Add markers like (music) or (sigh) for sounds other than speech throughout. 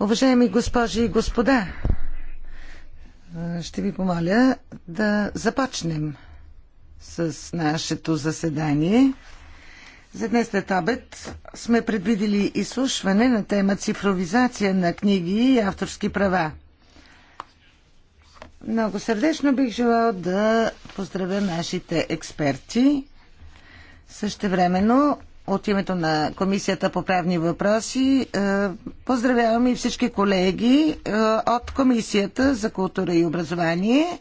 Уважаеми госпожи и господа, ще ви помоля да започнем с нашето заседание. За днес след обед сме предвидели изслушване на тема цифровизация на книги и авторски права. Много сърдечно бих желал да поздравя нашите експерти. също времено от името на Комисията по правни въпроси е, поздравявам и всички колеги е, от Комисията за култура и образование, е,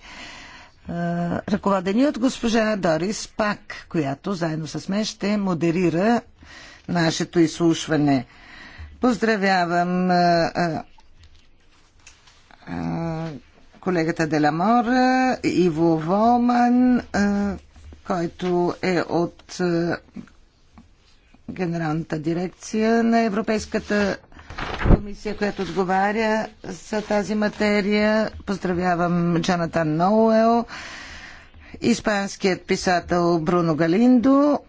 ръководени от госпожа Дорис Пак, която заедно с мен ще модерира нашето изслушване. Поздравявам колегата Деламор, Иво Волман, който е от генералната дирекция на Европейската комисия, която отговаря за тази материя. Поздравявам Джонатан Ноуел, испанският писател Бруно Галиндо,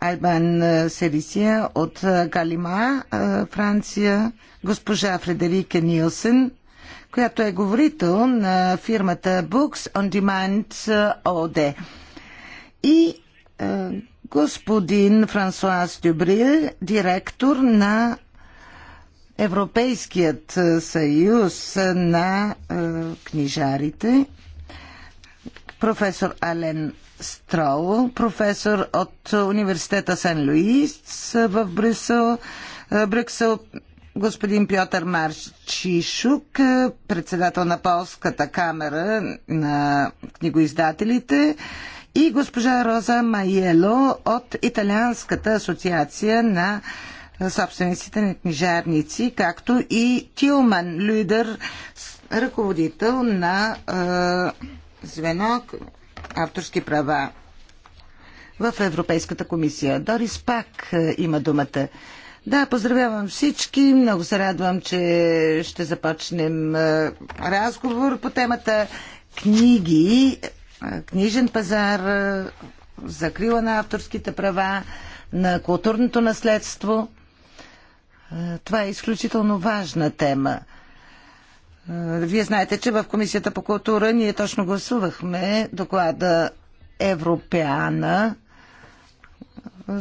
Айбан Серисия от Галима, Франция, госпожа Фредерика Нилсен, която е говорител на фирмата Books on Demand OD. И господин Франсуа Стюбрил, директор на Европейският е, съюз на е, книжарите, професор Ален Строу, професор от университета Сен Луис е, в Брюсел, Брюксел, господин Пьотър Марчишук, председател на Полската камера на книгоиздателите и госпожа Роза Майело от Италианската асоциация на собствениците на книжарници, както и Тилман Люйдър, ръководител на е, звено авторски права в Европейската комисия. Дорис пак е, има думата. Да, поздравявам всички. Много се радвам, че ще започнем разговор по темата книги книжен пазар, закрила на авторските права, на културното наследство. Това е изключително важна тема. Вие знаете, че в Комисията по култура ние точно гласувахме доклада Европеана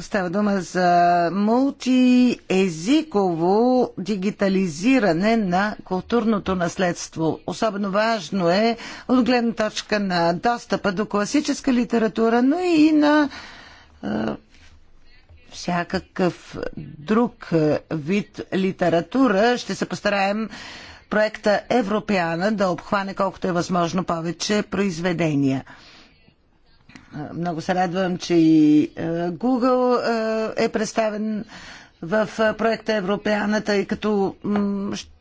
Става дума за мултиезиково дигитализиране на културното наследство. Особено важно е от гледна точка на достъпа до класическа литература, но и на е, всякакъв друг вид литература. Ще се постараем проекта Европеана да обхване колкото е възможно повече произведения. Много се радвам, че и е, Google е, е представен в е, проекта Европеаната и като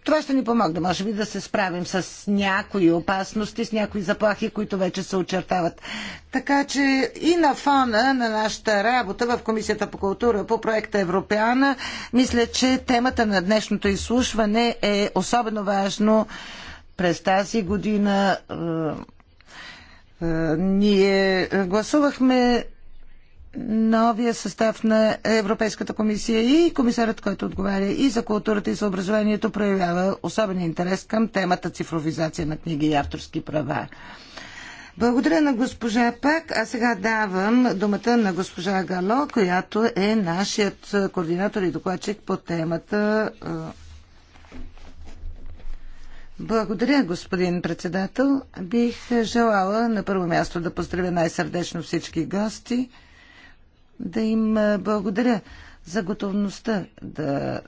това ще ни помогне, може би, да се справим с някои опасности, с някои заплахи, които вече се очертават. Така че и на фона на нашата работа в Комисията по култура по проекта Европеана, мисля, че темата на днешното изслушване е особено важно през тази година е, ние гласувахме новия състав на Европейската комисия и комисарът, който отговаря и за културата и за образованието, проявява особен интерес към темата цифровизация на книги и авторски права. Благодаря на госпожа Пак, а сега давам думата на госпожа Гало, която е нашият координатор и докладчик по темата е, благодаря, господин председател. Бих желала на първо място да поздравя най-сърдечно всички гости, да им благодаря за готовността да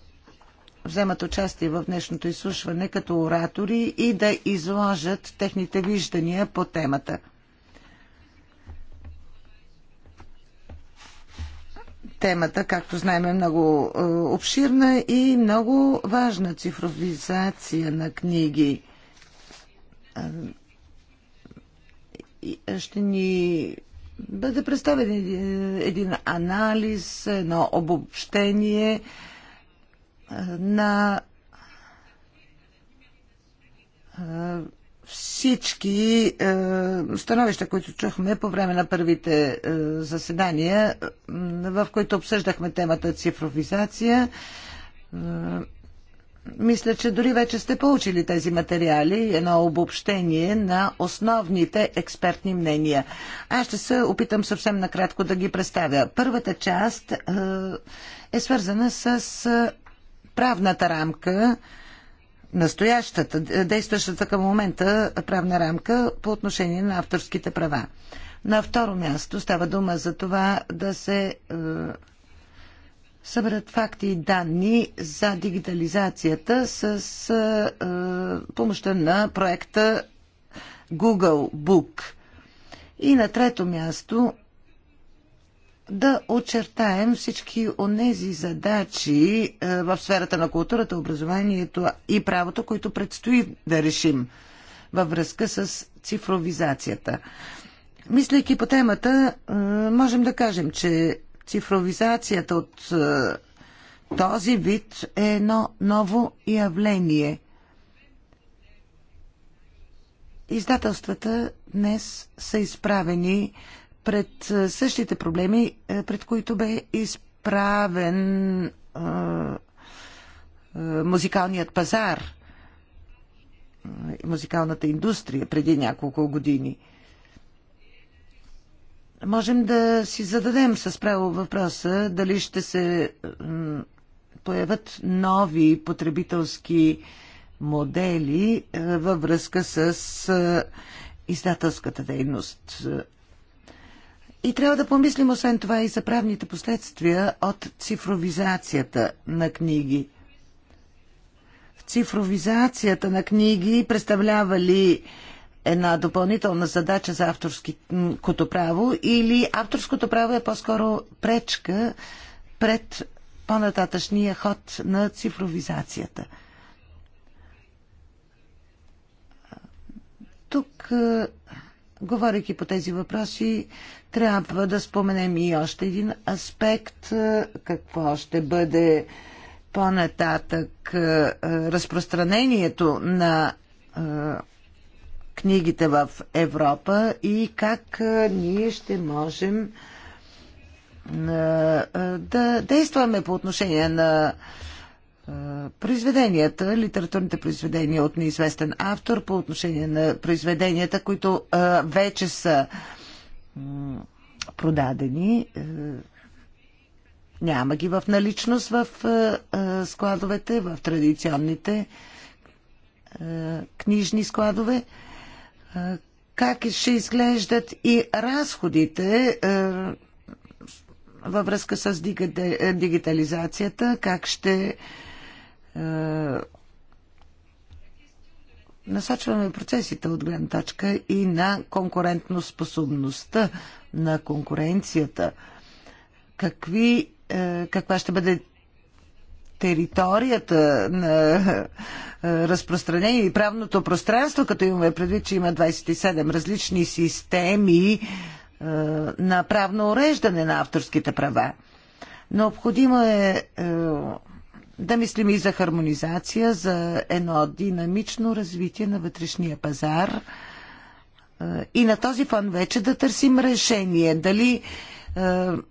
вземат участие в днешното изслушване като оратори и да изложат техните виждания по темата. темата, както знаем, е много е, обширна и много важна цифровизация на книги. Е, е, ще ни бъде представен един анализ, едно обобщение на всички е, становища, които чухме по време на първите е, заседания, е, в които обсъждахме темата цифровизация, е, мисля, че дори вече сте получили тези материали, едно обобщение на основните експертни мнения. Аз ще се опитам съвсем накратко да ги представя. Първата част е, е свързана с е, правната рамка, настоящата, действащата към момента правна рамка по отношение на авторските права. На второ място става дума за това да се е, съберат факти и данни за дигитализацията с е, е помощта на проекта Google Book. И на трето място да очертаем всички онези задачи е, в сферата на културата, образованието и правото, които предстои да решим във връзка с цифровизацията. Мислейки по темата, е, можем да кажем, че цифровизацията от е, този вид е едно ново явление. Издателствата днес са изправени пред е, същите проблеми, е, пред които бе изправен е, музикалният пазар, музикалната индустрия преди няколко години. Можем да си зададем с право въпроса дали ще се появят нови потребителски модели във връзка с издателската дейност. И трябва да помислим освен това и за правните последствия от цифровизацията на книги. Цифровизацията на книги представлява ли една допълнителна задача за авторското право или авторското право е по-скоро пречка пред по-нататъчния ход на цифровизацията. Тук Говорейки по тези въпроси, трябва да споменем и още един аспект, е, какво ще бъде по-нататък е, разпространението на е, книгите в Европа и как ние ще можем да действаме по отношение на произведенията, литературните произведения от неизвестен автор по отношение на произведенията, които вече са продадени. Е, няма ги в наличност в е, е, складовете, в традиционните книжни складове. Как ще изглеждат и разходите във връзка с дигитализацията? Как ще е, насочваме процесите от гледна точка и на конкурентно способността на конкуренцията. Какви, е, каква ще бъде територията на е, разпространение и правното пространство, като имаме предвид, че има 27 различни системи на правно уреждане на авторските права. Необходимо е да мислим и за хармонизация, за едно динамично развитие на вътрешния пазар е, и на този фон вече да търсим решение. Дали е,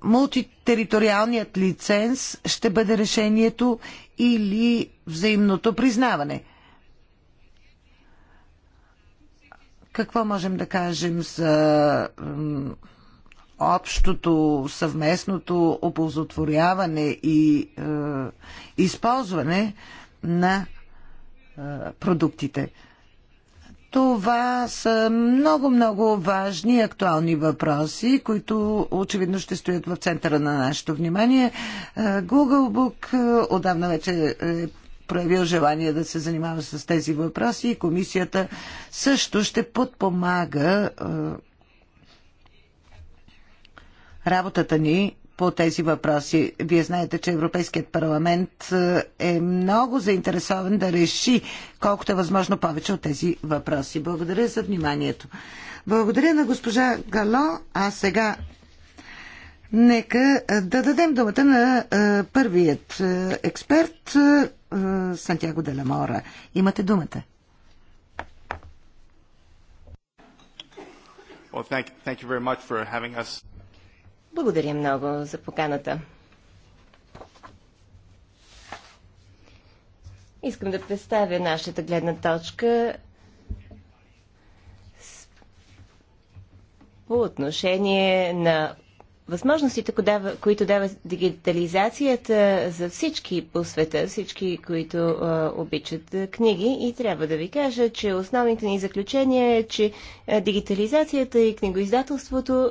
мултитериториалният лиценз ще бъде решението или взаимното признаване. Какво можем да кажем за общото съвместното оползотворяване и е, използване на е, продуктите. Това са много-много важни и актуални въпроси, които очевидно ще стоят в центъра на нашето внимание. Е, Google Book е, отдавна вече е проявил желание да се занимава с тези въпроси и комисията също ще подпомага е, работата ни по тези въпроси. Вие знаете, че Европейският парламент е, е много заинтересован да реши колкото е възможно повече от тези въпроси. Благодаря за вниманието. Благодаря на госпожа Гало, а сега нека е, да дадем думата на е, първият експерт Сантьяго Деламора. Имате думата. Well, thank, thank you very much for having us. Благодаря много за поканата. Искам да представя нашата гледна точка по отношение на възможностите, които дава дигитализацията за всички по света, всички, които обичат книги. И трябва да ви кажа, че основните ни заключения е, че дигитализацията и книгоиздателството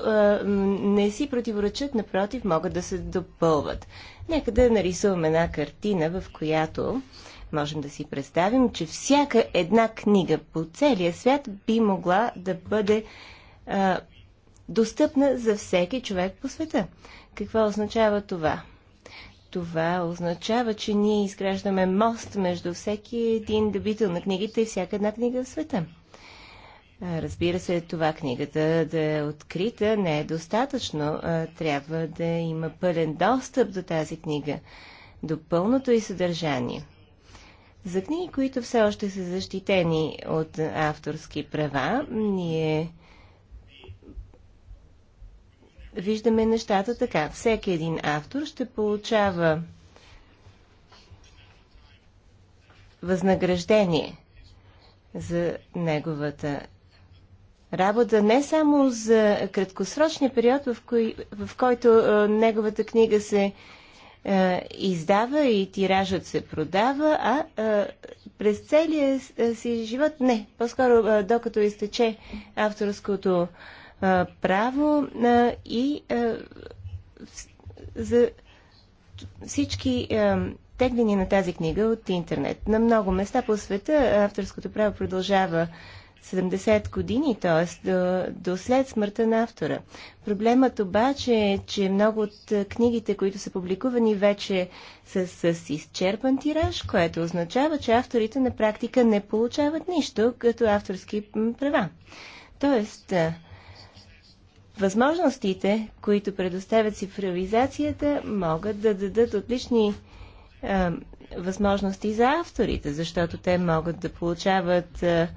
не си противоречат, напротив, могат да се допълват. Нека да нарисуваме една картина, в която можем да си представим, че всяка една книга по целия свят би могла да бъде достъпна за всеки човек по света. Какво означава това? Това означава, че ние изграждаме мост между всеки един добител на книгите и всяка една книга в света. Разбира се, това книгата да е открита не е достатъчно. Трябва да има пълен достъп до тази книга, до пълното и съдържание. За книги, които все още са защитени от авторски права, ние виждаме нещата така. Всеки един автор ще получава възнаграждение за неговата работа, не само за краткосрочния период, в, кой, в който а, е, неговата книга се а, е, издава и тиражът се продава, а, а е, през целия си живот, не, по-скоро докато изтече авторското а, право и за всички теглини на тази книга от интернет. На много места по света авторското право продължава 70 години, т.е. До, до след смъртта на автора. Проблемът обаче е, че много от книгите, които са публикувани, вече са с изчерпан тираж, което означава, че авторите на практика не получават нищо като авторски права. Тоест, Възможностите, които предоставят цифровизацията, могат да дадат отлични а, възможности за авторите, защото те могат да получават а,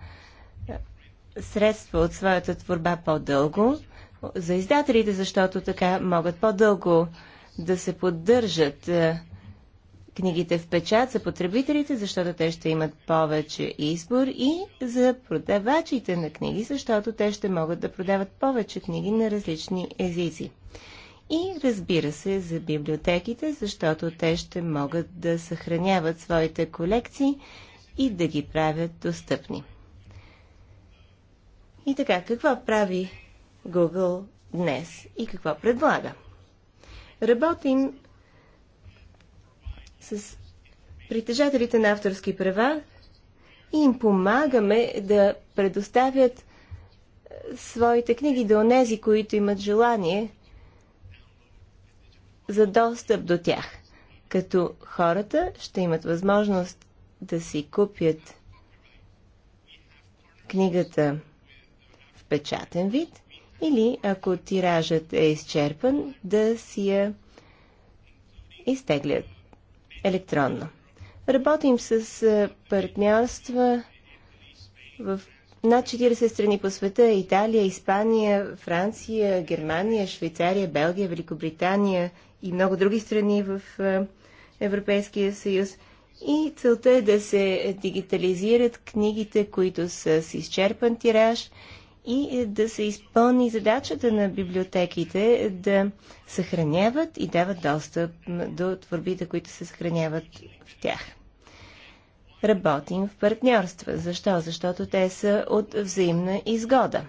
средства от своята творба по-дълго, за издателите, защото така могат по-дълго да се поддържат А, книгите в печат за потребителите, защото те ще имат повече избор и за продавачите на книги, защото те ще могат да продават повече книги на различни езици. И разбира се за библиотеките, защото те ще могат да съхраняват своите колекции и да ги правят достъпни. И така, какво прави Google днес и какво предлага? Работим с притежателите на авторски права и им помагаме да предоставят е, своите книги до онези, които имат желание за достъп до тях. Като хората ще имат възможност да си купят книгата в печатен вид или ако тиражът е изчерпан, да си я изтеглят електронно. Работим с е, партньорства в над 40 страни по света Италия, Испания, Франция, Германия, Швейцария, Белгия, Великобритания и много други страни в е, Европейския съюз. И целта е да се дигитализират книгите, които са с изчерпан тираж и е, да се изпълни задачата на библиотеките е, да съхраняват и дават достъп до творбите, които се съхраняват в тях. Работим в партньорства. Защо? Защото те са от взаимна изгода.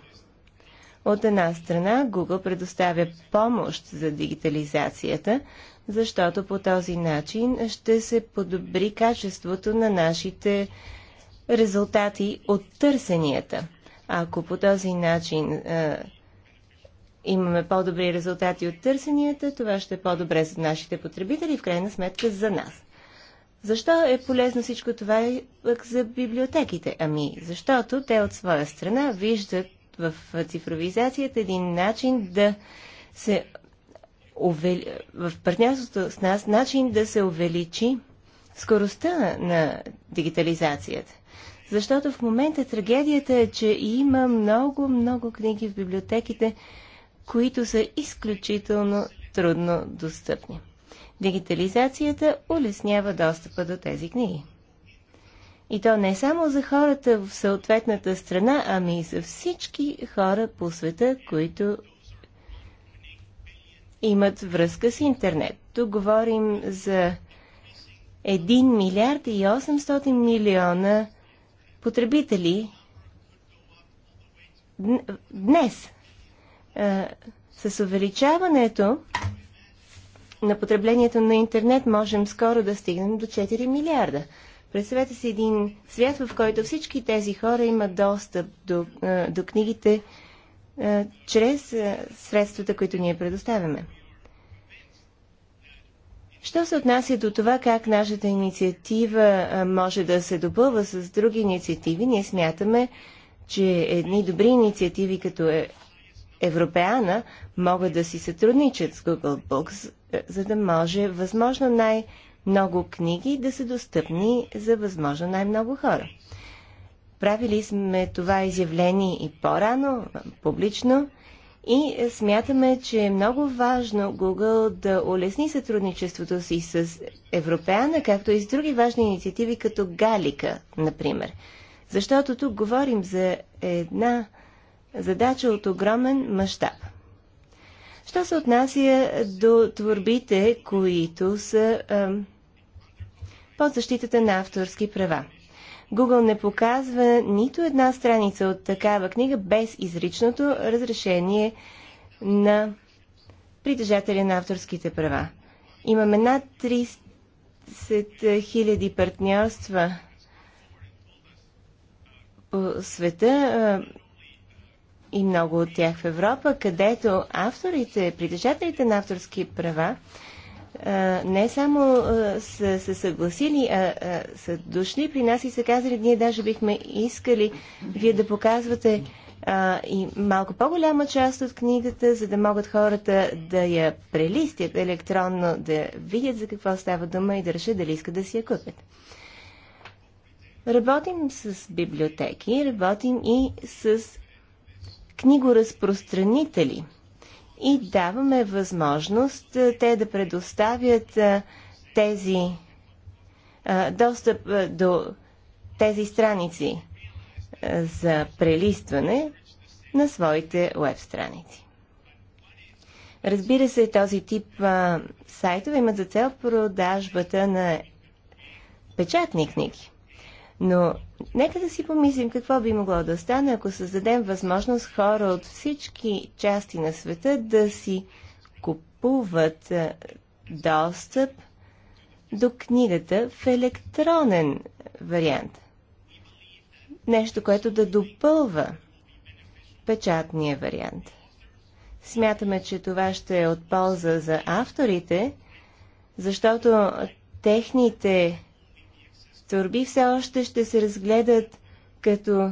От една страна Google предоставя помощ за дигитализацията, защото по този начин ще се подобри качеството на нашите резултати от търсенията. Ако по този начин а, е, имаме по-добри резултати от търсенията, това ще е по-добре за нашите потребители и в крайна сметка за нас. Защо е полезно всичко това и за библиотеките? Ами, защото те от своя страна виждат в цифровизацията един начин да се увели... в партньорството с нас начин да се увеличи скоростта на дигитализацията. Защото в момента трагедията е, че има много, много книги в библиотеките, които са изключително трудно достъпни. Дигитализацията улеснява достъпа до тези книги. И то не само за хората в съответната страна, ами и за всички хора по света, които имат връзка с интернет. Тук говорим за 1 милиард и 800 милиона потребители днес с увеличаването на потреблението на интернет можем скоро да стигнем до 4 милиарда. Представете си един свят, в който всички тези хора имат достъп до, до книгите чрез средствата, които ние предоставяме. Що се отнася до това как нашата инициатива може да се допълва с други инициативи, ние смятаме, че едни добри инициативи като е Европеана могат да си сътрудничат с Google Books, за да може възможно най-много книги да са достъпни за възможно най-много хора. Правили сме това изявление и по-рано, публично. И смятаме, че е много важно Google да улесни сътрудничеството си с Европеана, както и с други важни инициативи, като Галика, например. Защото тук говорим за една задача от огромен мащаб. Що се отнася до творбите, които са ам, под защитата на авторски права? Google не показва нито една страница от такава книга без изричното разрешение на притежателя на авторските права. Имаме над 30 000 партньорства по света и много от тях в Европа, където авторите, притежателите на авторски права не само са се съгласили, а, са дошли при нас и са казали, ние даже бихме искали вие да показвате а, и малко по-голяма част от книгата, за да могат хората да я прелистят електронно, да видят за какво става дума и да решат дали искат да си я купят. Работим с библиотеки, работим и с книгоразпространители – и даваме възможност те да предоставят тези достъп до тези страници за прелистване на своите веб страници. Разбира се, този тип а, сайтове имат за цел продажбата на печатни книги. Но Нека да си помислим какво би могло да стане, ако създадем възможност хора от всички части на света да си купуват е, достъп до книгата в електронен вариант. Нещо, което да допълва печатния вариант. Смятаме, че това ще е от полза за авторите, защото техните турби все още ще се разгледат като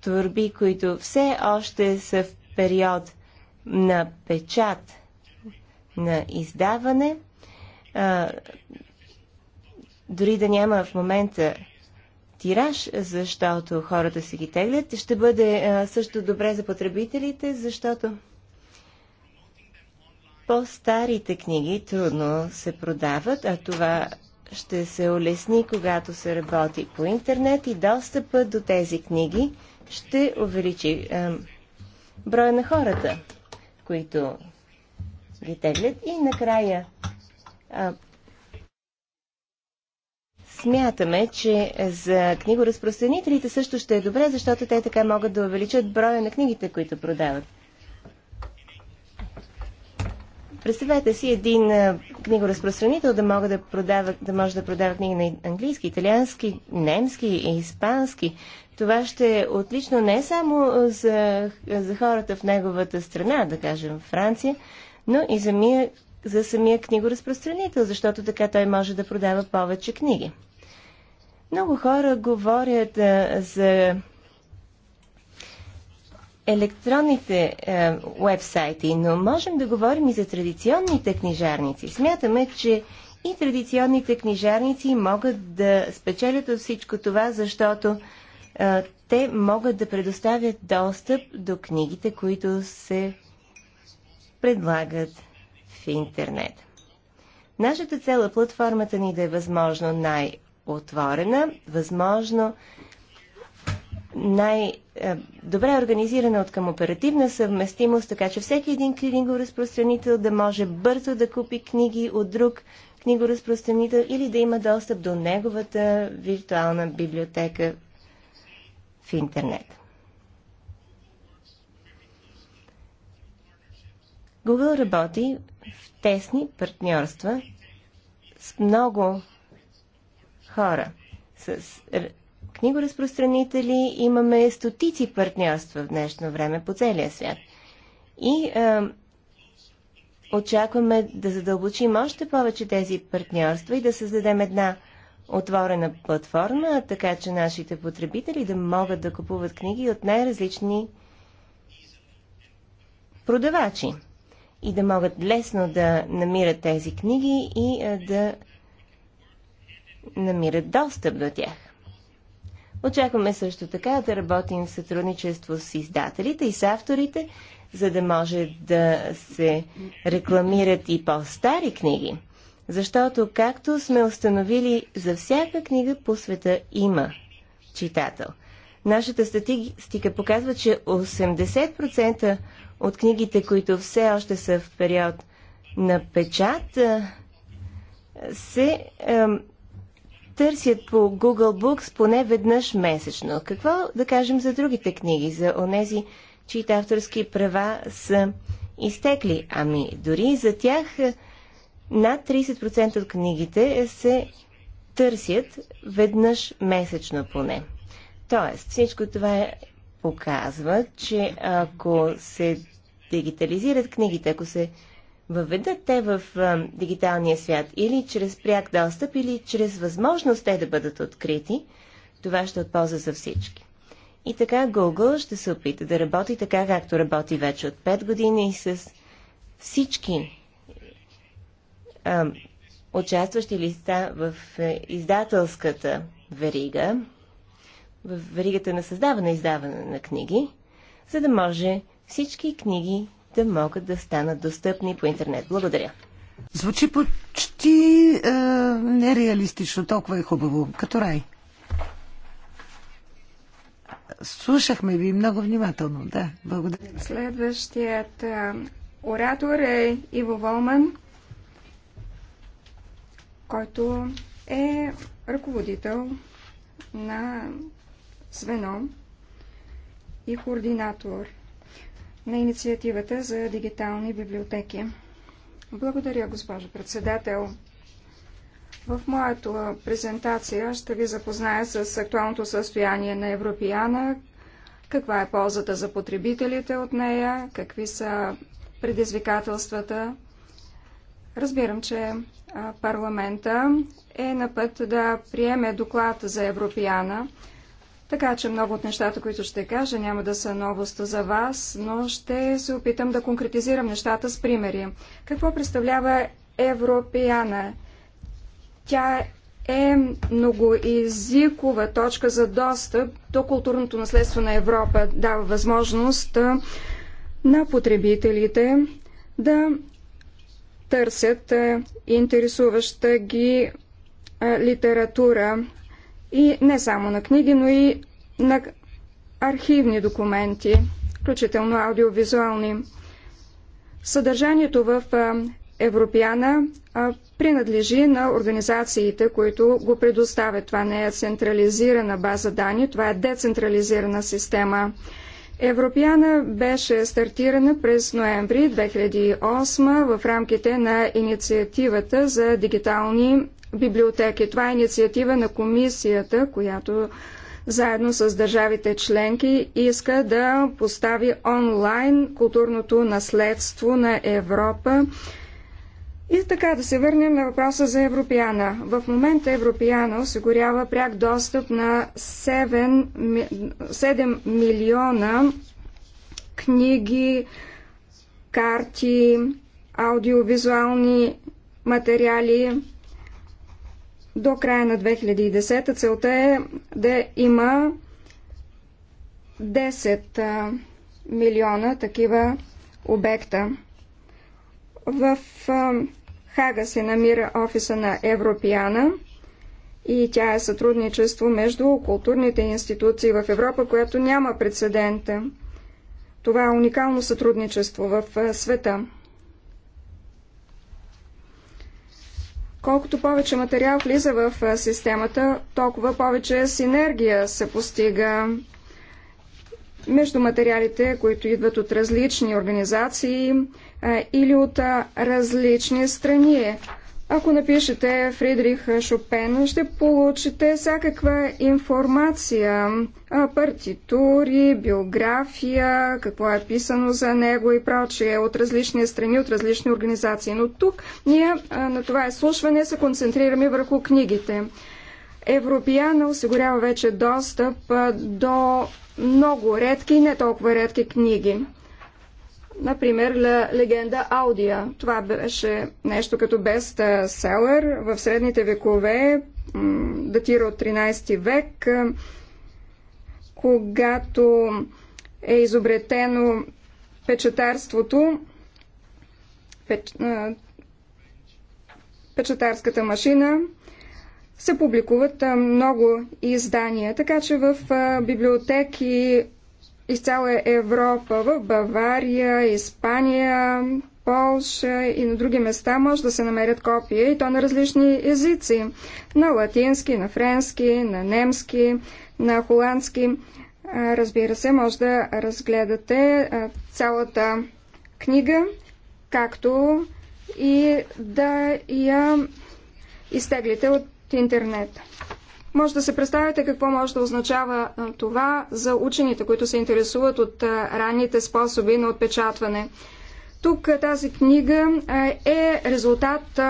турби, които все още са в период на печат на издаване. А, дори да няма в момента тираж, защото хората си ги теглят, ще бъде а, също добре за потребителите, защото по-старите книги трудно се продават, а това ще се улесни, когато се работи по интернет и достъпа до тези книги ще увеличи е, броя на хората, които ги теглят. И накрая е, смятаме, че за книгоразпространителите също ще е добре, защото те така могат да увеличат броя на книгите, които продават. Представете си един книгоразпространител да, мога да, продава, да може да продава книги на английски, италиански, немски и испански. Това ще е отлично не само за, за хората в неговата страна, да кажем Франция, но и за, ми, за самия книгоразпространител, защото така той може да продава повече книги. Много хора говорят а, за електронните е, уебсайти, но можем да говорим и за традиционните книжарници. Смятаме, че и традиционните книжарници могат да спечелят от всичко това, защото е, те могат да предоставят достъп до книгите, които се предлагат в интернет. Нашата цела платформата ни да е възможно най-отворена, възможно най-добре е, организирана от към оперативна съвместимост, така че всеки един книгоразпространител да може бързо да купи книги от друг книгоразпространител или да има достъп до неговата виртуална библиотека в интернет. Google работи в тесни партньорства с много хора, с книгоразпространители имаме стотици партньорства в днешно време по целия свят. И а, очакваме да задълбочим още повече тези партньорства и да създадем една отворена платформа, така че нашите потребители да могат да купуват книги от най-различни продавачи и да могат лесно да намират тези книги и да намират достъп до тях. Очакваме също така да работим в сътрудничество с издателите и с авторите, за да може да се рекламират и по-стари книги. Защото, както сме установили, за всяка книга по света има читател. Нашата статистика показва, че 80% от книгите, които все още са в период на печат, се търсят по Google Books поне веднъж месечно. Какво да кажем за другите книги, за онези, чието авторски права са изтекли? Ами, дори за тях е, над 30% от книгите се търсят веднъж месечно поне. Тоест, всичко това е, показва, че ако се дигитализират книгите, ако се въведат те в а, дигиталния свят или чрез пряк достъп, или чрез възможност те да бъдат открити, това ще от полза за всички. И така Google ще се опита да работи така, както работи вече от 5 години и с всички а, участващи листа в а, е, издателската верига, в веригата на създаване и издаване на книги, за да може всички книги да могат да станат достъпни по интернет. Благодаря. Звучи почти е, нереалистично, толкова е хубаво, като рай. Слушахме ви много внимателно, да, благодаря. Следващият е, оратор е Иво Волман, който е ръководител на звено и координатор на инициативата за дигитални библиотеки. Благодаря, госпожо председател. В моята презентация ще ви запозная с актуалното състояние на Европеяна, каква е ползата за потребителите от нея, какви са предизвикателствата. Разбирам, че парламента е на път да приеме доклад за Европеяна. Така че много от нещата, които ще кажа, няма да са новост за вас, но ще се опитам да конкретизирам нещата с примери. Какво представлява Европеяна? Тя е многоизикова точка за достъп до културното наследство на Европа. Дава възможност на потребителите да търсят интересуваща ги литература и не само на книги, но и на архивни документи, включително аудиовизуални. Съдържанието в Европиана принадлежи на организациите, които го предоставят. Това не е централизирана база данни, това е децентрализирана система. Европеяна беше стартирана през ноември 2008 в рамките на инициативата за дигитални библиотеки. Това е инициатива на комисията, която заедно с държавите членки иска да постави онлайн културното наследство на Европа и така да се върнем на въпроса за Европеяна. В момента Европеяна осигурява пряк достъп на 7, 7 милиона книги, карти, аудиовизуални материали до края на 2010. Целта е да има 10 милиона такива обекта. В Хага се намира офиса на Европиана и тя е сътрудничество между културните институции в Европа, която няма прецедента. Това е уникално сътрудничество в света. Колкото повече материал влиза в системата, толкова повече синергия се постига между материалите, които идват от различни организации а, или от а, различни страни. Ако напишете Фридрих Шопен, ще получите всякаква информация, партитури, биография, какво е писано за него и прочие от различни страни, от различни организации. Но тук ние на това изслушване се концентрираме върху книгите. Европеяна осигурява вече достъп до много редки и не толкова редки книги. Например, легенда Аудия. Това беше нещо като бестселър в средните векове, датира от 13 век, когато е изобретено печатарството, печ... печатарската машина – се публикуват много издания, така че в библиотеки из цяла Европа, в Бавария, Испания, Полша и на други места може да се намерят копия и то на различни езици. На латински, на френски, на немски, на холандски. Разбира се, може да разгледате цялата книга, както и да я изтеглите от в интернет. Може да се представите какво може да означава това за учените, които се интересуват от ранните способи на отпечатване. Тук тази книга е резултат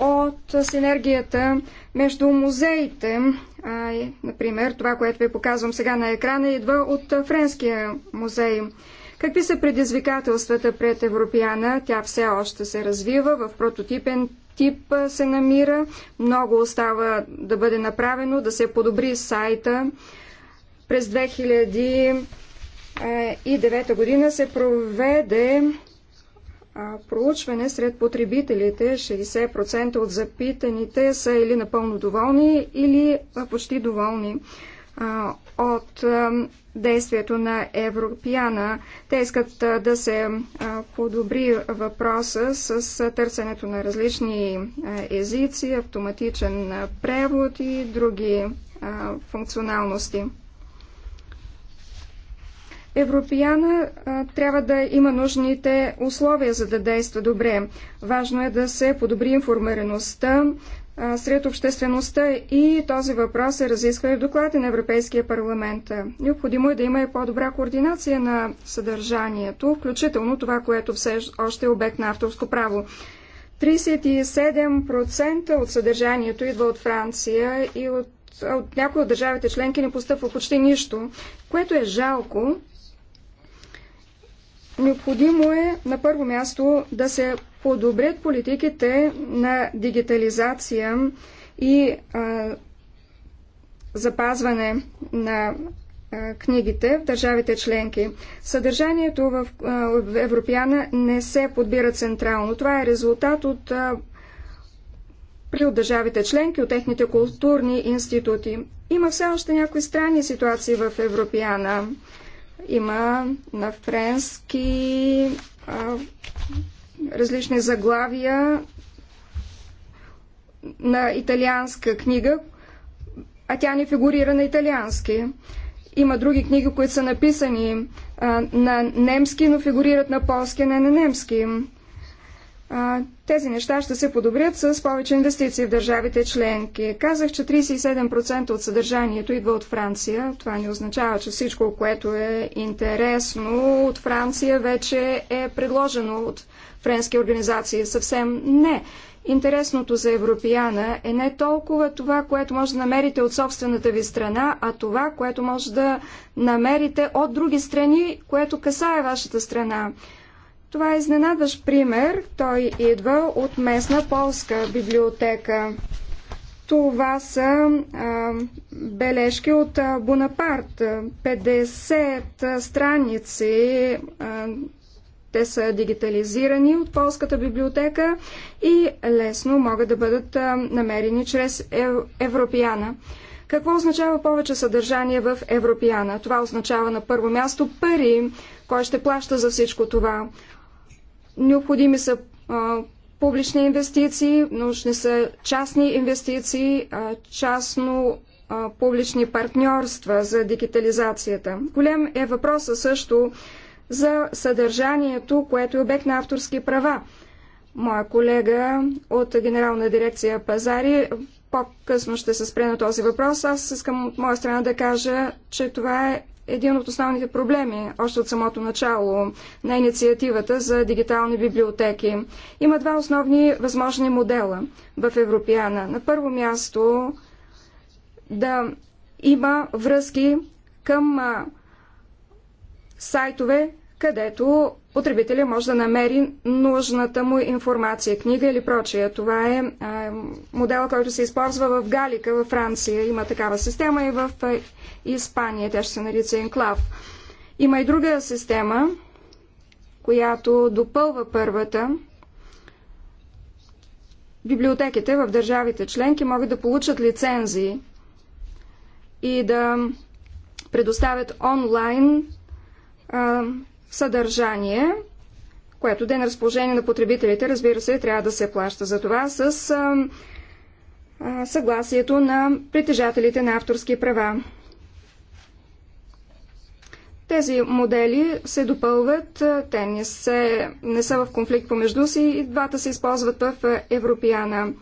от синергията между музеите. Например, това, което ви показвам сега на екрана, идва от Френския музей. Какви са предизвикателствата пред Европеяна? Тя все още се развива, в прототипен тип се намира. Много остава да бъде направено, да се подобри сайта. През 2009 година се проведе проучване сред потребителите. 60% от запитаните са или напълно доволни, или почти доволни от действието на Европеяна. Те искат да се подобри въпроса с търсенето на различни езици, автоматичен превод и други функционалности. Европеяна трябва да има нужните условия, за да действа добре. Важно е да се подобри информираността, сред обществеността и този въпрос се разисква и в доклада на Европейския парламент. Необходимо е да има и по-добра координация на съдържанието, включително това, което все още е обект на авторско право. 37% от съдържанието идва от Франция и от, от някои от държавите членки не постъпва почти нищо, което е жалко. Необходимо е на първо място да се подобрят политиките на дигитализация и а, запазване на а, книгите в държавите членки. Съдържанието в, а, в Европяна не се подбира централно. Това е резултат от а, при от държавите членки, от техните културни институти. Има все още някои странни ситуации в Европяна. Има на френски а, различни заглавия на италианска книга, а тя не фигурира на италиански. Има други книги, които са написани а, на немски, но фигурират на полски, а не на немски тези неща ще се подобрят с повече инвестиции в държавите членки. Казах, че 37% от съдържанието идва от Франция. Това не означава, че всичко, което е интересно от Франция, вече е предложено от френски организации. Съвсем не. Интересното за европеяна е не толкова това, което може да намерите от собствената ви страна, а това, което може да намерите от други страни, което касае вашата страна. Това е изненадващ пример. Той идва от местна полска библиотека. Това са а, бележки от а, Бонапарт. 50 страници. А, те са дигитализирани от полската библиотека и лесно могат да бъдат а, намерени чрез ев, Европиана. Какво означава повече съдържание в Европиана? Това означава на първо място пари. Кой ще плаща за всичко това? Необходими са а, публични инвестиции, нужни са частни инвестиции, а, частно а, публични партньорства за дигитализацията. Голям е въпроса също за съдържанието, което е обект на авторски права. Моя колега от Генерална дирекция Пазари по-късно ще се спре на този въпрос. Аз искам от моя страна да кажа, че това е един от основните проблеми още от самото начало на инициативата за дигитални библиотеки. Има два основни възможни модела в Европеяна. На първо място да има връзки към сайтове, където потребителя може да намери нужната му информация, книга или прочее. Това е модел, който се използва в Галика, във Франция. Има такава система и в Испания. Тя ще се нарича Енклав. Има и друга система, която допълва първата. Библиотеките в държавите членки могат да получат лицензии и да предоставят онлайн съдържание, което да е на разположение на потребителите, разбира се, трябва да се плаща за това с а, а, съгласието на притежателите на авторски права. Тези модели се допълват, те не, се, не са в конфликт помежду си и двата се използват в Европеяна.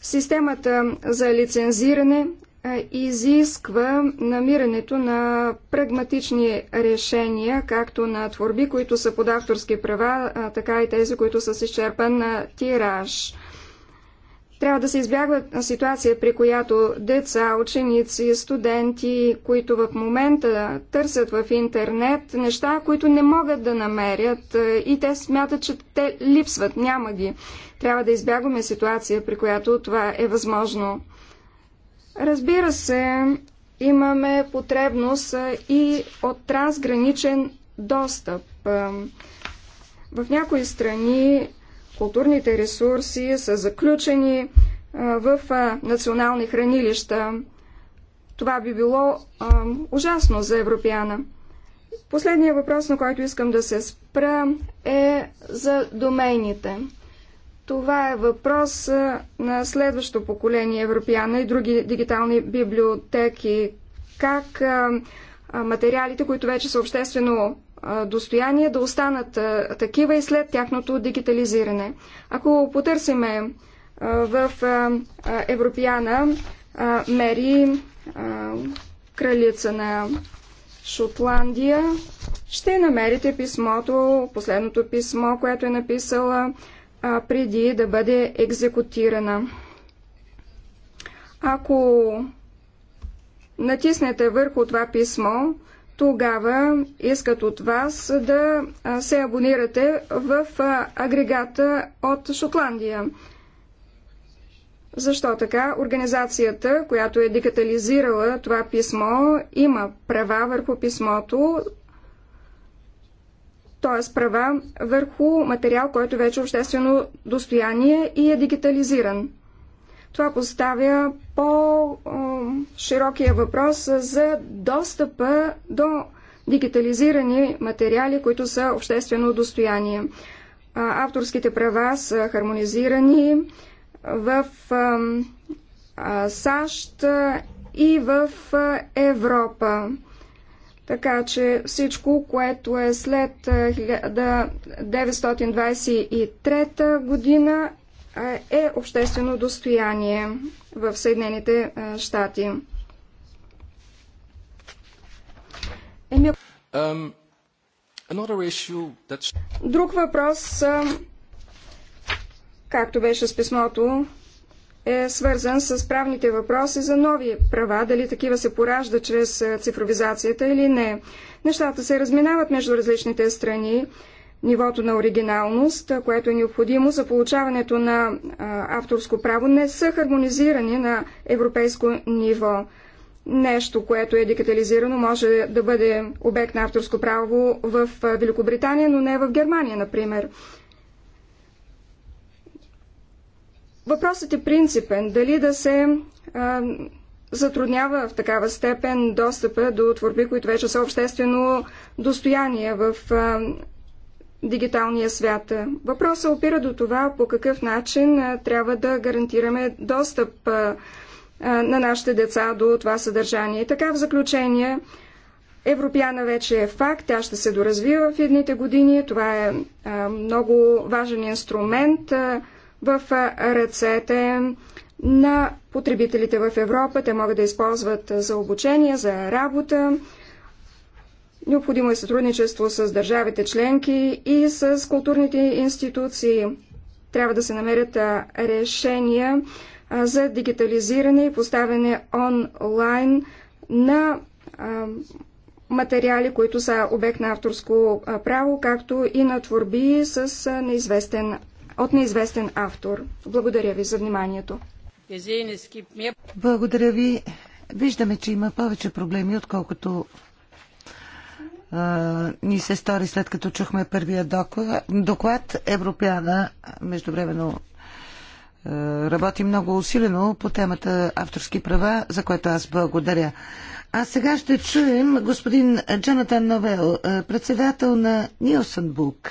Системата за лицензиране е, изисква намирането на прагматични решения, както на творби, които са под авторски права, така и тези, които са с изчерпан тираж. Трябва да се избягва ситуация, при която деца, ученици, студенти, които в момента търсят в интернет неща, които не могат да намерят и те смятат, че те липсват, няма ги. Трябва да избягваме ситуация, при която това е възможно. Разбира се, имаме потребност и от трансграничен достъп. В някои страни културните ресурси са заключени в национални хранилища. Това би било ужасно за европеяна. Последният въпрос, на който искам да се спра, е за домейните. Това е въпрос на следващото поколение Европеяна и други дигитални библиотеки. Как материалите, които вече са обществено достояние, да останат такива и след тяхното дигитализиране. Ако потърсиме в Европеяна Мери, кралица на Шотландия, ще намерите писмото, последното писмо, което е написала а, преди да бъде екзекутирана. Ако натиснете върху това писмо, тогава искат от вас да се абонирате в агрегата от Шотландия. Защо така? Организацията, която е дигитализирала това писмо, има права върху писмото, т.е. права върху материал, който вече е обществено достояние и е дигитализиран. Това поставя по-широкия въпрос за достъпа до дигитализирани материали, които са обществено достояние. Авторските права са хармонизирани в САЩ и в Европа. Така че всичко, което е след 1923 година е обществено достояние в Съединените щати. Друг въпрос, както беше с писмото е свързан с правните въпроси за нови права, дали такива се поражда чрез е, цифровизацията или не. Нещата се разминават между различните страни. Нивото на оригиналност, е, което е необходимо за получаването на е, авторско право, не са хармонизирани на европейско ниво. Нещо, което е дигитализирано, може да бъде обект на авторско право в Великобритания, но не в Германия, например. Въпросът е принципен. Дали да се а, затруднява в такава степен достъпа до творби, които вече са обществено достояние в а, дигиталния свят. Въпросът опира до това по какъв начин а, трябва да гарантираме достъп а, на нашите деца до това съдържание. И така в заключение, Европяна вече е факт, тя ще се доразвива в едните години. Това е а, много важен инструмент. А, в ръцете на потребителите в Европа. Те могат да използват за обучение, за работа. Необходимо е сътрудничество с държавите членки и с културните институции. Трябва да се намерят решения за дигитализиране и поставяне онлайн на материали, които са обект на авторско право, както и на творби с неизвестен от неизвестен автор. Благодаря ви за вниманието. Благодаря ви. Виждаме, че има повече проблеми, отколкото а, ни се стори след като чухме първия доклад. доклад Европеана междувременно работи много усилено по темата авторски права, за което аз благодаря. А сега ще чуем господин Джонатан Новел, председател на Нилсенбук.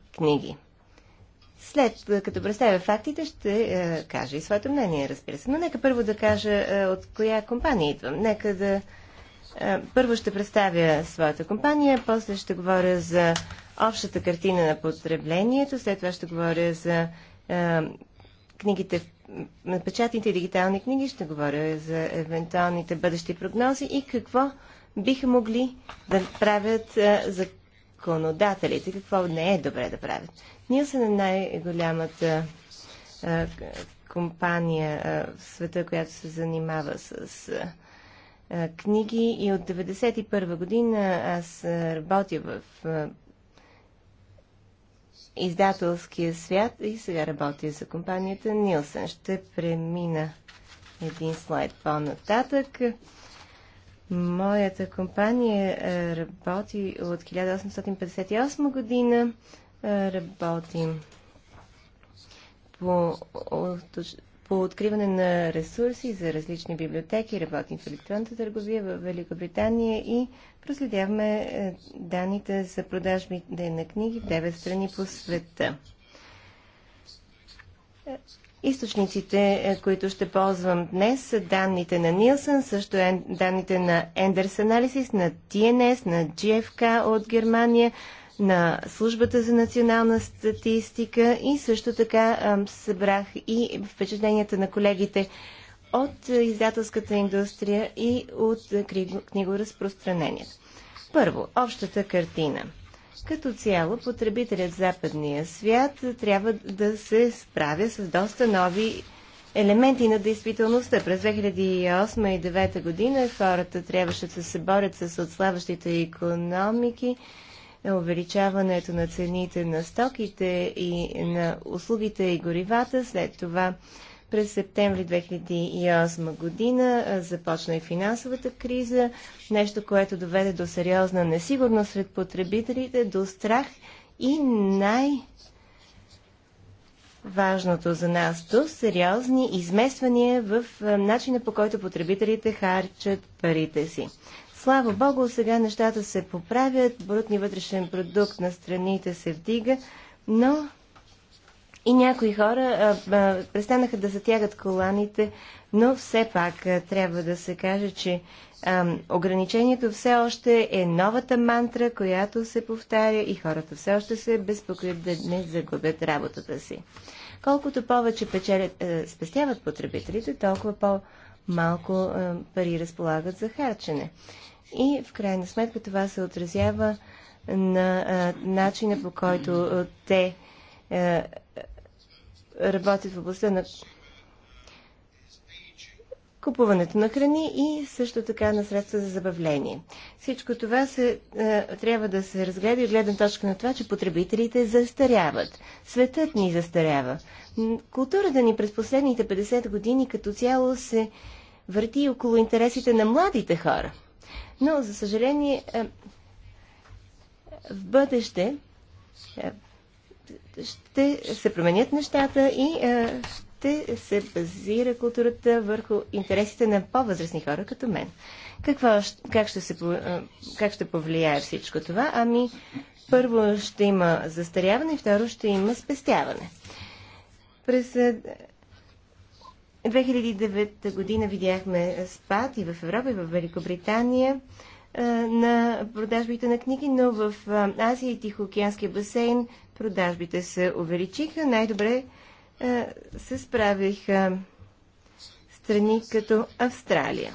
книги. След като представя фактите, ще е, кажа и своето мнение, разбира се. Но нека първо да кажа е, от коя компания идвам. Нека да. Е, първо ще представя своята компания, после ще говоря за общата картина на потреблението, след това ще говоря за е, книгите, печатните дигитални книги, ще говоря за евентуалните бъдещи прогнози и какво биха могли да правят е, за законодателите какво не е добре да правят. Ние сме най-голямата компания а, в света, която се занимава с а, книги и от 1991 година аз а, работя в издателския свят и сега работя за компанията Нилсън. Ще премина един слайд по-нататък. Моята компания е, работи от 1858 година. Е, работим по, откриване на ресурси за различни библиотеки, работим в електронната търговия в Великобритания и проследяваме е, данните за продажбите на книги в 9 страни по света. Източниците, е, които ще ползвам днес, са данните на Нилсън, също е данните на Ендерс Анализис, на TNS, на GFK от Германия, на Службата за национална статистика и също така събрах и впечатленията на колегите от издателската индустрия и от книгоразпространението. Първо, общата картина – като цяло, потребителят в западния свят трябва да се справя с доста нови елементи на действителността. През 2008 и 2009 година хората трябваше да се борят с отслабващите економики, увеличаването на цените на стоките и на услугите и горивата, след това през септември 2008 година започна и финансовата криза, нещо, което доведе до сериозна несигурност сред потребителите, до страх и най- Важното за нас до сериозни измествания в начина по който потребителите харчат парите си. Слава Богу, сега нещата се поправят, брутни вътрешен продукт на страните се вдига, но и някои хора а, а, престанаха да затягат коланите, но все пак а, трябва да се каже, че а, ограничението все още е новата мантра, която се повтаря и хората все още се безпокоят да не загубят работата си. Колкото повече печелят, а, спестяват потребителите, толкова по-малко а, пари разполагат за харчене. И в крайна сметка това се отразява на а, начина по който а, те а, работят в областта на купуването на храни и също така на средства за забавление. Всичко това се, е, трябва да се разгледа и гледна точка на това, че потребителите застаряват. Светът ни застарява. Културата ни през последните 50 години като цяло се върти около интересите на младите хора. Но, за съжаление, е, в бъдеще е, ще се променят нещата и е, ще се базира културата върху интересите на по-възрастни хора като мен. Какво, как, ще се, е, как ще повлияе всичко това? Ами, първо ще има застаряване, и второ ще има спестяване. През 2009 е, година видяхме спад и в Европа, и в Великобритания на продажбите на книги, но в Азия и Тихоокеанския басейн продажбите се увеличиха. Най-добре е, се справиха страни като Австралия.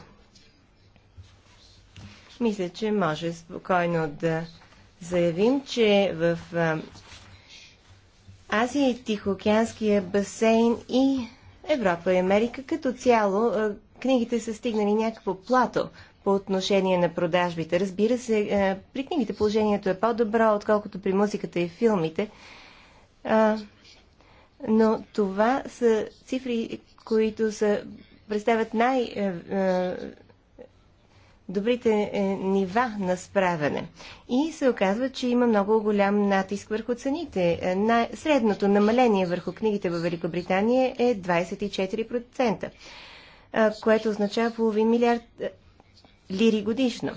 Мисля, че може спокойно да заявим, че в е, Азия и Тихоокеанския басейн и Европа и Америка като цяло е, книгите са стигнали някакво плато по отношение на продажбите. Разбира се, е, при книгите положението е по-добро, отколкото при музиката и филмите. Но това са цифри, които са, представят най- е, е, добрите нива на справяне. И се оказва, че има много голям натиск върху цените. средното намаление върху книгите във Великобритания е 24%, което означава половин милиард лири годишно.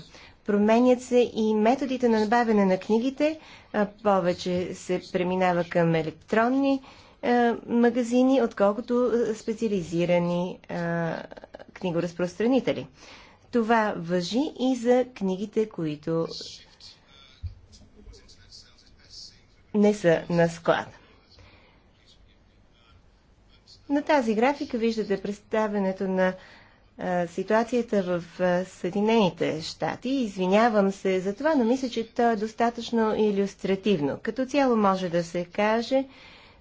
Променят се и методите на набавяне на книгите. Повече се преминава към електронни магазини, отколкото специализирани книгоразпространители. Това въжи и за книгите, които не са на склад. На тази графика виждате представенето на ситуацията в Съединените щати. Извинявам се за това, но мисля, че то е достатъчно иллюстративно. Като цяло може да се каже,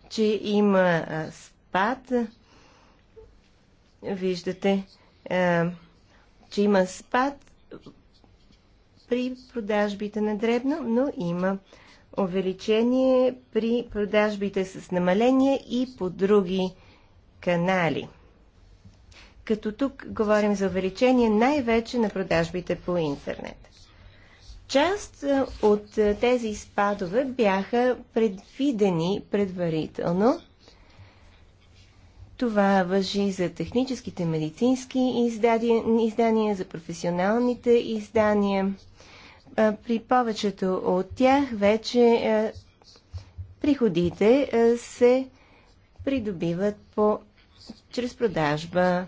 че има спад. Виждате, че има спад при продажбите на дребно, но има увеличение при продажбите с намаление и по други канали – като тук говорим за увеличение най-вече на продажбите по интернет. Част от тези спадове бяха предвидени предварително. Това въжи за техническите медицински издания, издания за професионалните издания. При повечето от тях вече приходите се придобиват по, чрез продажба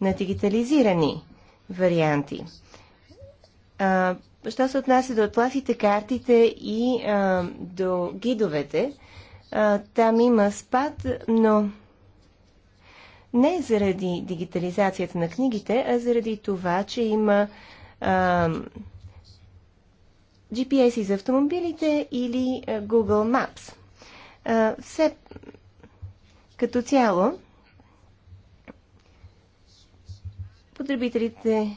на дигитализирани варианти. А, що се отнася до отплатите картите и а, до гидовете, а, там има спад, но не заради дигитализацията на книгите, а заради това, че има а, GPS за автомобилите или Google Maps. А, все като цяло, Потребителите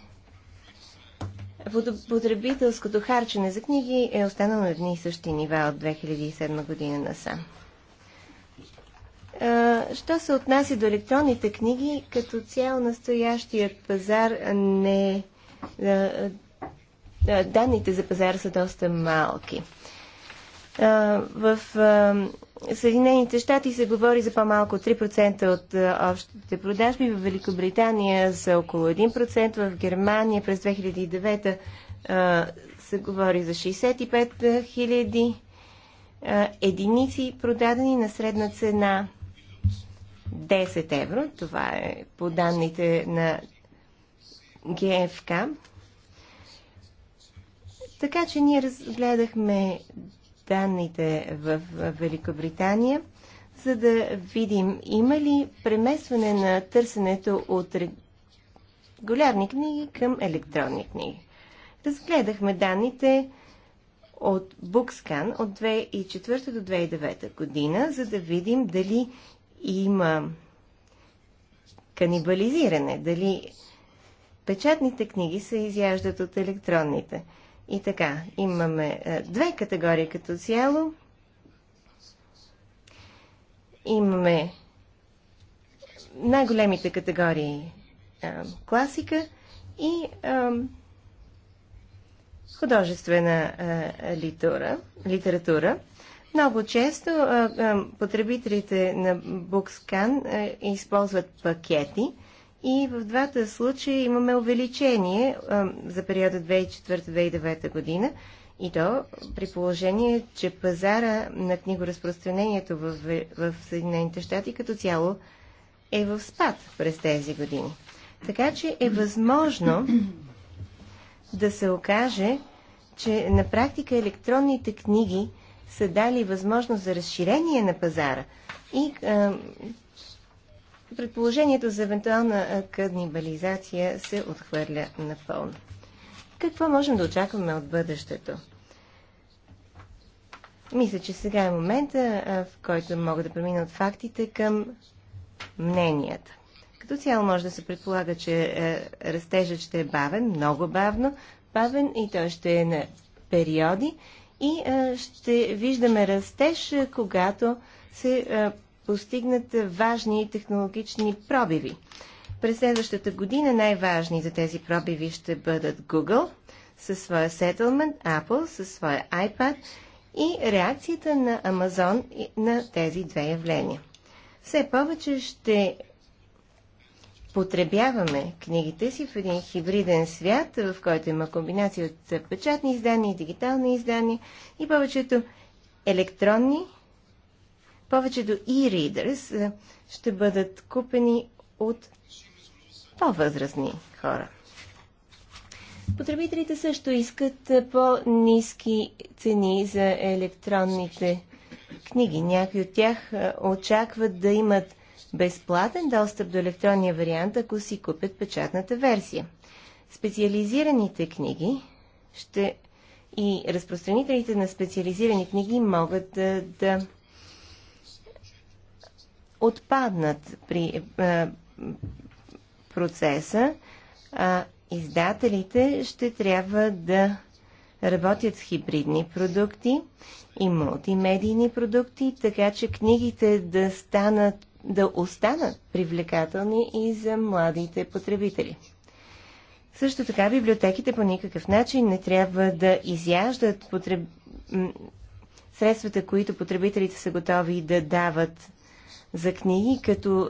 Потребителското харчене за книги е останало на едни и същи нива от 2007 година насам. Що се отнася до електронните книги, като цяло настоящият пазар не... Данните за пазара са доста малки. В Съединените щати се говори за по-малко 3% от общите продажби, в Великобритания за около 1%, в Германия през 2009 се говори за 65 хиляди единици продадени на средна цена 10 евро. Това е по данните на ГФК. Така че ние разгледахме данните в Великобритания, за да видим има ли преместване на търсенето от регулярни книги към електронни книги. Разгледахме данните от BookScan от 2004 до 2009 година, за да видим дали има канибализиране, дали печатните книги се изяждат от електронните. И така, имаме е, две категории като цяло. Имаме най-големите категории а, е, класика и а, е, художествена а, литура, литература. Много често а, а, потребителите на Букскан използват пакети – и в двата случая имаме увеличение а, за периода 2004-2009 година. И то при положение, че пазара на книгоразпространението в, в Съединените щати като цяло е в спад през тези години. Така че е възможно да се окаже, че на практика електронните книги са дали възможност за разширение на пазара и а, Предположението за евентуална канибализация се отхвърля напълно. Какво можем да очакваме от бъдещето? Мисля, че сега е момента, в който мога да премина от фактите към мненията. Като цяло може да се предполага, че растежът ще е бавен, много бавно, бавен и той ще е на периоди и ще виждаме растеж, когато се постигнат важни технологични пробиви. През следващата година най-важни за тези пробиви ще бъдат Google със своя Settlement, Apple със своя iPad и реакцията на Amazon на тези две явления. Все повече ще потребяваме книгите си в един хибриден свят, в който има комбинация от печатни издания, дигитални издания и повечето електронни повечето e-readers е, ще бъдат купени от по-възрастни хора. Потребителите също искат е, по-низки цени за електронните книги. Някои от тях е, очакват да имат безплатен достъп до електронния вариант, ако си купят печатната версия. Специализираните книги ще и разпространителите на специализирани книги могат да, да отпаднат при а, е, процеса, а издателите ще трябва да работят с хибридни продукти и мултимедийни продукти, така че книгите да станат да останат привлекателни и за младите потребители. Също така библиотеките по никакъв начин не трябва да изяждат потреб... средствата, които потребителите са готови да дават за книги, като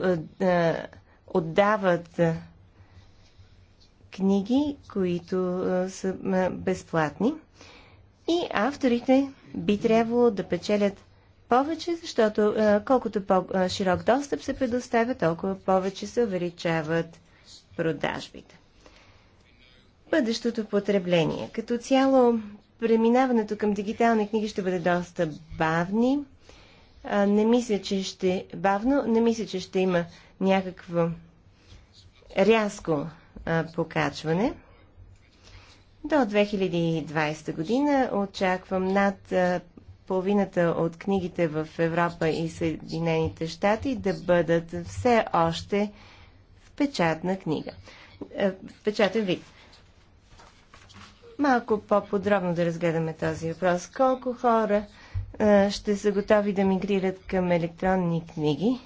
отдават книги, които са безплатни. И авторите би трябвало да печелят повече, защото колкото по-широк достъп се предоставя, толкова повече се увеличават продажбите. Бъдещото потребление. Като цяло, преминаването към дигитални книги ще бъде доста бавни, не мисля, че ще бавно, не мисля, че ще има някакво рязко покачване. До 2020 година очаквам над половината от книгите в Европа и Съединените щати да бъдат все още в печатна книга. В печатен вид. Малко по-подробно да разгледаме този въпрос. Колко хора ще са готови да мигрират към електронни книги.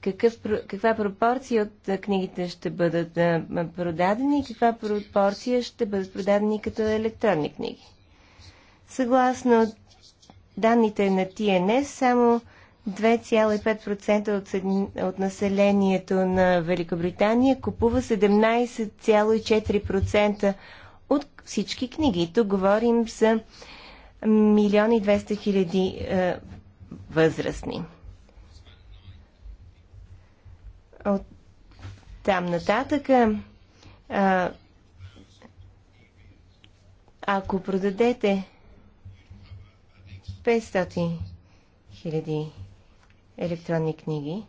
Какъв, каква пропорция от книгите ще бъдат продадени и каква пропорция ще бъдат продадени като електронни книги? Съгласно данните на ТНС, само 2,5% от, от населението на Великобритания купува 17,4% от всички книги. Тук говорим за милиони 200 хиляди е, възрастни. От там нататък а, е, ако продадете 500 хиляди електронни книги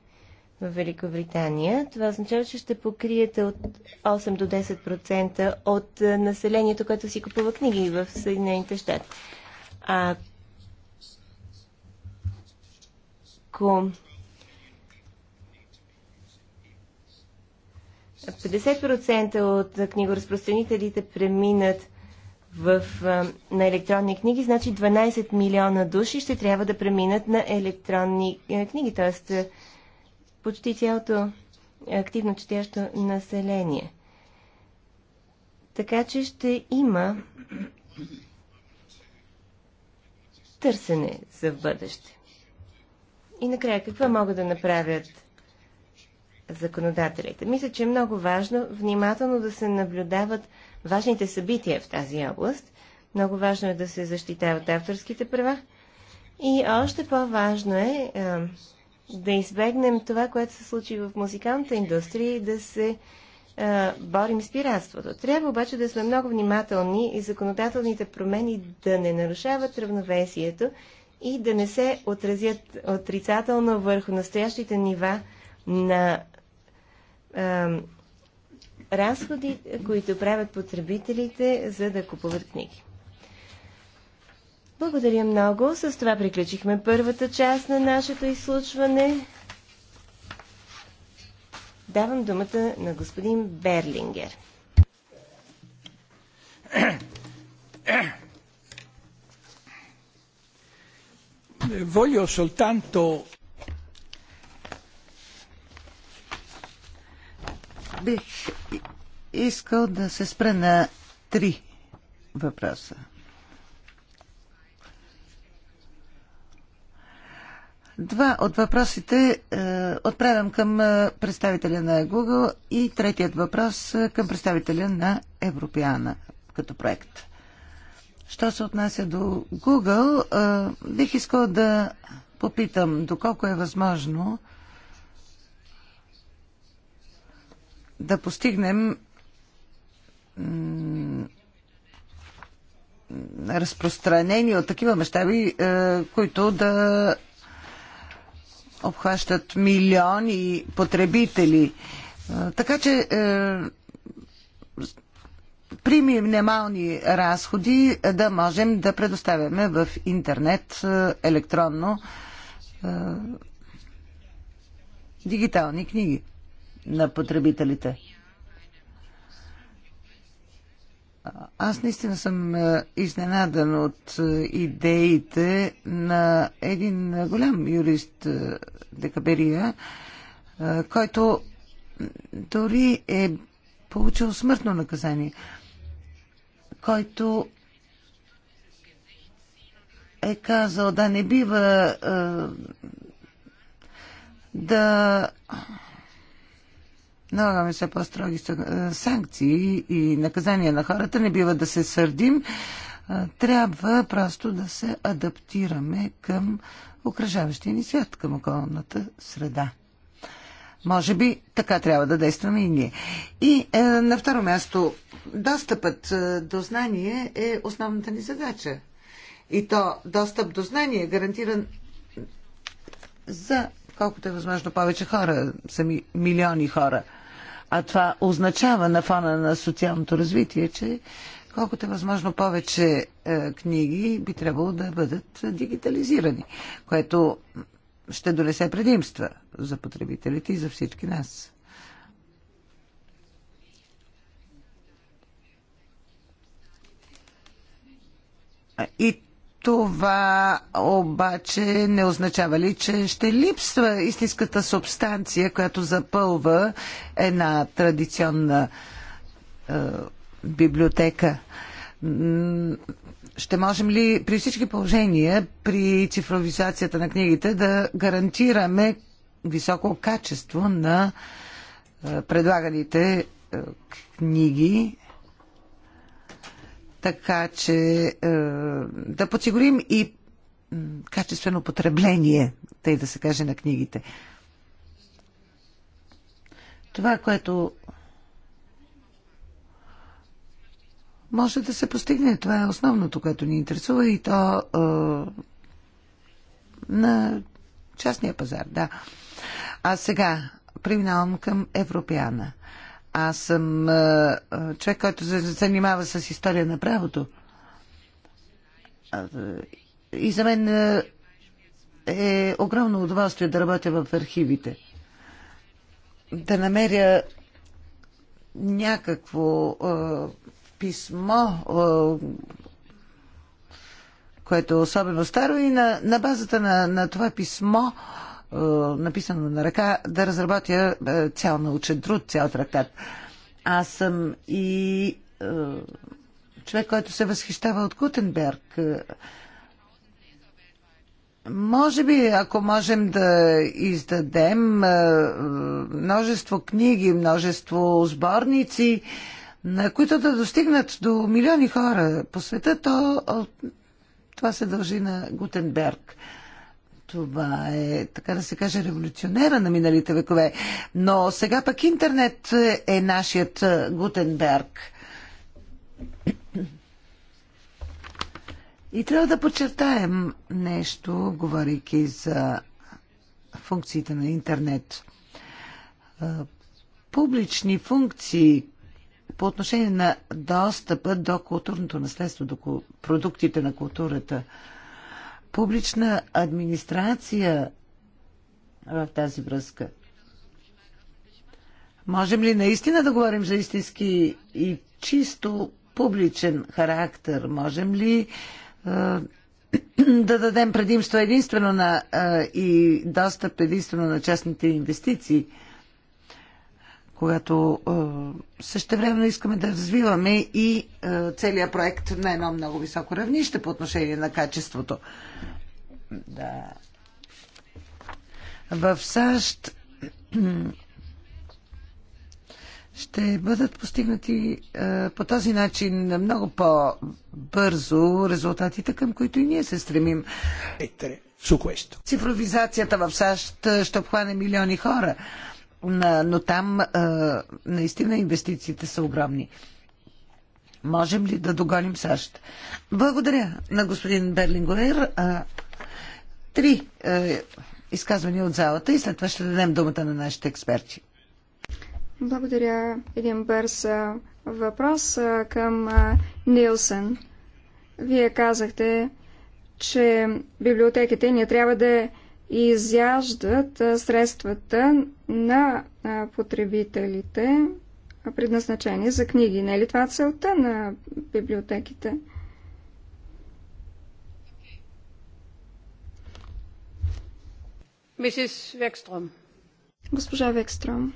в Великобритания. Това означава, че ще покриете от 8 до 10% от е, населението, което си купува книги в Съединените щати. А ако 50% от книгоразпространителите преминат в, на електронни книги, значи 12 милиона души ще трябва да преминат на електронни е, книги, т.е. почти цялото активно четящо население. Така че ще има търсене за в бъдеще. И накрая, какво могат да направят законодателите? Мисля, че е много важно внимателно да се наблюдават важните събития в тази област. Много важно е да се защитават авторските права. И още по-важно е а, е, да избегнем това, което се случи в музикалната индустрия и да се а, е, борим с пиратството. Трябва обаче да сме много внимателни и законодателните промени да не нарушават равновесието и да не се отразят отрицателно върху настоящите нива на а, е, разходи, които правят потребителите, за да купуват книги. Благодаря много. С това приключихме първата част на нашето изслушване. Давам думата на господин Берлингер. Voglio soltanto Бих искал да се спра на три въпроса. Два от въпросите е, отправям към е, представителя на Google и третият въпрос е, към представителя на Европеана като проект. Що се отнася до Google, е, бих искал да попитам доколко е възможно да постигнем разпространение от такива мащаби, е, които да обхващат милиони потребители. Е, така че е, при минимални разходи да можем да предоставяме в интернет електронно дигитални книги на потребителите. Аз наистина съм е, изненадан от е, идеите на един е, голям юрист Декаберия, който дори е получил смъртно наказание, който е казал да не бива да налагаме все по-строги е, санкции и наказания на хората, не бива да се сърдим. Е, трябва просто да се адаптираме към окружаващия ни свят, към околната среда. Може би така трябва да действаме и ние. И е, на второ място, достъпът е, до знание е основната ни задача. И то достъп до знание е гарантиран за колкото е възможно повече хора, са милиони хора. А това означава на фона на социалното развитие, че колкото е възможно повече е, книги би трябвало да бъдат дигитализирани, което ще донесе предимства за потребителите и за всички нас. И това обаче не означава ли, че ще липсва истинската субстанция, която запълва една традиционна е, библиотека? Ще можем ли при всички положения, при цифровизацията на книгите, да гарантираме високо качество на е, предлаганите е, книги така че е, да подсигурим и качествено потребление, тъй да се каже, на книгите. Това, което може да се постигне, това е основното, което ни интересува и то е, на частния пазар, да. А сега преминавам към Европеана. Е, аз съм човек, който се занимава с история на правото. И за мен е огромно удоволствие да работя в архивите. Да намеря някакво писмо, което е особено старо и на, на базата на, на това писмо е, написано на ръка, да разработя е, цял научен труд, цял трактат. Аз съм и е, човек, който се възхищава от Гутенберг. Може би, ако можем да издадем множество книги, множество сборници, на които да достигнат до милиони хора по света, то това се дължи на Гутенберг. Това е, така да се каже, революционера на миналите векове. Но сега пък интернет е нашият е, Гутенберг. И трябва да подчертаем нещо, говорейки за функциите на интернет. Е, публични функции по отношение на достъпа до културното наследство, до продуктите на културата – публична администрация в тази връзка. Можем ли наистина да говорим за истински и чисто публичен характер? Можем ли е, да дадем предимство единствено на е, и достъп единствено на частните инвестиции? когато е, същевременно искаме да развиваме и е, целият проект на едно много високо равнище по отношение на качеството. Да. В САЩ ще бъдат постигнати е, по този начин много по-бързо резултатите, към които и ние се стремим. Цифровизацията в САЩ ще обхване милиони хора но там наистина инвестициите са огромни. Можем ли да догоним САЩ? Благодаря на господин Берлингуер. Три изказвания от залата и след това ще дадем думата на нашите експерти. Благодаря. Един бърз въпрос към Нилсън. Вие казахте, че библиотеките не трябва да и изяждат средствата на потребителите, предназначени за книги. Не е ли това целта на библиотеките? Мисис Векстром. Госпожа Векстром.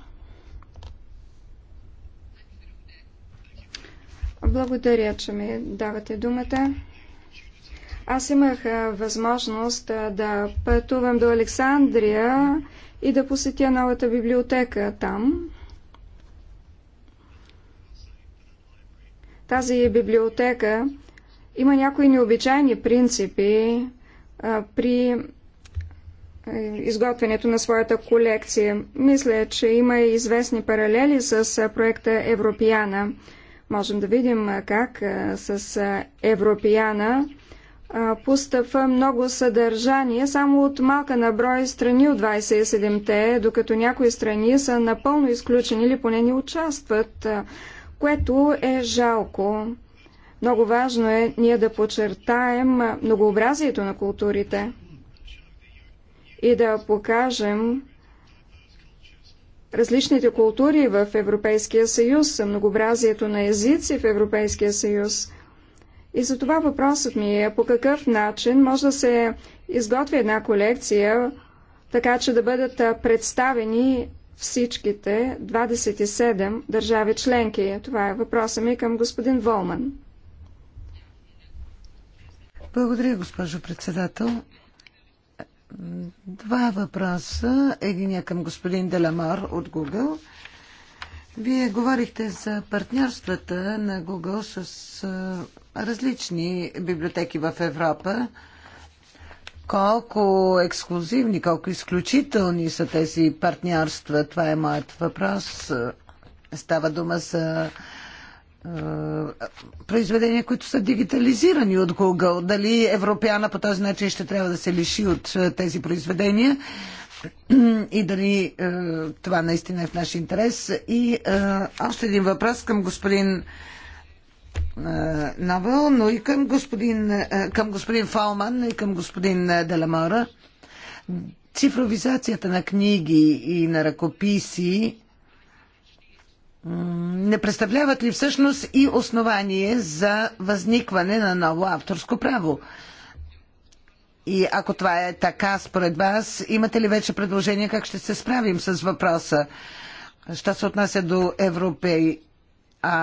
Благодаря, че ми давате думата. Аз имах възможност да пътувам до Александрия и да посетя новата библиотека там. Тази библиотека има някои необичайни принципи а, при изготвянето на своята колекция. Мисля, че има и известни паралели с проекта Европиана. Можем да видим как с Европиана постъпва много съдържание само от малка наброй страни от 27-те, докато някои страни са напълно изключени или поне не участват, което е жалко. Много важно е ние да подчертаем многообразието на културите и да покажем различните култури в Европейския съюз, многообразието на езици в Европейския съюз – и за това въпросът ми е по какъв начин може да се изготви една колекция, така че да бъдат представени всичките 27 държави членки. Това е въпросът ми към господин Волман. Благодаря, госпожо председател. Два въпроса. Единия към господин Деламар от Google. Вие говорихте за партньорствата на Google с различни библиотеки в Европа. Колко ексклюзивни, колко изключителни са тези партньорства? Това е моят въпрос. Става дума за е, произведения, които са дигитализирани от Google. Дали Европеана по този начин ще трябва да се лиши от е, тези произведения и дали е, това наистина е в наш интерес. И още един въпрос към господин е, Навел, но и към господин, е, към господин Фалман и към господин е, Деламора. Цифровизацията на книги и на ръкописи не представляват ли всъщност и основание за възникване на ново авторско право? И ако това е така според вас, имате ли вече предложение как ще се справим с въпроса? Що се отнася до европей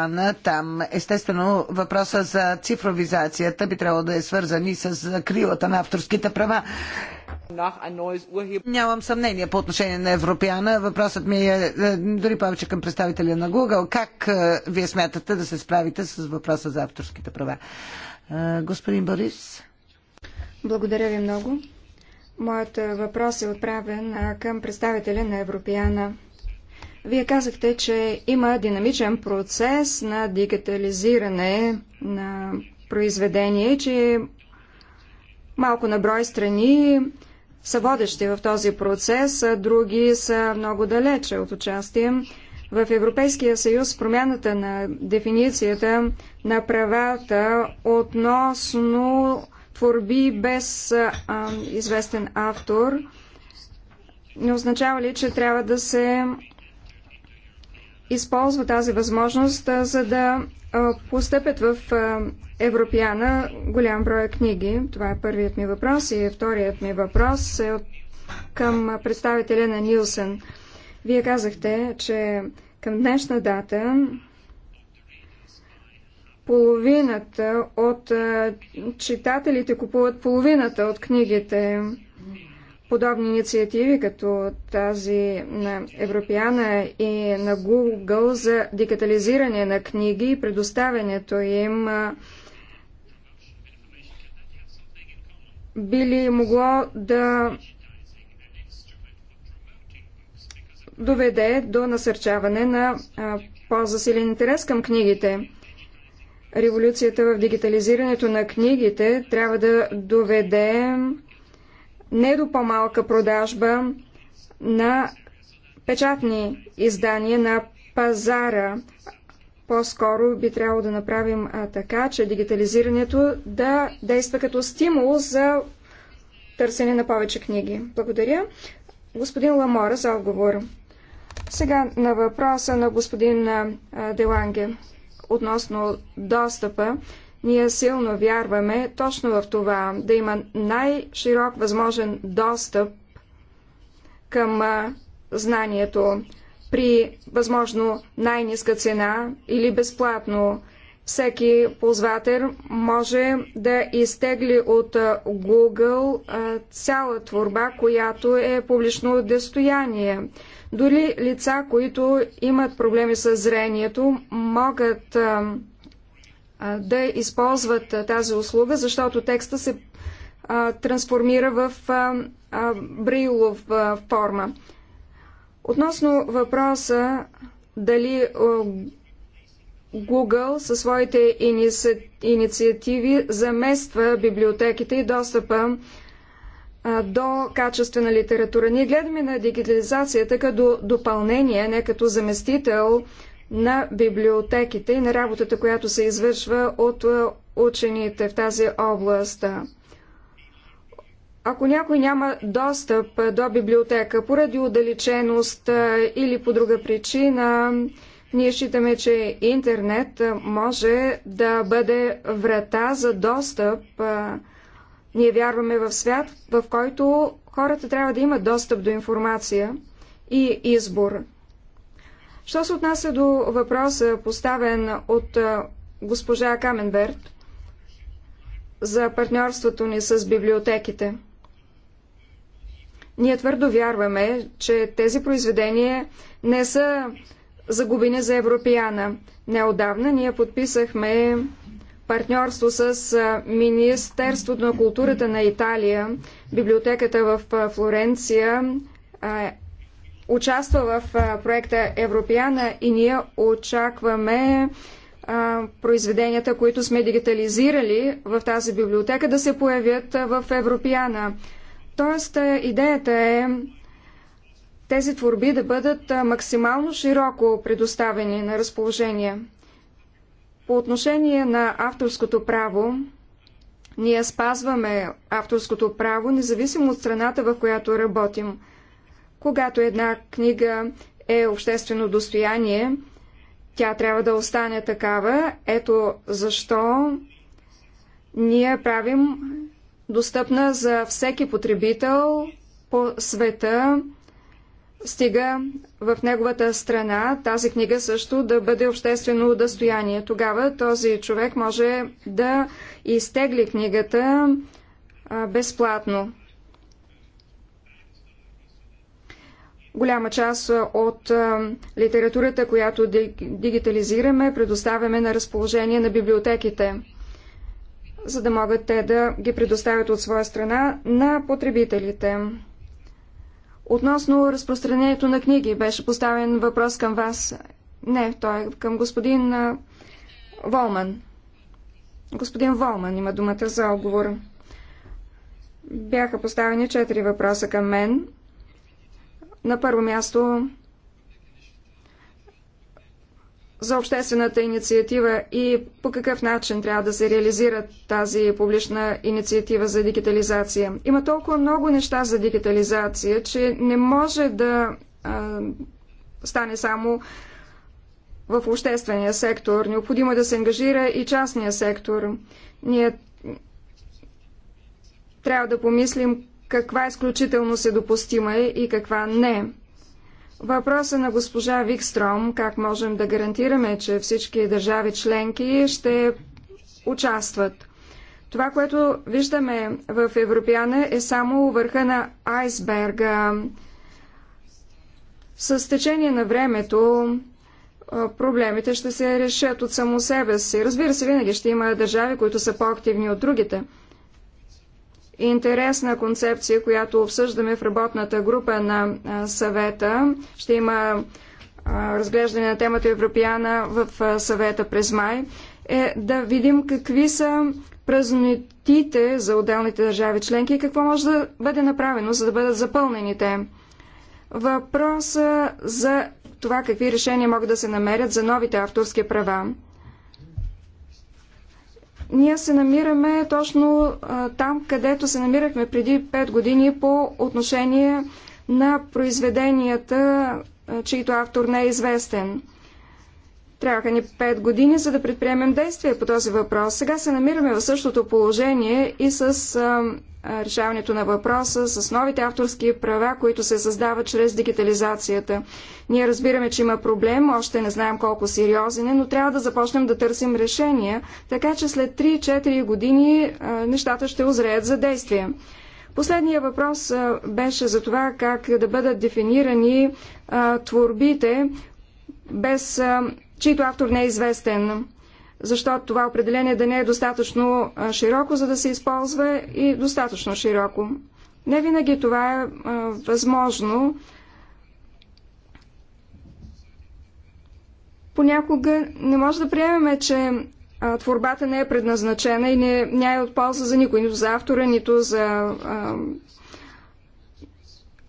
на там. Естествено, въпроса за цифровизацията би трябвало да е свързан и с крилата на авторските права. Нямам съмнение по отношение на Европеана. Въпросът ми е, е дори повече към представителя на Google. Как е, вие смятате да се справите с въпроса за авторските права? Е, господин Борис? Благодаря ви много. Моят въпрос е отправен към представителя на Европеана. Вие казахте, че има динамичен процес на дигитализиране на произведение, че малко на брой страни са водещи в този процес, а други са много далече от участие. В Европейския съюз промяната на дефиницията на правата относно творби без а, известен автор не означава ли, че трябва да се използва тази възможност, за да постъпят в Европеяна голям брой книги. Това е първият ми въпрос и вторият ми въпрос е към представителя на Нилсен. Вие казахте, че към днешна дата половината от читателите купуват половината от книгите подобни инициативи, като тази на Европеяна и на Google за дигитализиране на книги и предоставянето им Били могло да доведе до насърчаване на по-засилен интерес към книгите. Революцията в дигитализирането на книгите трябва да доведе не до по-малка продажба на печатни издания на пазара. По-скоро би трябвало да направим а, така, че дигитализирането да действа като стимул за търсене на повече книги. Благодаря. Господин Ламора за отговор. Сега на въпроса на господин Деланге относно достъпа ние силно вярваме точно в това да има най-широк възможен достъп към знанието при възможно най-ниска цена или безплатно. Всеки ползвател може да изтегли от Google цяла творба, която е публично достояние. Дори лица, които имат проблеми с зрението, могат да използват тази услуга, защото текста се трансформира в брилов форма. Относно въпроса дали Google със своите инициативи замества библиотеките и достъпа до качествена литература. Ние гледаме на дигитализацията като допълнение, не като заместител на библиотеките и на работата, която се извършва от е, учените в тази област. Ако някой няма достъп е, до библиотека поради отдалеченост е, или по друга причина, ние считаме, че интернет може да бъде врата за достъп. Ние вярваме в свят, в който хората трябва да имат достъп до информация и избор. Що се отнася до въпроса, поставен от госпожа Каменберт за партньорството ни с библиотеките, ние твърдо вярваме, че тези произведения не са загубени за европеяна. Неодавна ние подписахме партньорство с Министерството на културата на Италия, библиотеката в Флоренция, участва в проекта Европеяна и ние очакваме произведенията, които сме дигитализирали в тази библиотека, да се появят в Европеяна. Тоест, идеята е тези творби да бъдат максимално широко предоставени на разположение. По отношение на авторското право, ние спазваме авторското право, независимо от страната, в която работим – когато една книга е обществено достояние, тя трябва да остане такава. Ето защо ние правим достъпна за всеки потребител по света, стига в неговата страна тази книга също да бъде обществено достояние. Тогава този човек може да изтегли книгата безплатно. Голяма част от литературата, която дигитализираме, предоставяме на разположение на библиотеките, за да могат те да ги предоставят от своя страна на потребителите. Относно разпространението на книги, беше поставен въпрос към вас. Не, той е към господин Волман. Господин Волман има думата за отговор. Бяха поставени четири въпроса към мен. На първо място за обществената инициатива и по какъв начин трябва да се реализира тази публична инициатива за дигитализация. Има толкова много неща за дигитализация, че не може да а, стане само в обществения сектор. Необходимо е да се ангажира и частния сектор. Ние трябва да помислим каква изключително се допустима е и каква не. Въпроса на госпожа Викстром, как можем да гарантираме, че всички държави членки ще участват. Това, което виждаме в Европяна е само върха на айсберга. С течение на времето проблемите ще се решат от само себе си. Разбира се, винаги ще има държави, които са по-активни от другите – интересна концепция, която обсъждаме в работната група на съвета. Ще има разглеждане на темата Европеяна в съвета през май, е да видим какви са празнотите за отделните държави членки и какво може да бъде направено, за да бъдат запълнени те. Въпроса за това какви решения могат да се намерят за новите авторски права. Ние се намираме точно там, където се намирахме преди 5 години по отношение на произведенията, чийто автор не е известен. Трябваха ни 5 години, за да предприемем действия по този въпрос. Сега се намираме в същото положение и с а, решаването на въпроса, с новите авторски права, които се създават чрез дигитализацията. Ние разбираме, че има проблем, още не знаем колко сериозен е, но трябва да започнем да търсим решения, така че след 3-4 години а, нещата ще озреят за действие. Последният въпрос а, беше за това как да бъдат дефинирани а, творбите без чийто автор не е известен, защото това определение да не е достатъчно широко, за да се използва и достатъчно широко. Не винаги това е възможно. Понякога не може да приемеме, че творбата не е предназначена и не, не е от полза за никой, нито за автора, нито за а,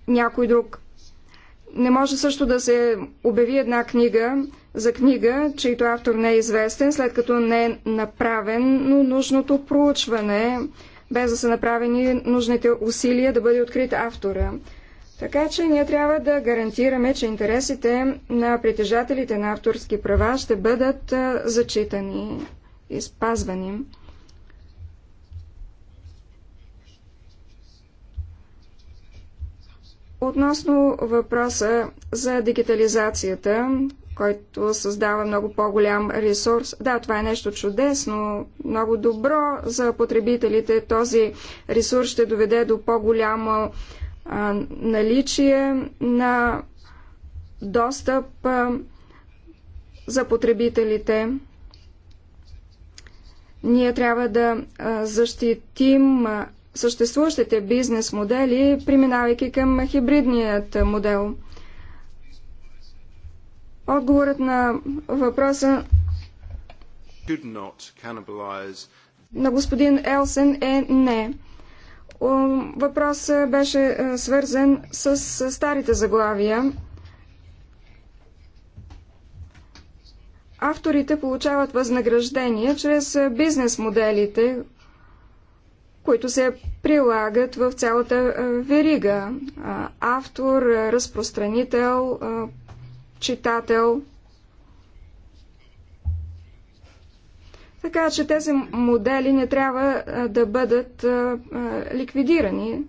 някой друг. Не може също да се обяви една книга, за книга, чийто автор не е известен, след като не е но нужното проучване, без да са направени нужните усилия да бъде открит автора. Така че ние трябва да гарантираме, че интересите на притежателите на авторски права ще бъдат зачитани и спазвани. Относно въпроса за дигитализацията, който създава много по-голям ресурс. Да, това е нещо чудесно, много добро за потребителите. Този ресурс ще доведе до по-голямо наличие на достъп а, за потребителите. Ние трябва да а, защитим а, съществуващите бизнес модели, преминавайки към хибридният модел – Отговорът на въпроса на господин Елсен е не. Въпросът беше е, свързан с е, старите заглавия. Авторите получават възнаграждение чрез е, бизнес моделите, които се прилагат в цялата верига. Автор, разпространител, читател. Така че тези модели не трябва да бъдат ликвидирани.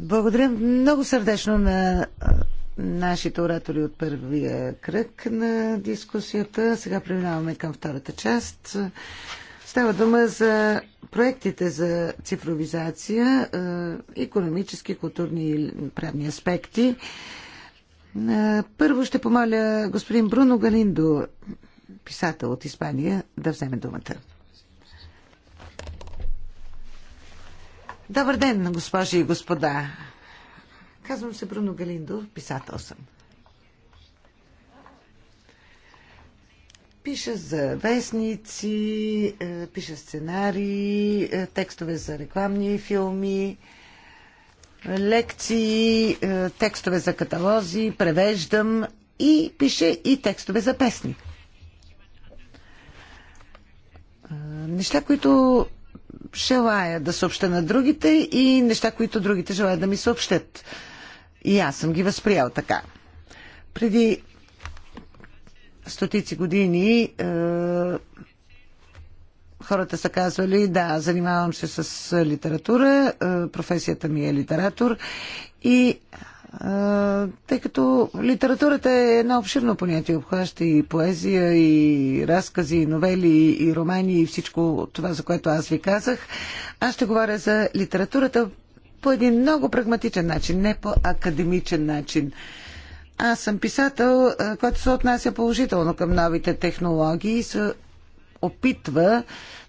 Благодаря много сърдечно на нашите оратори от първия кръг на дискусията. Сега преминаваме към втората част. Става дума за проектите за цифровизация, економически, културни и правни аспекти. Е, първо ще помоля господин Бруно Галиндо, писател от Испания, да вземе думата. Добър ден, госпожи и господа! Казвам се Бруно Галиндо, писател съм. Пиша за вестници, е, пиша сценарии, е, текстове за рекламни филми, лекции, е, текстове за каталози, превеждам и пише и текстове за песни. Неща, които желая да съобща на другите и неща, които другите желаят да ми съобщат. И аз съм ги възприял така. Преди стотици години е, хората са казвали, да, занимавам се с литература, е, професията ми е литератор и е, тъй като литературата е едно обширно понятие, обхваща и поезия, и разкази, и новели, и романи, и всичко това, за което аз ви казах. Аз ще говоря за литературата по един много прагматичен начин, не по академичен начин. Аз съм писател, който се отнася положително към новите технологии и се опитва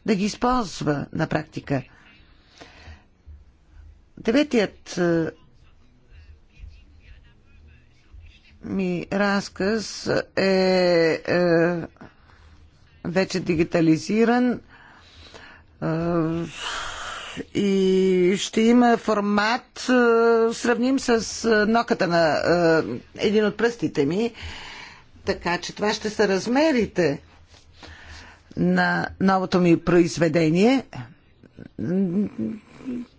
да ги използва на практика. Деветият ми разказ е, е вече дигитализиран. Е, и ще има формат е, сравним с е, ноката на е, един от пръстите ми. Така че това ще са размерите на новото ми произведение.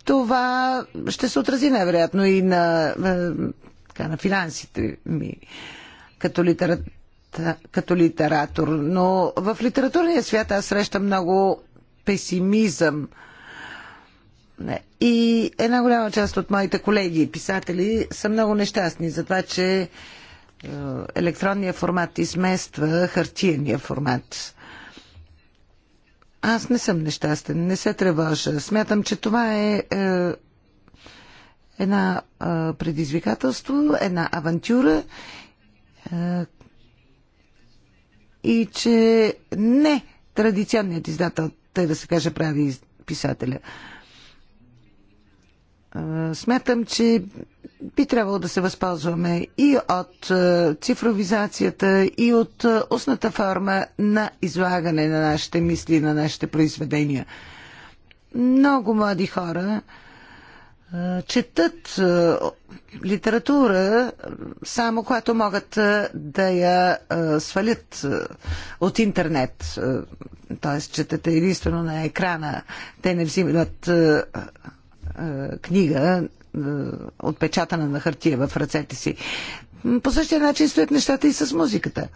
Това ще се отрази невероятно и на, така, на финансите ми като литература като литератор, но в литературния свят аз срещам много песимизъм. И една голяма част от моите колеги и писатели са много нещастни за това, че е, електронния формат измества хартиения формат. Аз не съм нещастен, не се тревожа. Смятам, че това е, е една е, предизвикателство, една авантюра е, и че не традиционният издател, тъй да се каже, прави писателя. Е, смятам, че би трябвало да се възползваме и от е, цифровизацията, и от е, устната форма на излагане на нашите мисли, на нашите произведения. Много млади хора четат литература само когато могат да я свалят от интернет. Т.е. четат единствено на екрана. Те не взимат е, книга, е, отпечатана на хартия в ръцете си. По същия начин стоят нещата и с музиката.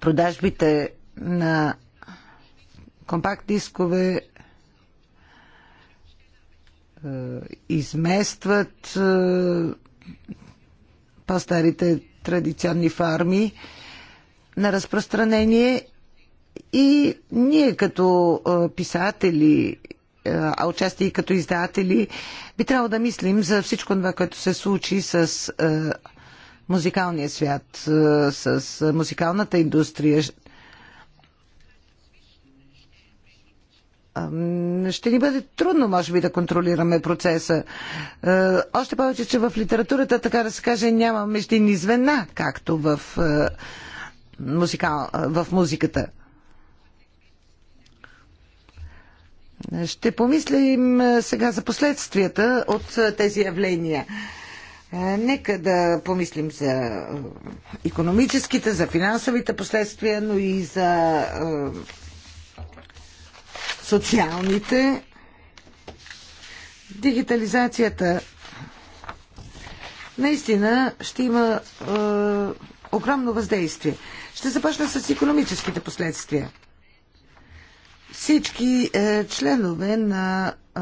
Продажбите на компакт-дискове е, изместват по-старите традиционни фарми на разпространение и ние като писатели е, а отчасти и като издатели, би трябвало да мислим за всичко това, което се случи с е, музикалния свят, е, с музикалната индустрия. Ще ни бъде трудно, може би, да контролираме процеса. Още повече, че в литературата, така да се каже, няма междинни звена, както в, музикал... в музиката. Ще помислим сега за последствията от тези явления. Нека да помислим за економическите, за финансовите последствия, но и за социалните. Дигитализацията наистина ще има е, огромно въздействие. Ще започна с економическите последствия. Всички е, членове на е,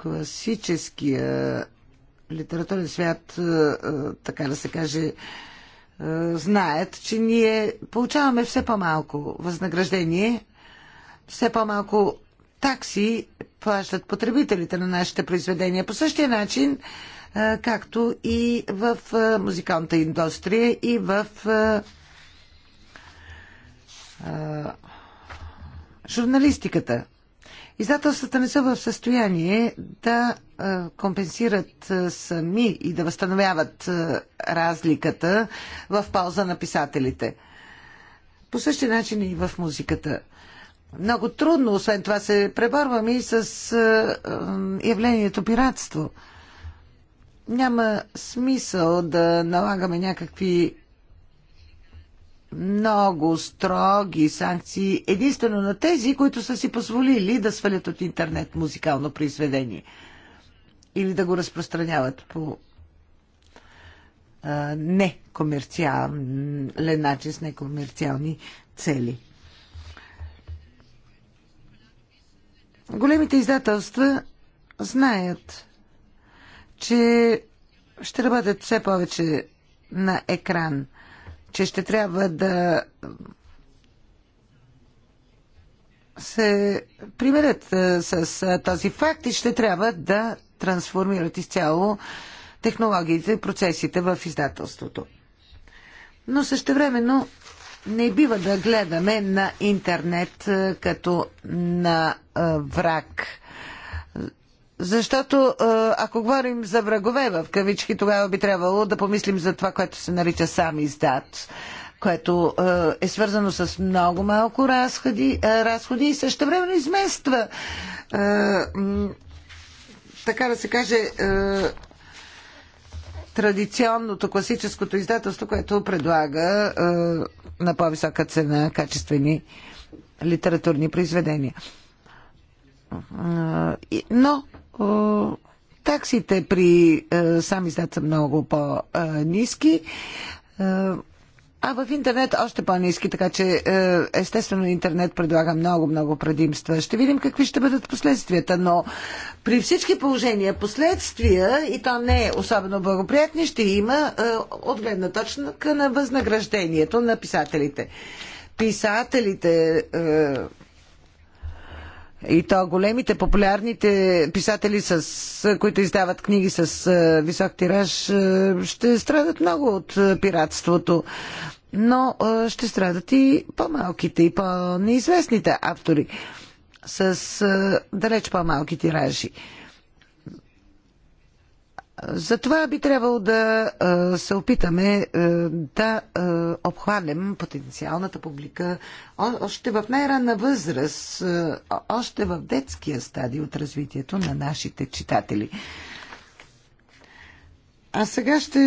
класическия литературен свят, е, е, така да се каже, е, знаят, че ние получаваме все по-малко възнаграждение, все по-малко такси плащат потребителите на нашите произведения. По същия начин, е, както и в е, музикалната индустрия, и в е, журналистиката. Издателствата не са в състояние да компенсират сами и да възстановяват разликата в полза на писателите. По същия начин и в музиката. Много трудно, освен това, се преборваме и с явлението пиратство. Няма смисъл да налагаме някакви много строги санкции единствено на тези, които са си позволили да свалят от интернет музикално произведение или да го разпространяват по а, некомерциален начин с некомерциални цели. Големите издателства знаят, че ще работят все повече на екран – че ще трябва да се примерят с този факт и ще трябва да трансформират изцяло технологиите и процесите в издателството. Но същевременно не бива да гледаме на интернет като на враг – защото е, ако говорим за врагове в кавички, тогава би трябвало да помислим за това, което се нарича сам издат, което е, е свързано с много малко разходи, е, разходи и също време измества така да се каже традиционното, класическото издателство, което предлага на по-висока цена качествени литературни произведения. но таксите при е, сами издат са много по-низки, е, а в интернет още по-низки, така че е, естествено интернет предлага много-много предимства. Ще видим какви ще бъдат последствията, но при всички положения последствия, и то не е особено благоприятни, ще има от гледна точка на възнаграждението на писателите. Писателите и то големите, популярните писатели, с, които издават книги с висок тираж, ще страдат много от пиратството. Но ще страдат и по-малките, и по-неизвестните автори с далеч по-малки тиражи. Затова би трябвало да се опитаме да обхванем потенциалната публика още в най-ранна възраст, още в детския стадий от развитието на нашите читатели. А сега ще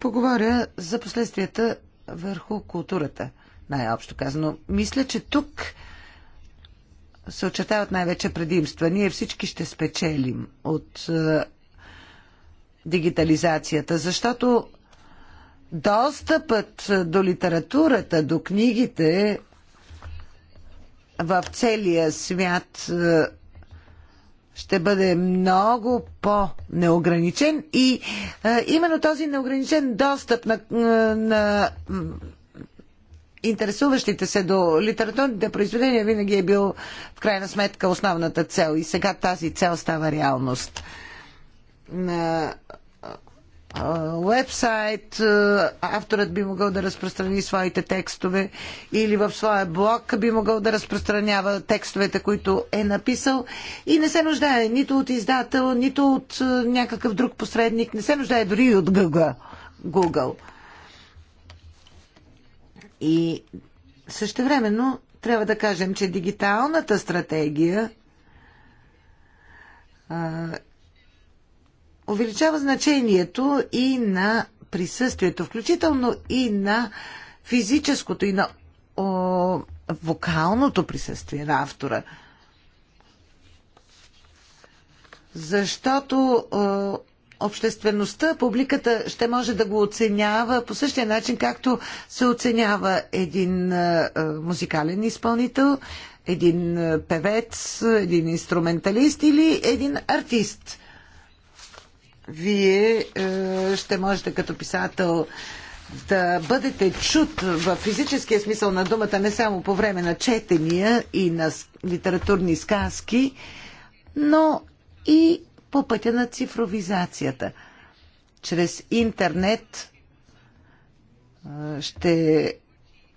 поговоря за последствията върху културата, най-общо казано. Мисля, че тук се очертават най-вече предимства. Ние всички ще спечелим от дигитализацията, защото достъпът до литературата, до книгите в целия свят е, ще бъде много по-неограничен и е, именно този неограничен достъп на, на, е, на интересуващите се до литературните произведения винаги е бил в крайна сметка основната цел и сега тази цел става реалност вебсайт, авторът би могъл да разпространи своите текстове или в своя блог би могъл да разпространява текстовете, които е написал и не се нуждае нито от издател, нито от някакъв друг посредник, не се нуждае дори и от Google. И И същевременно трябва да кажем, че дигиталната стратегия увеличава значението и на присъствието, включително и на физическото и на о, вокалното присъствие на автора. Защото о, обществеността, публиката ще може да го оценява по същия начин, както се оценява един о, е, е, музикален изпълнител, един е, певец, един инструменталист или един артист вие е, ще можете като писател да бъдете чут в физическия смисъл на думата не само по време на четения и на литературни сказки, но и по пътя на цифровизацията. Чрез интернет е, ще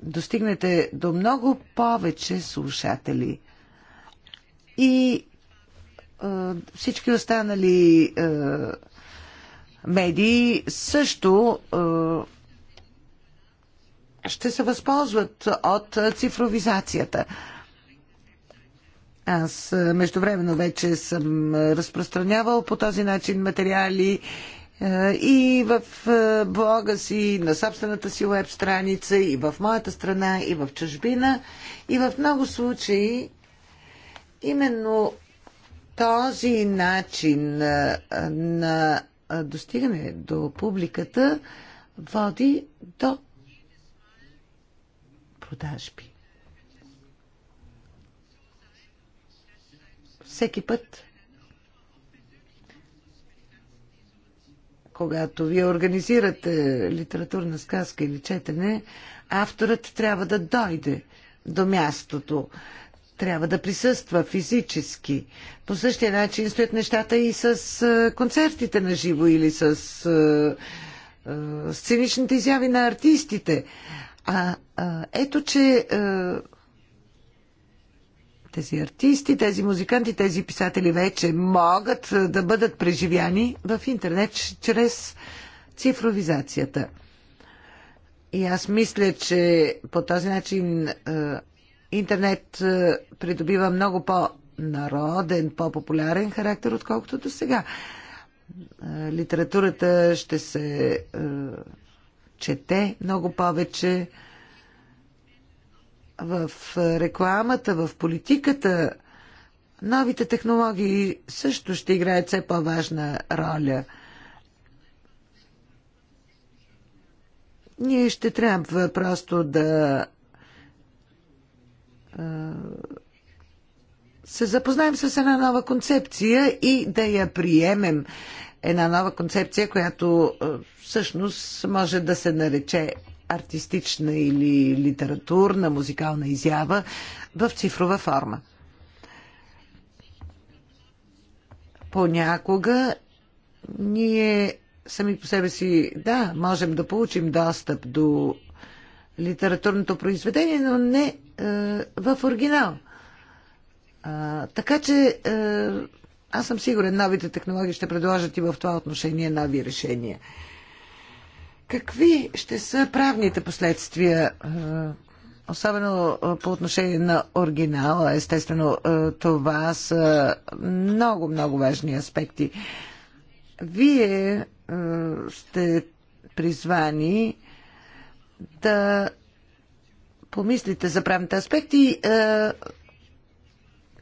достигнете до много повече слушатели. И е, всички останали медии също е, ще се възползват от цифровизацията. Аз е, междувременно вече съм разпространявал по този начин материали е, и в блога си, на собствената си веб страница, и в моята страна, и в чужбина. И в много случаи именно този начин на достигане до публиката води до продажби. Всеки път, когато вие организирате литературна сказка или четене, авторът трябва да дойде до мястото трябва да присъства физически. По същия начин стоят нещата и с концертите на живо или с сценичните изяви на артистите. А, а ето, че а, тези артисти, тези музиканти, тези писатели вече могат да бъдат преживяни в интернет чрез цифровизацията. И аз мисля, че по този начин а, интернет е, придобива много по-народен, по-популярен характер, отколкото до сега. Е, литературата ще се е, чете много повече в рекламата, в политиката. Новите технологии също ще играят все по-важна роля. Ние ще трябва просто да се запознаем с една нова концепция и да я приемем. Една нова концепция, която всъщност може да се нарече артистична или литературна, музикална изява в цифрова форма. Понякога ние сами по себе си, да, можем да получим достъп до литературното произведение, но не е, в оригинал. Така че е, аз съм сигурен, новите технологии ще предложат и в това отношение нови решения. Какви ще са правните последствия, е, особено по отношение на оригинала? Естествено, това са много, много важни аспекти. Вие сте призвани да помислите за правните аспекти, е,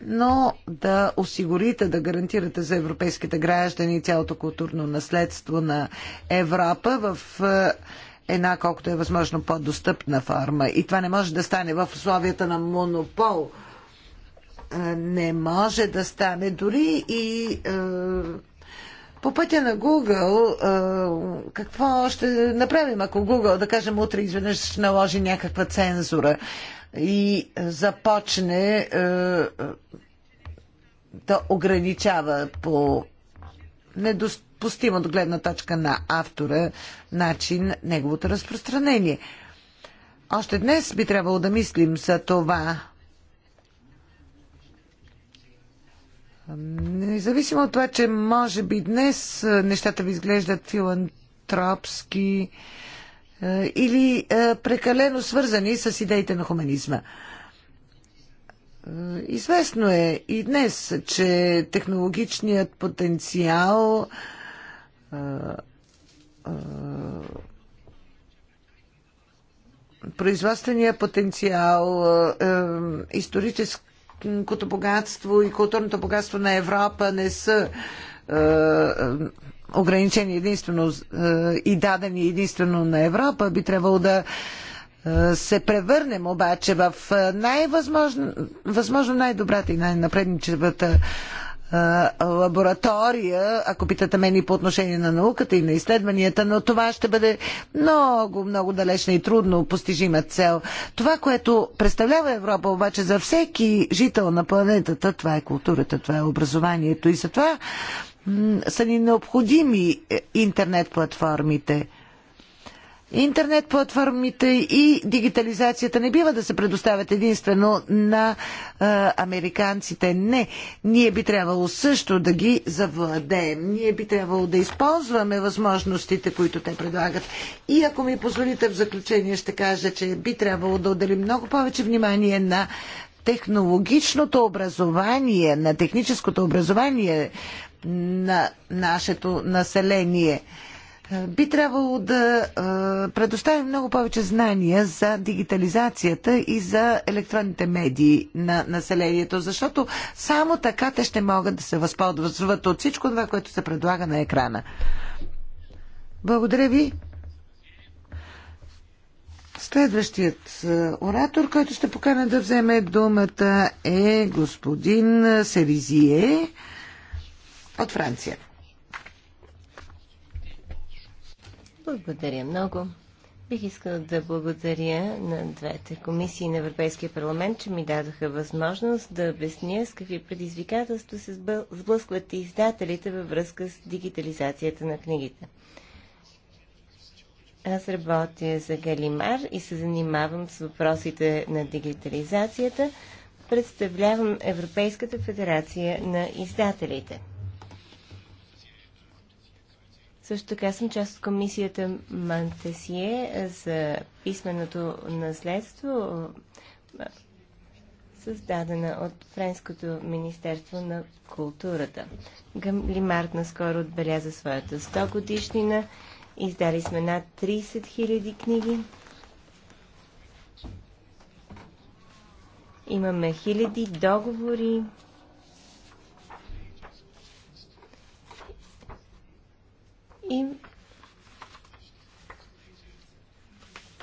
но да осигурите, да гарантирате за европейските граждани цялото културно наследство на Европа в е, една колкото е възможно по-достъпна форма. И това не може да стане в условията на монопол. Е, не може да стане дори и по пътя на Google, какво ще направим, ако Google, да кажем, утре изведнъж ще наложи някаква цензура и започне да ограничава по недопустим от гледна точка на автора начин неговото разпространение. Още днес би трябвало да мислим за това Независимо от това, че може би днес нещата ви изглеждат филантропски или прекалено свързани с идеите на хуманизма. Известно е и днес, че технологичният потенциал производствения потенциал, историческ природното богатство и културното богатство на Европа не са е, е, ограничени единствено е, и дадени единствено на Европа, би трябвало да е, се превърнем обаче в е, най-възможно най-добрата и най-напредничевата лаборатория, ако питате мен и по отношение на науката и на изследванията, но това ще бъде много, много далечна и трудно постижима цел. Това, което представлява Европа обаче за всеки жител на планетата, това е културата, това е образованието и затова са ни необходими е, интернет платформите – интернет платформите и дигитализацията не бива да се предоставят единствено на а, американците. Не, ние би трябвало също да ги завладеем. Ние би трябвало да използваме възможностите, които те предлагат. И ако ми позволите в заключение ще кажа, че би трябвало да отделим много повече внимание на технологичното образование, на техническото образование на нашето население би трябвало да предоставим много повече знания за дигитализацията и за електронните медии на населението, защото само така те ще могат да се възползват от всичко това, което се предлага на екрана. Благодаря ви. Следващият оратор, който ще покана да вземе думата е господин Серизие от Франция. Благодаря много. Бих искала да благодаря на двете комисии на Европейския парламент, че ми дадоха възможност да обясня с какви предизвикателства се сблъскват и издателите във връзка с дигитализацията на книгите. Аз работя за Галимар и се занимавам с въпросите на дигитализацията. Представлявам Европейската федерация на издателите – също така съм част от комисията Мантесие за писменото наследство, създадена от Френското Министерство на културата. Гамлимарт наскоро отбеляза своята 100 годишнина. Издали сме над 30 000 книги. Имаме хиляди договори, и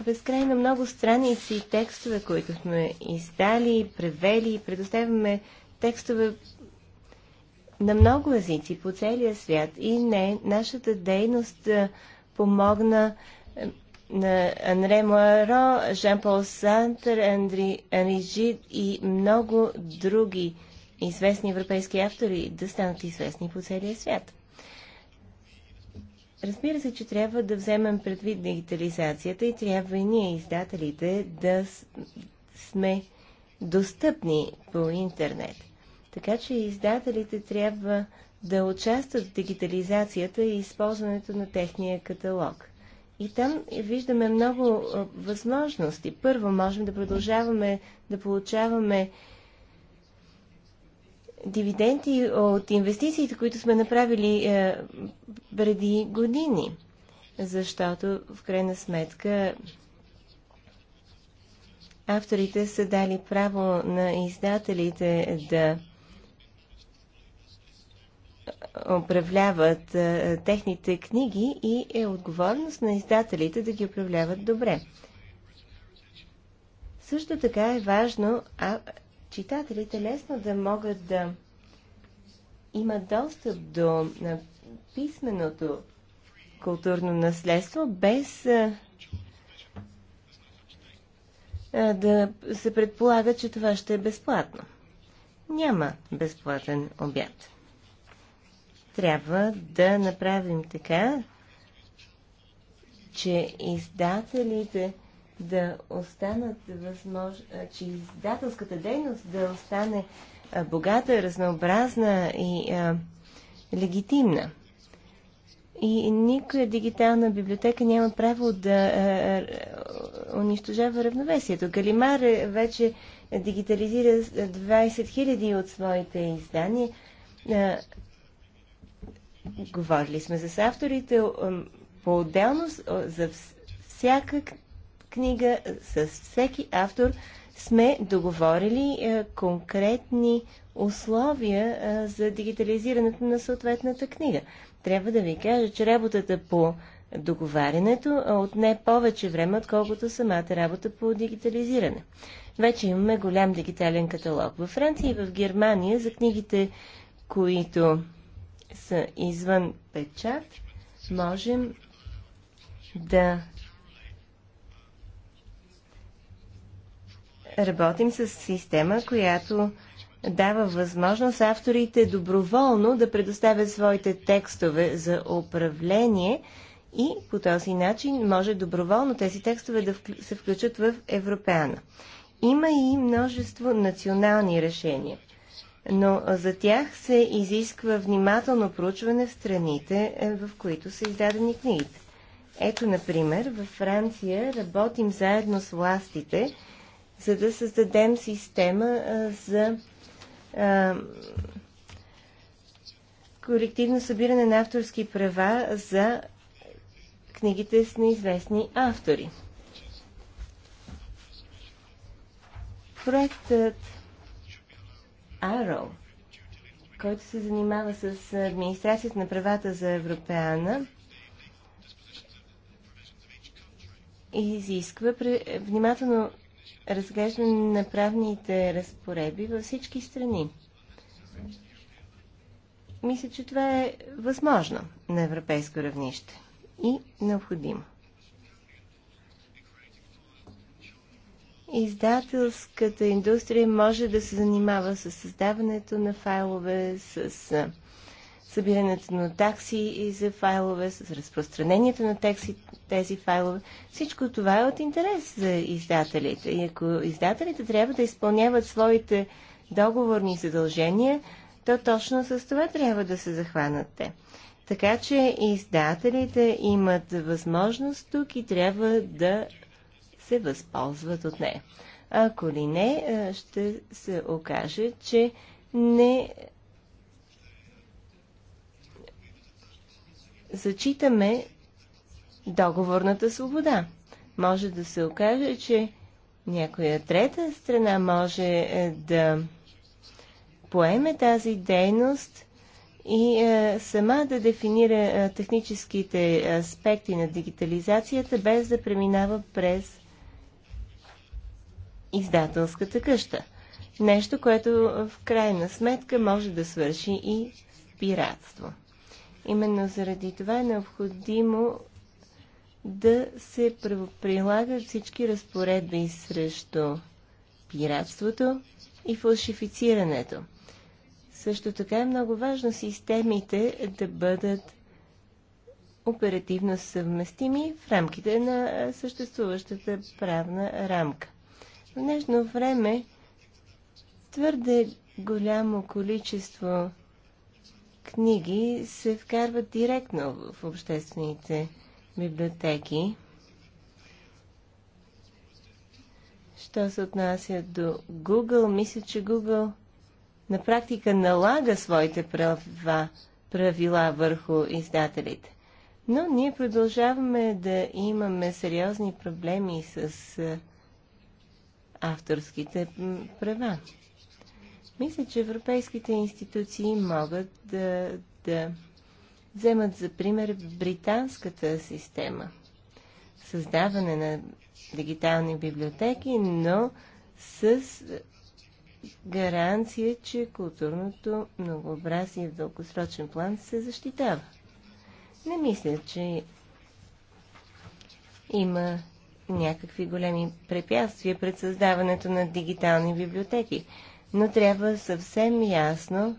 безкрайно много страници и текстове, които сме издали, превели и предоставяме текстове на много езици по целия свят. И не, нашата дейност помогна на Анре Муаро, Жан-Пол Сантер, Андри Анри и много други известни европейски автори да станат известни по целия свят. Разбира се, че трябва да вземем предвид дигитализацията и трябва и ние, издателите, да сме достъпни по интернет. Така че издателите трябва да участват в дигитализацията и използването на техния каталог. И там виждаме много възможности. Първо, можем да продължаваме да получаваме дивиденти от инвестициите, които сме направили е, преди години. Защото, в крайна сметка, авторите са дали право на издателите да управляват е, техните книги и е отговорност на издателите да ги управляват добре. Също така е важно а, читателите лесно да могат да имат достъп до на писменото културно наследство, без а, а, да се предполага, че това ще е безплатно. Няма безплатен обяд. Трябва да направим така, че издателите да останат възмож... че издателската дейност да остане богата, разнообразна и а, легитимна. И никоя дигитална библиотека няма право да а, унищожава равновесието. Галимар е вече дигитализира 20 000 от своите издания. А, говорили сме с авторите по-отделно за всяка книга с всеки автор сме договорили е, конкретни условия е, за дигитализирането на съответната книга. Трябва да ви кажа, че работата по договарянето е, отне повече време, отколкото самата работа по дигитализиране. Вече имаме голям дигитален каталог. Във Франция и в Германия за книгите, които са извън печат, можем да работим с система, която дава възможност авторите доброволно да предоставят своите текстове за управление и по този начин може доброволно тези текстове да се включат в Европеана. Има и множество национални решения, но за тях се изисква внимателно проучване в страните, е, в които са издадени книгите. Ето, например, във Франция работим заедно с властите за да създадем система за колективно събиране на авторски права за книгите с неизвестни автори. Проектът Arrow, който се занимава с администрацията на правата за Европеана, изисква внимателно разглеждане на правните разпореби във всички страни. Мисля, че това е възможно на европейско равнище и необходимо. Издателската индустрия може да се занимава с създаването на файлове, с събирането на такси и за файлове, с разпространението на текси, тези файлове. Всичко това е от интерес за издателите. И ако издателите трябва да изпълняват своите договорни задължения, то точно с това трябва да се захванат те. Така че издателите имат възможност тук и трябва да се възползват от нея. Ако ли не, ще се окаже, че не зачитаме договорната свобода. Може да се окаже, че някоя трета страна може е, да поеме тази дейност и е, сама да дефинира е, техническите аспекти на дигитализацията, без да преминава през издателската къща. Нещо, което в крайна сметка може да свърши и пиратство. Именно заради това е необходимо да се прилагат всички разпоредби срещу пиратството и фалшифицирането. Също така е много важно системите да бъдат оперативно съвместими в рамките на съществуващата правна рамка. В днешно време твърде голямо количество книги се вкарват директно в обществените библиотеки. Що се отнася до Google, мисля, че Google на практика налага своите права, правила върху издателите. Но ние продължаваме да имаме сериозни проблеми с авторските права. Мисля, че европейските институции могат да, да вземат за пример британската система. Създаване на дигитални библиотеки, но с гаранция, че културното многообразие в дългосрочен план се защитава. Не мисля, че има някакви големи препятствия пред създаването на дигитални библиотеки но трябва съвсем ясно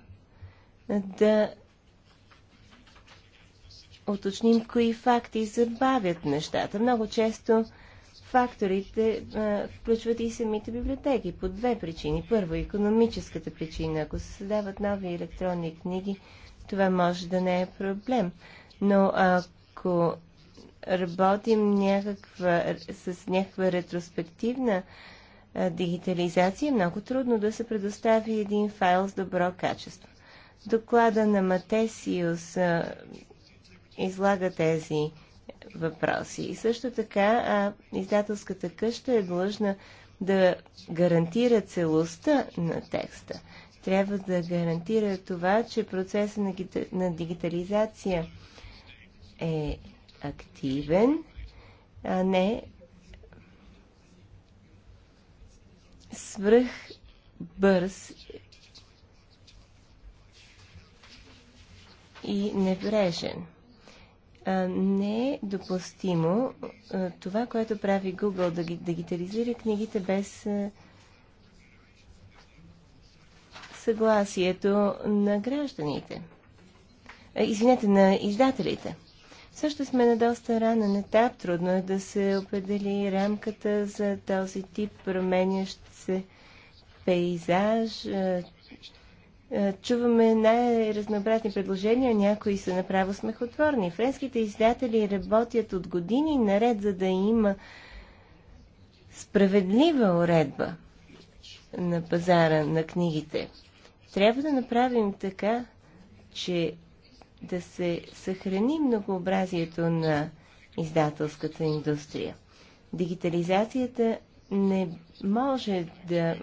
да уточним кои факти забавят нещата. Много често факторите а, включват и самите библиотеки по две причини. Първо, економическата причина. Ако се създават нови електронни книги, това може да не е проблем. Но ако работим някаква, с някаква ретроспективна дигитализация е много трудно да се предостави един файл с добро качество. Доклада на Матесиус а, излага тези въпроси. И също така а, издателската къща е длъжна да гарантира целостта на текста. Трябва да гарантира това, че процесът на, на дигитализация е активен, а не свръх бърз и небрежен. Не е допустимо това, което прави Google, да дигитализира книгите без съгласието на гражданите. Извинете, на издателите. Също сме на доста ранен етап. Трудно е да се определи рамката за този тип променящ се пейзаж. Е, е, чуваме най-разнообразни предложения, някои са направо смехотворни. Френските издатели работят от години наред, за да има справедлива уредба на пазара на книгите. Трябва да направим така, че да се съхрани многообразието на издателската индустрия. Дигитализацията не може да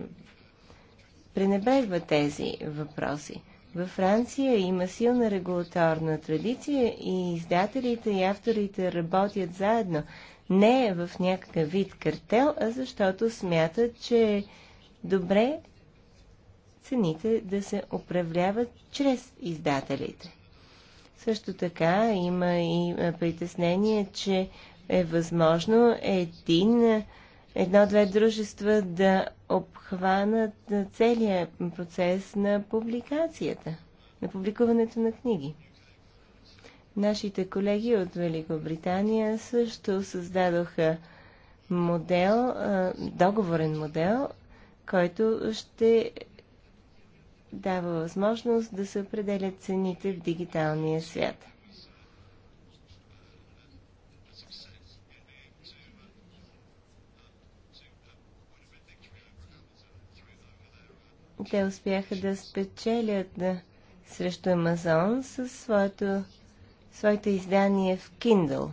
пренебрегва тези въпроси. Във Франция има силна регулаторна традиция и издателите и авторите работят заедно. Не в някакъв вид картел, а защото смятат, че е добре цените да се управляват чрез издателите. Също така има и притеснение, че е възможно един, едно-две дружества да обхванат целия процес на публикацията, на публикуването на книги. Нашите колеги от Великобритания също създадоха модел, договорен модел, който ще дава възможност да се определят цените в дигиталния свят. Те успяха да спечелят да, срещу Амазон със своето, своето издание в Kindle.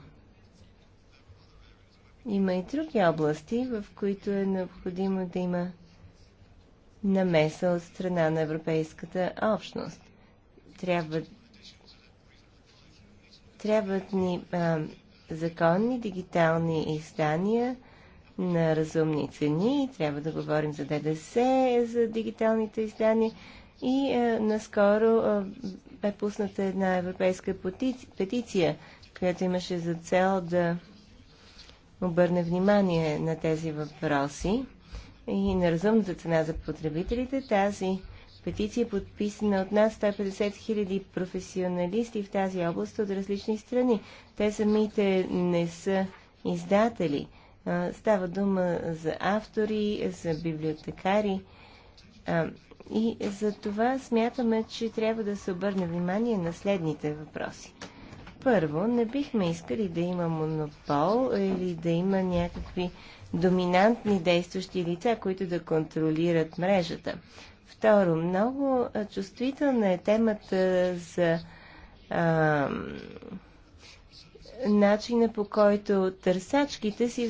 Има и други области, в които е необходимо да има намеса от страна на Европейската общност. Трябва, трябват ни а, законни дигитални издания на разумни цени. Трябва да говорим за ДДС, за дигиталните издания. И а, наскоро а, бе пусната една европейска петиция, която имаше за цел да обърне внимание на тези въпроси и на разумната цена за потребителите. Тази петиция е подписана от нас 150 хиляди професионалисти в тази област от различни страни. Те самите не са издатели. Става дума за автори, за библиотекари. И за това смятаме, че трябва да се обърне внимание на следните въпроси. Първо, не бихме искали да има монопол или да има някакви доминантни действащи лица, които да контролират мрежата. Второ, много чувствителна е темата за а, начина по който търсачките си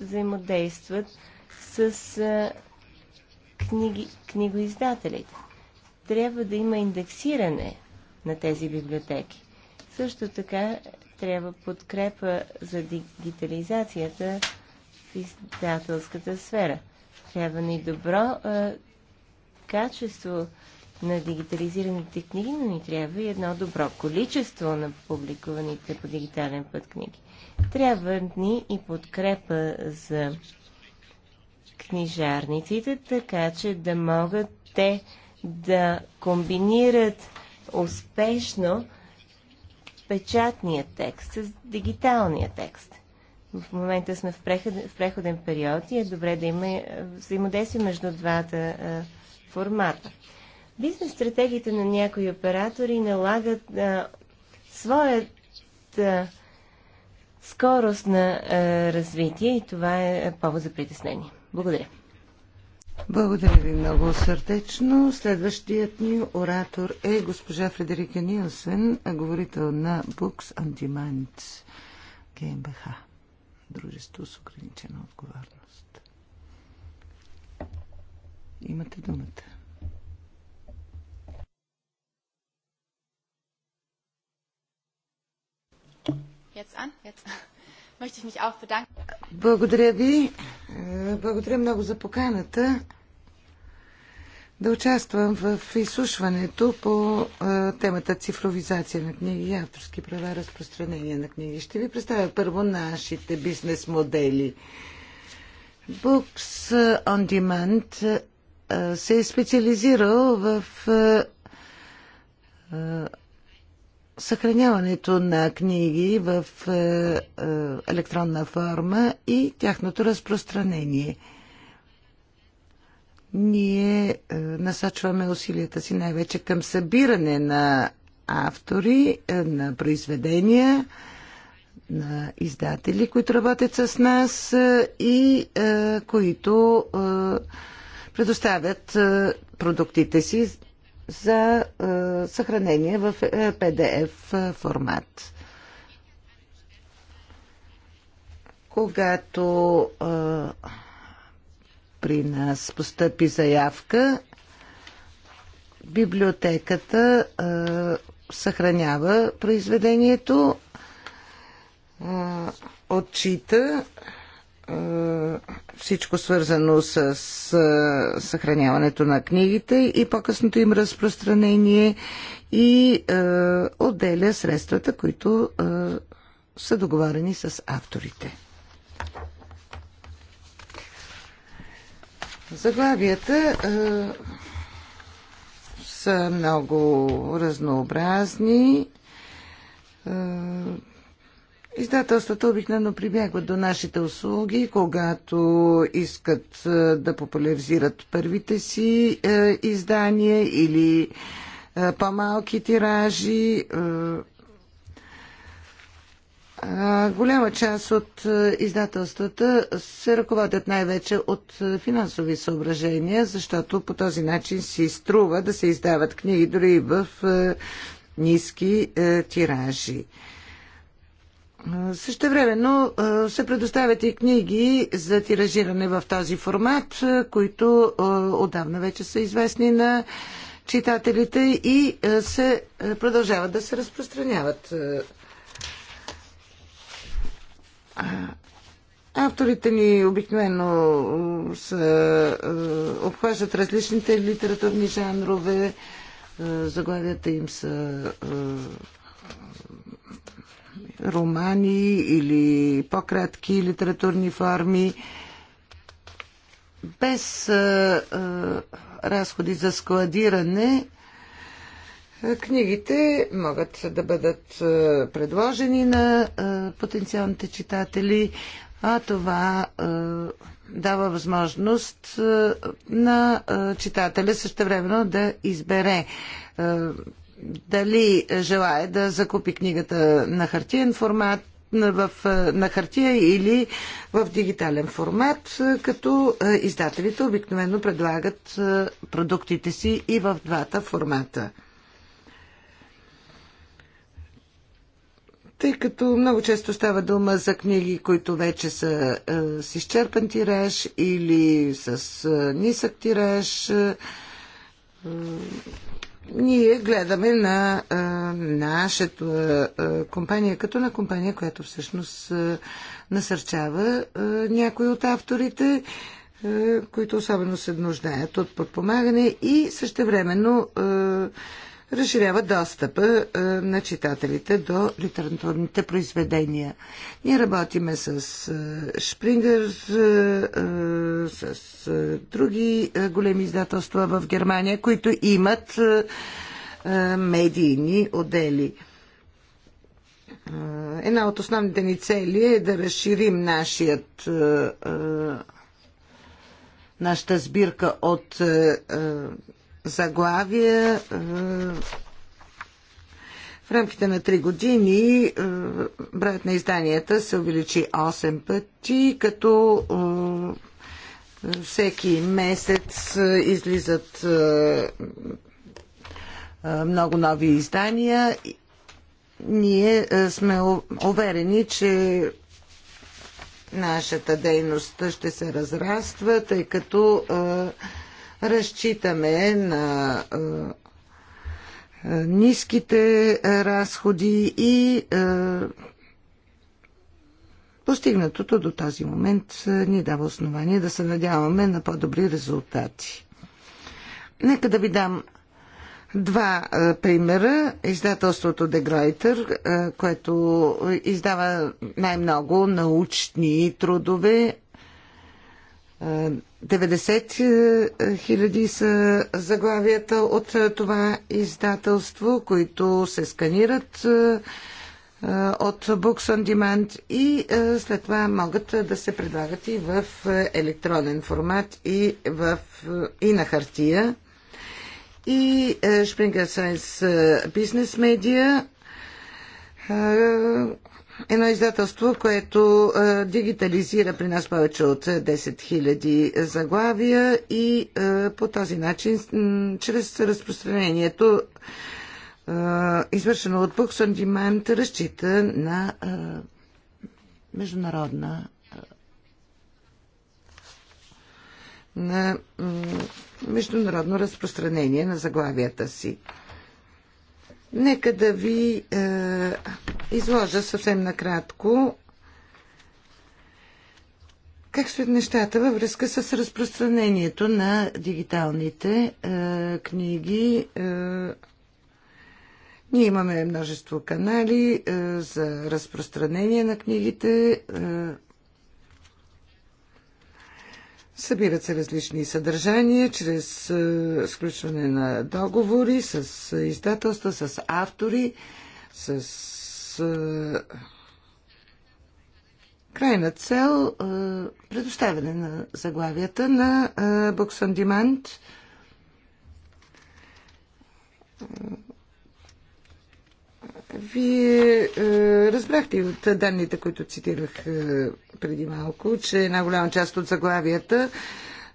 взаимодействат с а, книги, книгоиздателите. Трябва да има индексиране на тези библиотеки. Също така трябва подкрепа за дигитализацията издателската сфера. Трябва ни добро а, качество на дигитализираните книги, но ни трябва и едно добро количество на публикуваните по дигитален път книги. Трябва ни и подкрепа за книжарниците, така че да могат те да комбинират успешно печатния текст с дигиталния текст. В момента сме в, преход, в преходен период и е добре да има е, взаимодействие между двата а, е, формата. Бизнес стратегиите на някои оператори налагат е, а, а, скорост на а, развитие и това е повод за притеснение. Благодаря. Благодаря ви много сърдечно. Следващият ни оратор е госпожа Фредерика Нилсен, говорител на Books on Demand GmbH дружество с ограничена отговорност. Имате думата. Благодаря ви. Благодаря много за поканата да участвам в изслушването по темата цифровизация на книги и авторски права, разпространение на книги. Ще ви представя първо нашите бизнес модели. Books on Demand се е специализирал в съхраняването на книги в електронна форма и тяхното разпространение – ние е, насочваме усилията си най-вече към събиране на автори, е, на произведения, на издатели, които работят с нас е, и които предоставят продуктите си за съхранение в PDF формат. Когато при нас постъпи заявка, библиотеката а, съхранява произведението, а, отчита а, всичко свързано с а, съхраняването на книгите и по-късното им разпространение и а, отделя средствата, които а, са договорени с авторите. Заглавията е, са много разнообразни. Е, издателствата обикновено прибягват до нашите услуги, когато искат е, да популяризират първите си е, издания или е, по-малки тиражи. Е, Голяма част от издателствата се ръководят най-вече от финансови съображения, защото по този начин си струва да се издават книги дори в ниски тиражи. Също времено се предоставят и книги за тиражиране в този формат, които отдавна вече са известни на читателите и се продължават да се разпространяват Авторите ни обикновено са, обхващат различните литературни жанрове. Заглавията им са романи или по-кратки литературни форми, без разходи за складиране е, книгите могат да бъдат е, предложени на е, потенциалните читатели, а това дава възможност на читателя същевременно да избере дали желая да закупи книгата на хартиен формат, в, на хартия или в дигитален формат, като издателите обикновено предлагат продуктите си и в двата формата. Тъй като много често става дума за книги, които вече са е, с изчерпан тираж или с е, нисък тираж, е, ние гледаме на нашата компания като на компания, която всъщност насърчава някои от авторите, които особено се нуждаят от подпомагане и същевременно. времено разширява достъпа е, на читателите до литературните произведения. Ние работиме с е, Шпрингер, е, с други големи издателства в Германия, които имат медийни отдели. Една от основните ни цели е да разширим нашият нашата сбирка от заглавия. Е, в рамките на 3 години е, броят на изданията се увеличи 8 пъти, като е, всеки месец излизат много нови издания. Ние сме уверени, че нашата дейност ще се разраства, тъй като разчитаме на ниските разходи и постигнатото до този момент ни дава основание да се надяваме на по-добри резултати. Нека да ви дам два а, примера. Издателството Greiter, а, което издава най-много научни трудове, а, 90 е, е, хиляди са заглавията от е, това издателство, които се сканират от Books on Demand и след това могат да се предлагат и в електронен формат и, в, и на хартия. И Springer Science Business Media едно издателство, което е, дигитализира при нас повече от 10 000 заглавия и е, по този начин, чрез разпространението, е, извършено от Books on Demand, разчита на международна на международно разпространение на заглавията си. Нека да ви е, изложа съвсем накратко как стоят нещата във връзка с разпространението на дигиталните е, книги. Е, ние имаме множество канали е, за разпространение на книгите. Е, Събират се различни съдържания чрез е, сключване на договори с издателства, с автори, с е, крайна цел е, предоставяне на заглавията на Books on Demand вие е, разбрахте от данните, които цитирах е, преди малко, че една голяма част от заглавията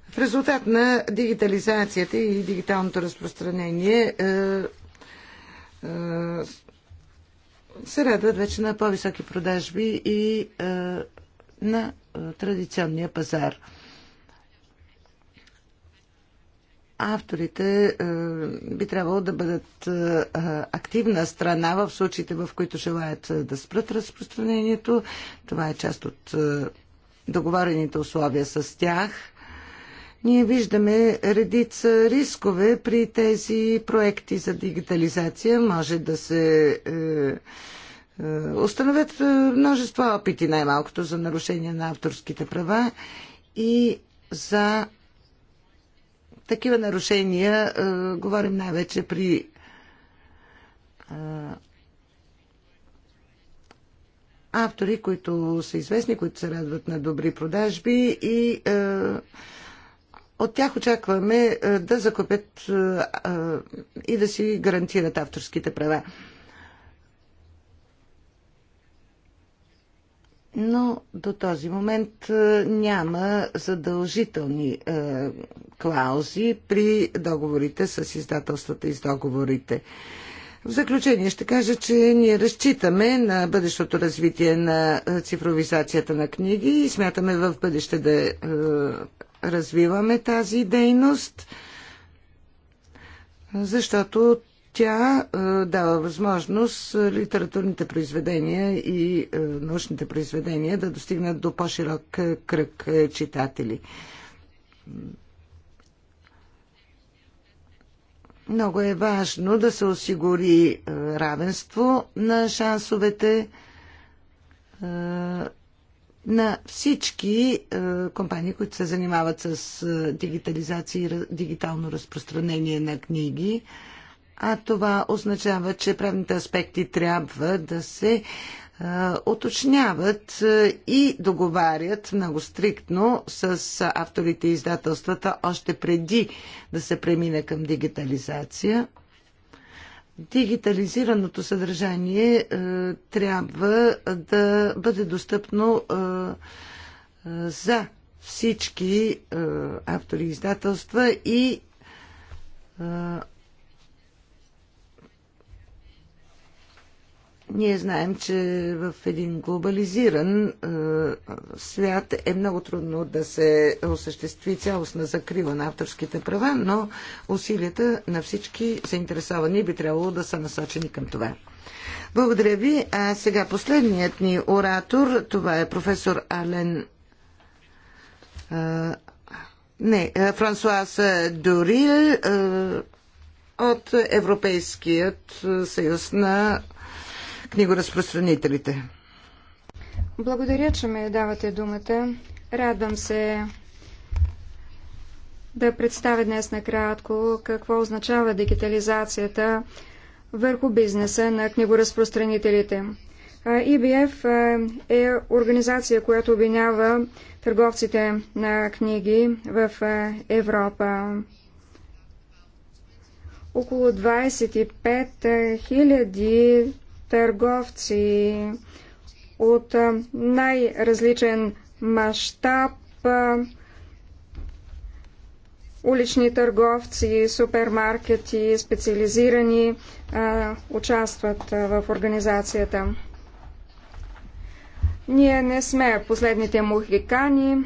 в резултат на дигитализацията и дигиталното разпространение е, е, се радват вече на по-високи продажби и е, на е, традиционния пазар. авторите е, би трябвало да бъдат е, активна страна в случаите, в които желаят е, да спрат разпространението. Това е част от договорените условия с тях. Ние виждаме редица рискове при тези проекти за дигитализация. Може да се установят множество опити, най-малкото за нарушение на авторските права и за такива нарушения а, говорим най-вече при а, автори, които са известни, които се радват на добри продажби и а, от тях очакваме а, да закупят а, а, и да си гарантират авторските права. но до този момент е, няма задължителни е, клаузи при договорите с издателствата и с договорите. В заключение ще кажа, че ние разчитаме на бъдещото развитие на е, цифровизацията на книги и смятаме в бъдеще да е, развиваме тази дейност, защото тя е, дава възможност е, литературните произведения и е, научните произведения да достигнат до по-широк кръг читатели. Много е важно да се осигури равенство на шансовете на всички компании, които се занимават с дигитализация и дигитално разпространение на книги а това означава, че правните аспекти трябва да се е, уточняват е, и договарят много стриктно с авторите и издателствата още преди да се премине към дигитализация. Дигитализираното съдържание е, трябва да бъде достъпно е, е за всички е, автори и издателства и Ние знаем, че в един глобализиран е, свят е много трудно да се осъществи цялостна закрива на авторските права, но усилията на всички заинтересовани би трябвало да са насочени към това. Благодаря ви. А сега последният ни оратор, това е професор Ален е, не, е, Франсуас Дорил е, от Европейският съюз на книгоразпространителите. Благодаря, че ме давате думата. Радвам се да представя днес накратко какво означава дигитализацията върху бизнеса на книгоразпространителите. EBF е организация, която обвинява търговците на книги в Европа. Около 25 000 търговци от най-различен мащаб, улични търговци, супермаркети, специализирани участват в организацията. Ние не сме последните мухикани.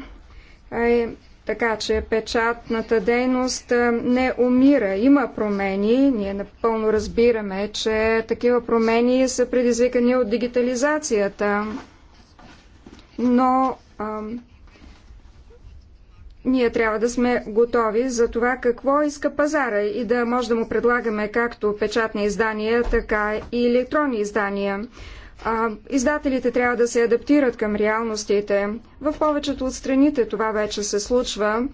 Така че печатната дейност не умира. Има промени. Ние напълно разбираме, че такива промени са предизвикани от дигитализацията. Но ам, ние трябва да сме готови за това какво иска пазара и да може да му предлагаме както печатни издания, така и електронни издания. А, издателите трябва да се адаптират към реалностите. В повечето от страните това вече се случва.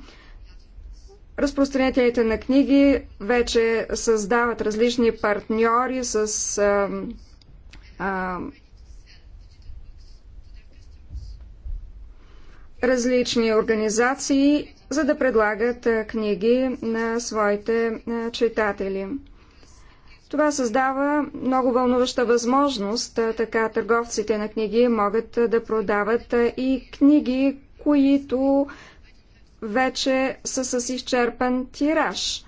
Разпространителите на книги вече създават различни партньори с а, а, различни организации, за да предлагат книги на своите читатели. Това създава много вълнуваща възможност, така търговците на книги могат да продават и книги, които вече са с изчерпан тираж.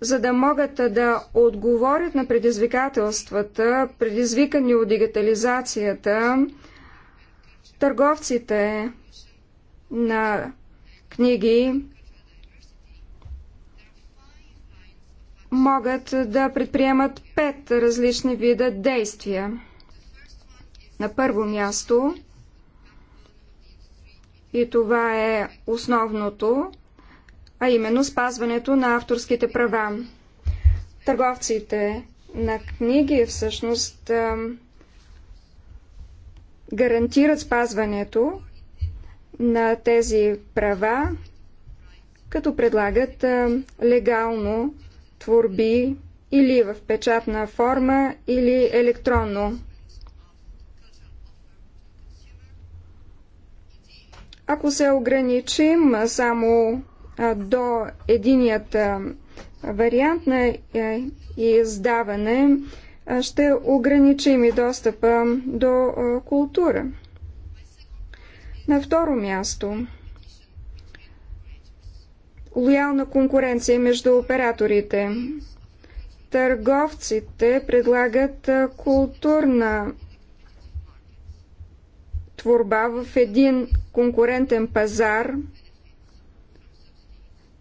За да могат да отговорят на предизвикателствата, предизвикани от дигитализацията, търговците на книги могат да предприемат пет различни вида действия. На първо място, и това е основното, а именно спазването на авторските права. Търговците на книги всъщност гарантират спазването на тези права, като предлагат легално творби или в печатна форма, или електронно. Ако се ограничим само до единият вариант на издаване, ще ограничим и достъпа до култура. На второ място – лоялна конкуренция между операторите. Търговците предлагат културна творба в един конкурентен пазар.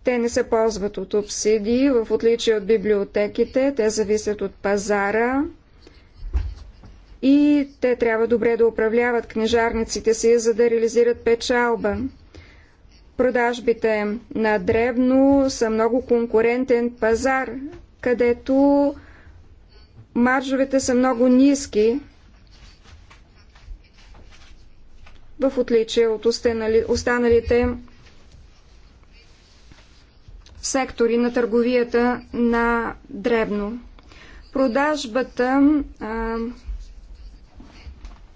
Те не се ползват от обсидии, в отличие от библиотеките, те зависят от пазара и те трябва добре да управляват книжарниците си, за да реализират печалба. Продажбите на дребно са много конкурентен пазар, където маржовете са много ниски, в отличие от останалите сектори на търговията на дребно. Продажбата а,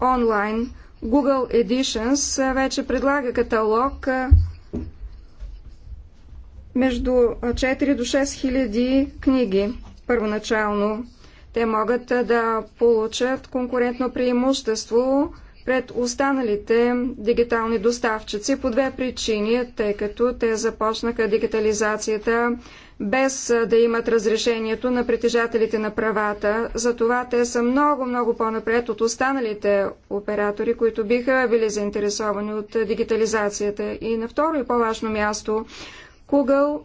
онлайн Google Editions вече предлага каталог между 4 до 6 хиляди книги първоначално. Те могат да получат конкурентно преимущество пред останалите дигитални доставчици по две причини, тъй като те започнаха дигитализацията без да имат разрешението на притежателите на правата. Затова те са много, много по-напред от останалите оператори, които биха били заинтересовани от дигитализацията. И на второ и по-важно място, Google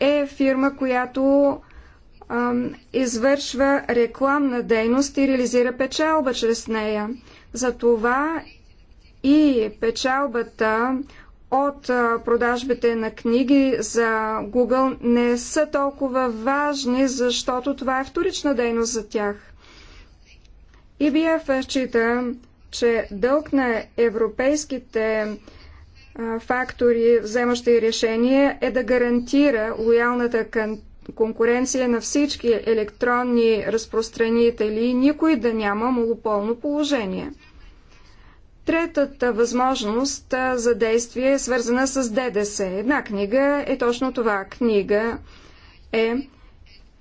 е фирма, която извършва рекламна дейност и реализира печалба чрез нея. Затова и печалбата от продажбите на книги за Google не са толкова важни, защото това е вторична дейност за тях. И бия счита, че дълг на европейските фактори, вземащи решение, е да гарантира лоялната конкуренция на всички електронни разпространители и никой да няма монополно положение. Третата възможност за действие е свързана с ДДС. Една книга е точно това. Книга е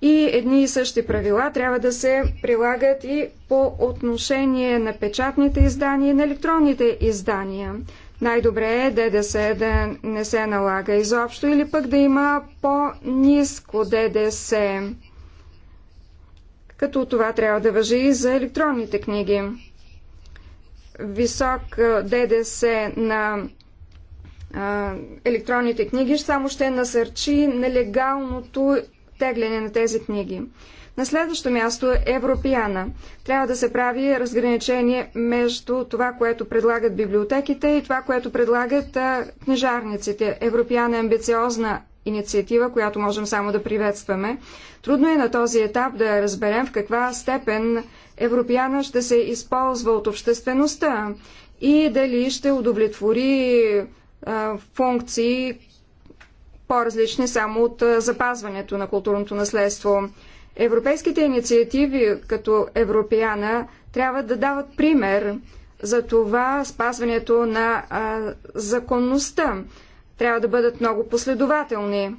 и едни и същи правила трябва да се прилагат и по отношение на печатните издания и на електронните издания най-добре е ДДС да не се налага изобщо или пък да има по-низко ДДС. Като това трябва да въжи и за електронните книги. Висок ДДС на а, електронните книги само ще насърчи нелегалното тегляне на тези книги. На следващо място е Европеяна. Трябва да се прави разграничение между това, което предлагат библиотеките и това, което предлагат книжарниците. Европиана е амбициозна инициатива, която можем само да приветстваме. Трудно е на този етап да разберем в каква степен Европиана ще се използва от обществеността и дали ще удовлетвори а, функции по-различни само от а, запазването на културното наследство. Европейските инициативи като Европеяна трябва да дават пример за това спазването на а, законността. Трябва да бъдат много последователни.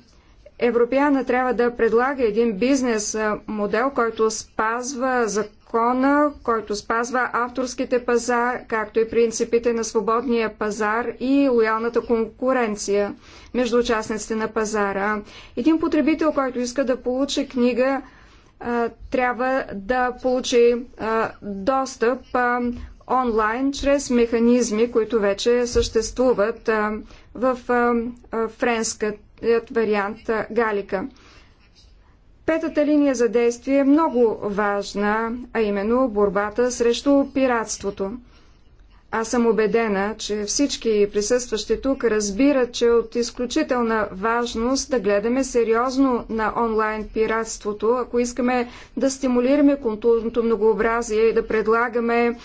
Европеяна трябва да предлага един бизнес модел, който спазва закона, който спазва авторските пазар, както и принципите на свободния пазар и лоялната конкуренция между участниците на пазара. Един потребител, който иска да получи книга, трябва да получи достъп онлайн чрез механизми, които вече съществуват в френският вариант Галика. Петата линия за действие е много важна, а именно борбата срещу пиратството. Аз съм убедена, че всички присъстващи тук разбират, че от изключителна важност да гледаме сериозно на онлайн пиратството, ако искаме да стимулираме културното многообразие и да предлагаме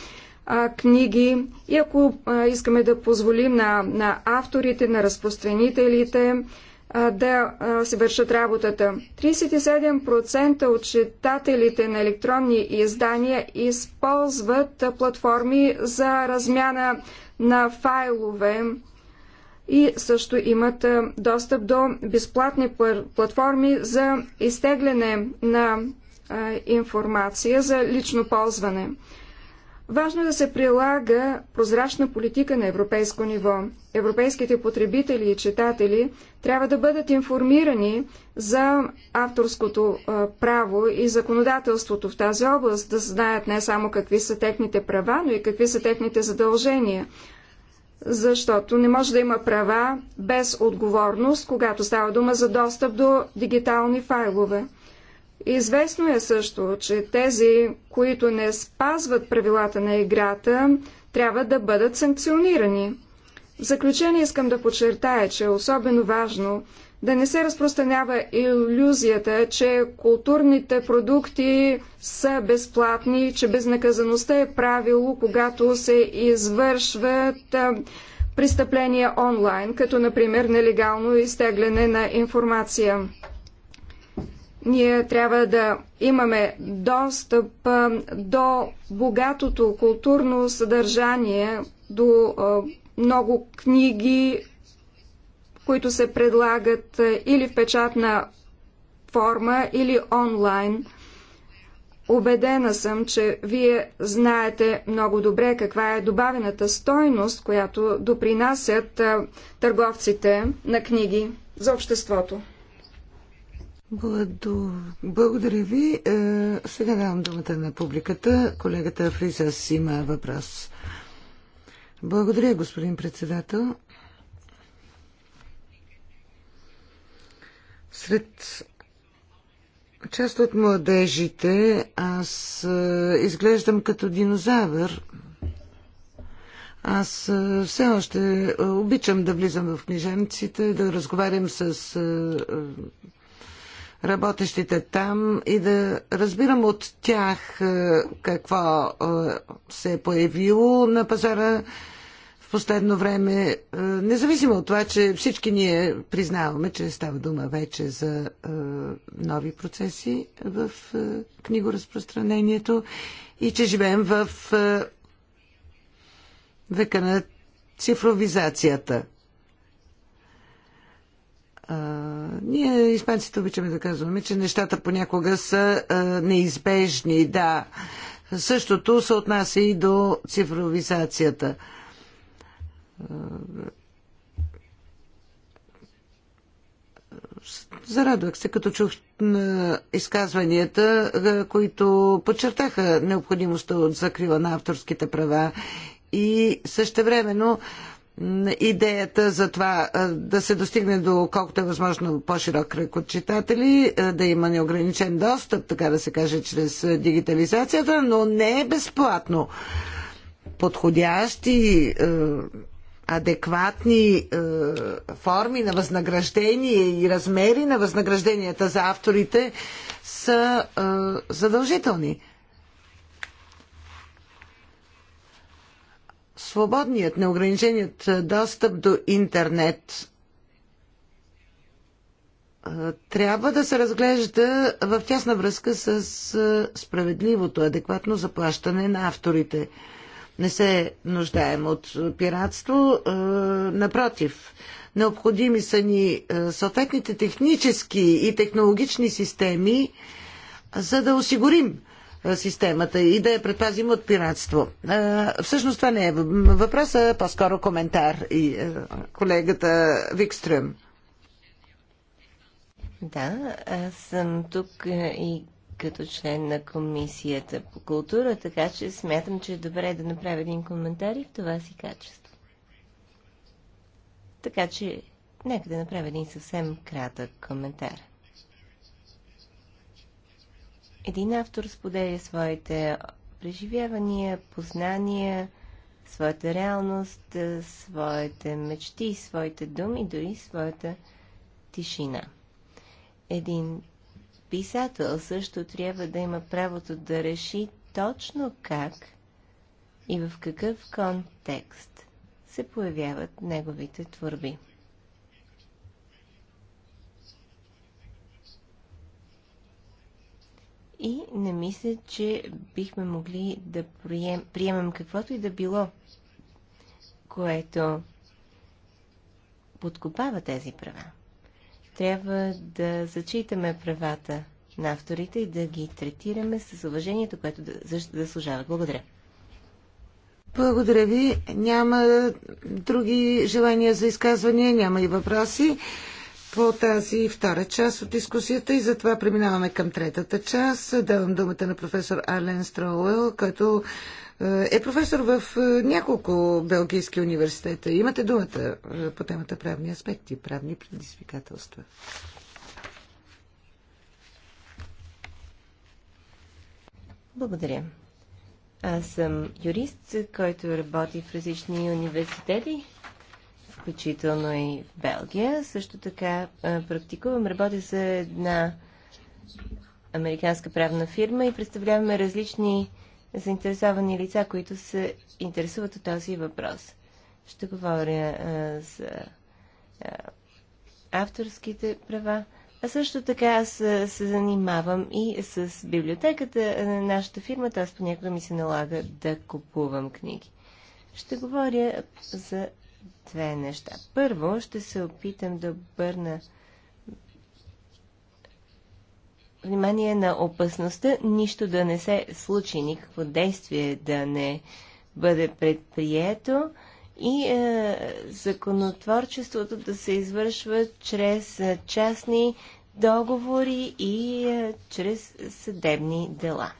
а, книги и ако а, искаме да позволим на, на авторите, на разпространителите, да си вършат работата. 37% от читателите на електронни издания използват платформи за размяна на файлове и също имат достъп до безплатни платформи за изтегляне на информация за лично ползване. Важно е да се прилага прозрачна политика на европейско ниво. Европейските потребители и читатели трябва да бъдат информирани за авторското право и законодателството в тази област, да знаят не само какви са техните права, но и какви са техните задължения. Защото не може да има права без отговорност, когато става дума за достъп до дигитални файлове. Известно е също, че тези, които не спазват правилата на играта, трябва да бъдат санкционирани. В заключение искам да подчертая, че е особено важно да не се разпространява иллюзията, че културните продукти са безплатни, че безнаказаността е правило, когато се извършват престъпления онлайн, като например нелегално изтегляне на информация. Ние трябва да имаме достъп до богатото културно съдържание, до много книги, които се предлагат или в печатна форма, или онлайн. Обедена съм, че вие знаете много добре каква е добавената стойност, която допринасят търговците на книги за обществото. Благодаря ви. Е, сега давам думата на публиката. Колегата Фрисас има въпрос. Благодаря, господин председател. Сред част от младежите аз е, изглеждам като динозавър. Аз е, все още обичам да влизам в книженците, да разговарям с работещите там и да разбирам от тях е, какво е, се е появило на пазара в последно време, е, независимо от това, че всички ние признаваме, че става дума вече за нови процеси в книгоразпространението и че живеем в века на цифровизацията. А, ние, испанците, обичаме да казваме, че нещата понякога са а, неизбежни, да. Същото се отнася и до цифровизацията. зарадвах се, като чух изказванията, които подчертаха необходимостта от закрила на авторските права и същевременно времено идеята за това да се достигне до колкото е възможно по-широк кръг от читатели, да има неограничен достъп, така да се каже, чрез дигитализацията, но не е безплатно. Подходящи, адекватни форми на възнаграждение и размери на възнагражденията за авторите са задължителни. свободният, неограниченият достъп до интернет трябва да се разглежда в тясна връзка с справедливото, адекватно заплащане на авторите. Не се нуждаем от пиратство, напротив. Необходими са ни съответните технически и технологични системи, за да осигурим системата и да я предпазим от пиратство. Всъщност това не е въпроса. по-скоро коментар и колегата Викстрюм. Да, аз съм тук и като член на Комисията по култура, така че смятам, че е добре да направя един коментар и в това си качество. Така че, нека да направя един съвсем кратък коментар един автор споделя своите преживявания, познания, своята реалност, е, своите мечти, своите думи, дори своята тишина. Един писател също трябва да има правото да реши точно как и в какъв контекст се появяват неговите творби. и не мисля, че бихме могли да прием, приемем каквото и да било, което подкопава тези права. Трябва да зачитаме правата на авторите и да ги третираме с уважението, което да заслужава. Благодаря. Благодаря ви. Няма други желания за изказвания, няма и въпроси по тази втора част от дискусията и затова преминаваме към третата част. Давам думата на професор Ален Строуел, който е, е професор в е, няколко белгийски университета. Имате думата е, по темата правни аспекти, правни предизвикателства. Благодаря. Аз съм юрист, който работи в различни университети включително и в Белгия. Също така практикувам, работя за една американска правна фирма и представляваме различни заинтересовани лица, които се интересуват от този въпрос. Ще говоря за авторските права. А също така аз се занимавам и с библиотеката на нашата фирма, т.е. понякога ми се налага да купувам книги. Ще говоря за две неща. Първо, ще се опитам да обърна внимание на опасността нищо да не се случи, никакво действие да не бъде предприето и е, законотворчеството да се извършва чрез е, частни договори и е, чрез съдебни дела.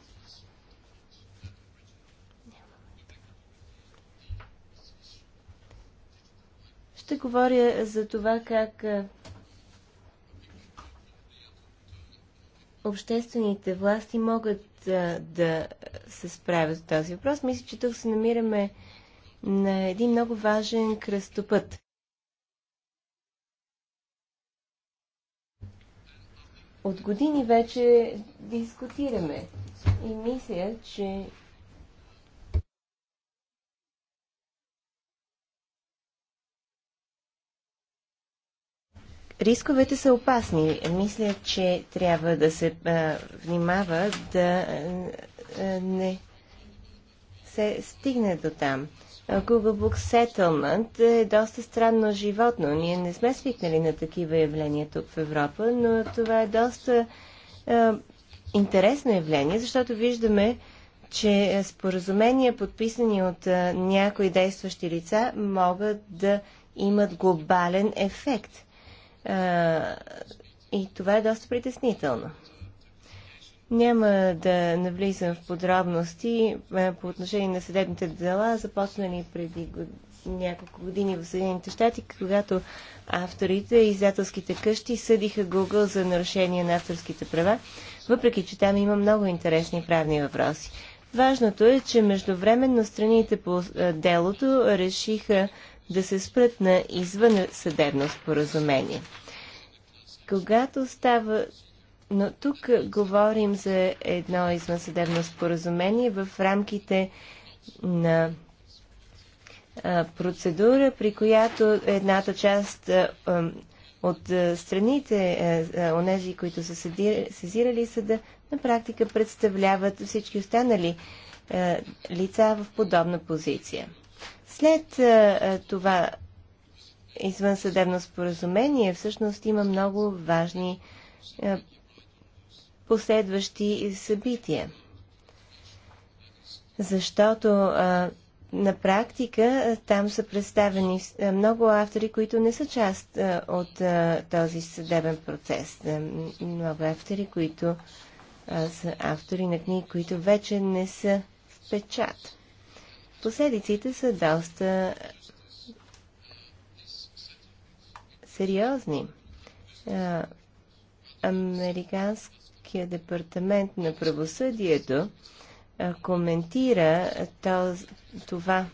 Ще говоря за това как обществените власти могат да, се справят с този въпрос. Мисля, че тук се намираме на един много важен кръстопът. От години вече дискутираме и мисля, че Рисковете са опасни. Мисля, че трябва да се а, внимава да а, не се стигне до там. Google Book Settlement е доста странно животно. Ние не сме свикнали на такива явления тук в Европа, но това е доста а, интересно явление, защото виждаме, че споразумения, подписани от а, някои действащи лица, могат да имат глобален ефект – и това е доста притеснително. Няма да навлизам в подробности по отношение на съдебните дела, започнали преди год... няколко години в Съединените щати, когато авторите и издателските къщи съдиха Google за нарушение на авторските права, въпреки че там има много интересни правни въпроси. Важното е, че междувременно страните по делото решиха да се спрат на извън съдебно споразумение. Когато става... Но тук говорим за едно извънсъдебно споразумение в рамките на процедура, при която едната част от страните, онези, които са сезирали съда, на практика представляват всички останали лица в подобна позиция. След това извънсъдебно споразумение всъщност има много важни последващи събития. Защото на практика там са представени много автори, които не са част от този съдебен процес. Много автори, които са автори на книги, които вече не са в печат. Последиците са доста сериозни. Американският департамент на правосъдието коментира това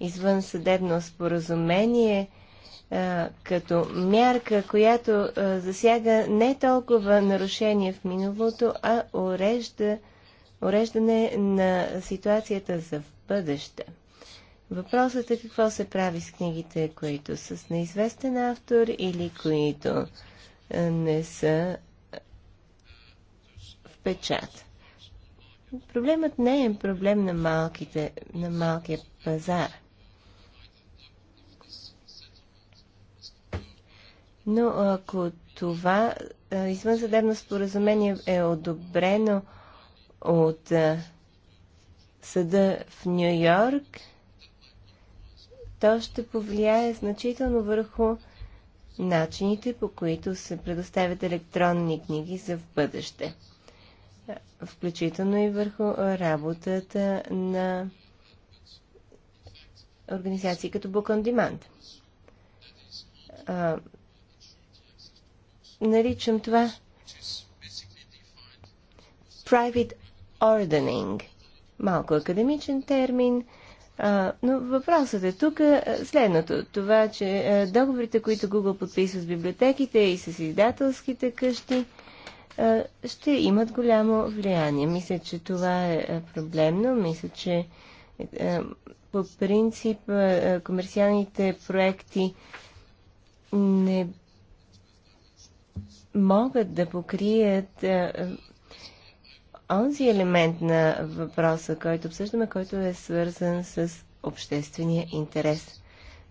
извън съдебно споразумение като мярка, която засяга не толкова нарушения в миналото, а урежда уреждане на ситуацията за в бъдеще. Въпросът е какво се прави с книгите, които са с неизвестен автор или които е, не са е, в печат. Проблемът не е проблем на, малките, на малкия пазар. Но ако това е, извънсъдебно споразумение е одобрено от съда в Нью Йорк, то ще повлияе значително върху начините, по които се предоставят електронни книги за в бъдеще, включително и върху работата на организации като Book on Demand. наричам това private ordering – малко академичен термин, а, но въпросът е тук следното. Това, че договорите, които Google подписва с библиотеките и с издателските къщи, а, ще имат голямо влияние. Мисля, че това е, е проблемно. Мисля, че а, е, е, по принцип комерциалните проекти не могат да покрият онзи елемент на въпроса, който обсъждаме, който е свързан с обществения интерес.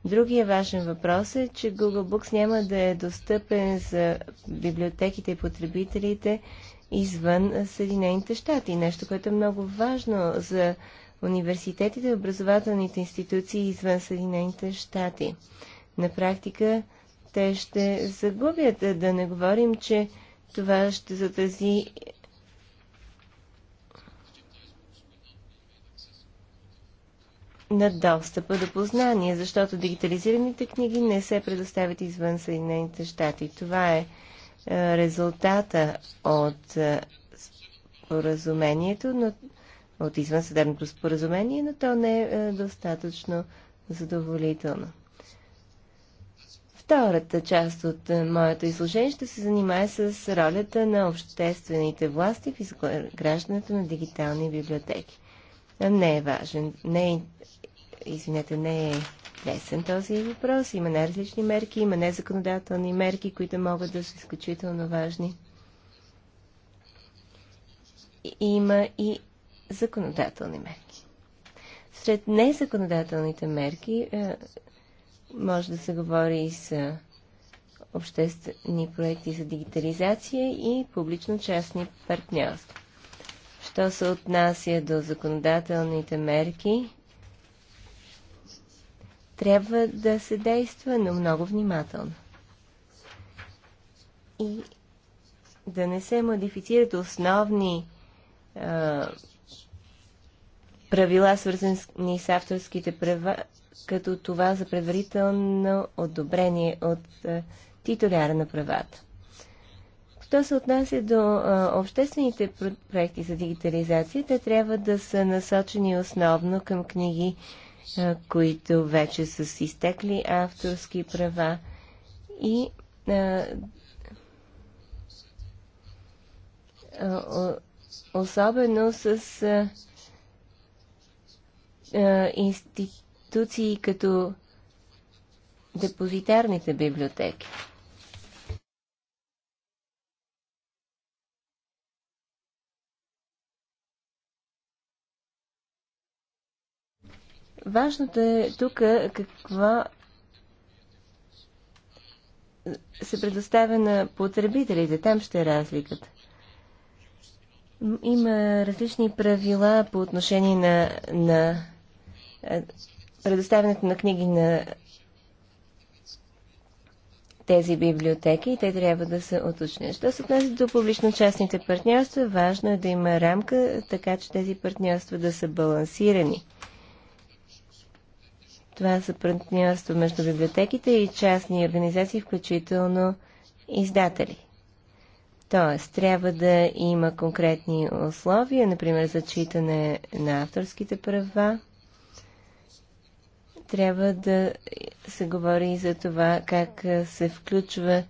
Другия важен въпрос е, че Google Books няма да е достъпен за библиотеките и потребителите извън Съединените щати. Нещо, което е много важно за университетите и образователните институции извън Съединените щати. На практика те ще загубят, да не говорим, че това ще затази на достъпа до познания, защото дигитализираните книги не се предоставят извън Съединените щати. Това е, е резултата от е, споразумението, но от съдебното споразумение, но то не е, е достатъчно задоволително. Втората част от моето изложение ще се занимае с ролята на обществените власти в изграждането на дигитални библиотеки. Не е важен, не е извинете, не е лесен този въпрос. Има най-различни мерки, има незаконодателни мерки, които могат да са изключително важни. Има и законодателни мерки. Сред незаконодателните мерки е, може да се говори и с обществени проекти за дигитализация и публично-частни партньорства. Що се отнася до законодателните мерки, трябва да се действа, но много внимателно. И да не се модифицират основни а, правила, свързани с авторските права, като това за предварително одобрение от а, титуляра на правата. Що се отнася до а, обществените проекти за дигитализация, те трябва да са насочени основно към книги които вече са с изтекли авторски права и а, особено с а, институции като депозитарните библиотеки. Важното е тук какво се предоставя на потребителите. Там ще е разликата. Има различни правила по отношение на, на е, предоставянето на книги на тези библиотеки и те трябва да се уточнят. Що се отнася до публично-частните партньорства, важно е да има рамка, така че тези партньорства да са балансирани. Това са партньорство между библиотеките и частни организации, включително издатели. Тоест, трябва да има конкретни условия, например, зачитане на авторските права. Трябва да се говори и за това как се включва,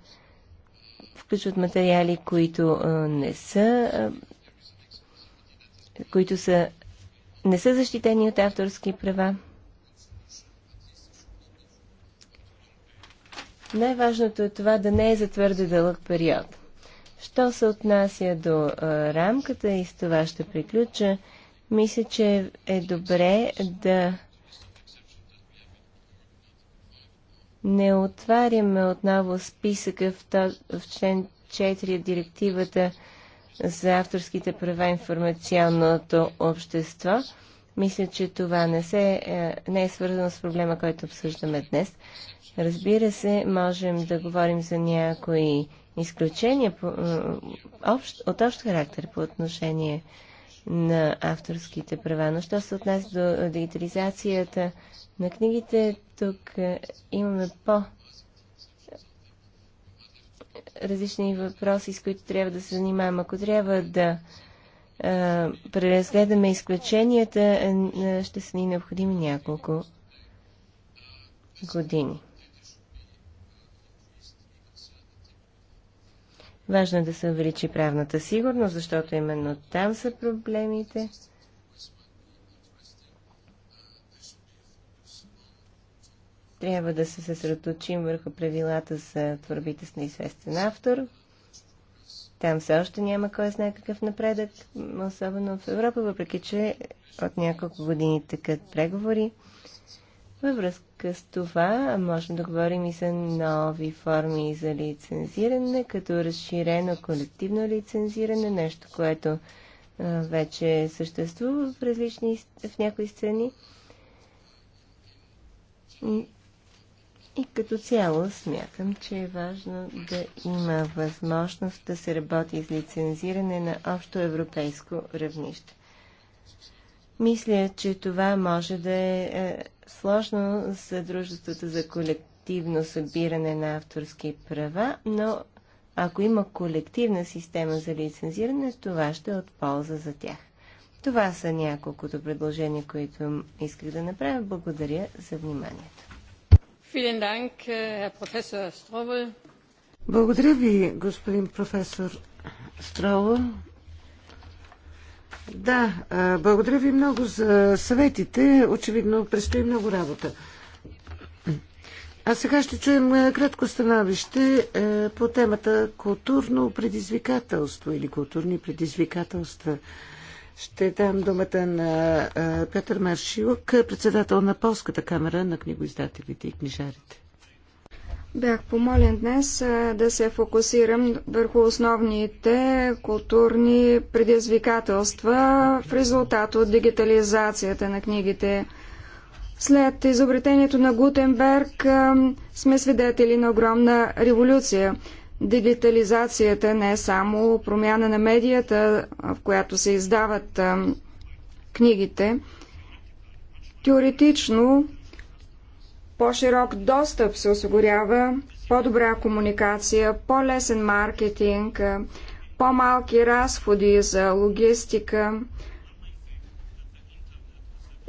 включват материали, които не са, които са, не са защитени от авторски права. Най-важното е това да не е за твърде дълъг период. Що се отнася до а, рамката и с това ще приключа, мисля, че е добре да не отваряме отново списъка в, то, в член 4 директивата за авторските права информационното общество. Мисля, че това не, се, е, не е свързано с проблема, който обсъждаме днес. Разбира се, можем да говорим за някои изключения от общ характер по отношение на авторските права. Но що се отнася до дигитализацията на книгите, тук е, имаме по- различни въпроси, с които трябва да се занимаваме. Ако трябва да е, преразгледаме изключенията, е, е, ще са ни необходими няколко години. Важно е да се увеличи правната сигурност, защото именно там са проблемите. Трябва да се съсредоточим върху правилата за творбите с неизвестен автор – там все още няма кой знае какъв напредък, особено в Европа, въпреки че от няколко години такът преговори. Във връзка с това можем да говорим и за нови форми за лицензиране, като разширено колективно лицензиране, нещо, което а, вече съществува в различни в някои страни. И като цяло смятам, че е важно да има възможност да се работи с лицензиране на общо европейско равнище. Мисля, че това може да е, е сложно за дружеството за колективно събиране на авторски права, но ако има колективна система за лицензиране, това ще е от полза за тях. Това са няколкото предложения, които исках да направя. Благодаря за вниманието. Äh, благодаря ви, господин професор Строл. Да, благодаря ви много за съветите. Очевидно предстои много работа. А сега ще чуем кратко становище по темата културно предизвикателство или културни предизвикателства. Ще дам думата на Петър Маршилок, председател на Полската камера на книгоиздателите и книжарите. Бях помолен днес да се фокусирам върху основните културни предизвикателства в резултат от дигитализацията на книгите. След изобретението на Гутенберг сме свидетели на огромна революция. Дигитализацията не само промяна на медията, в която се издават книгите. Теоретично по-широк достъп се осигурява, по-добра комуникация, по-лесен маркетинг, по-малки разходи за логистика,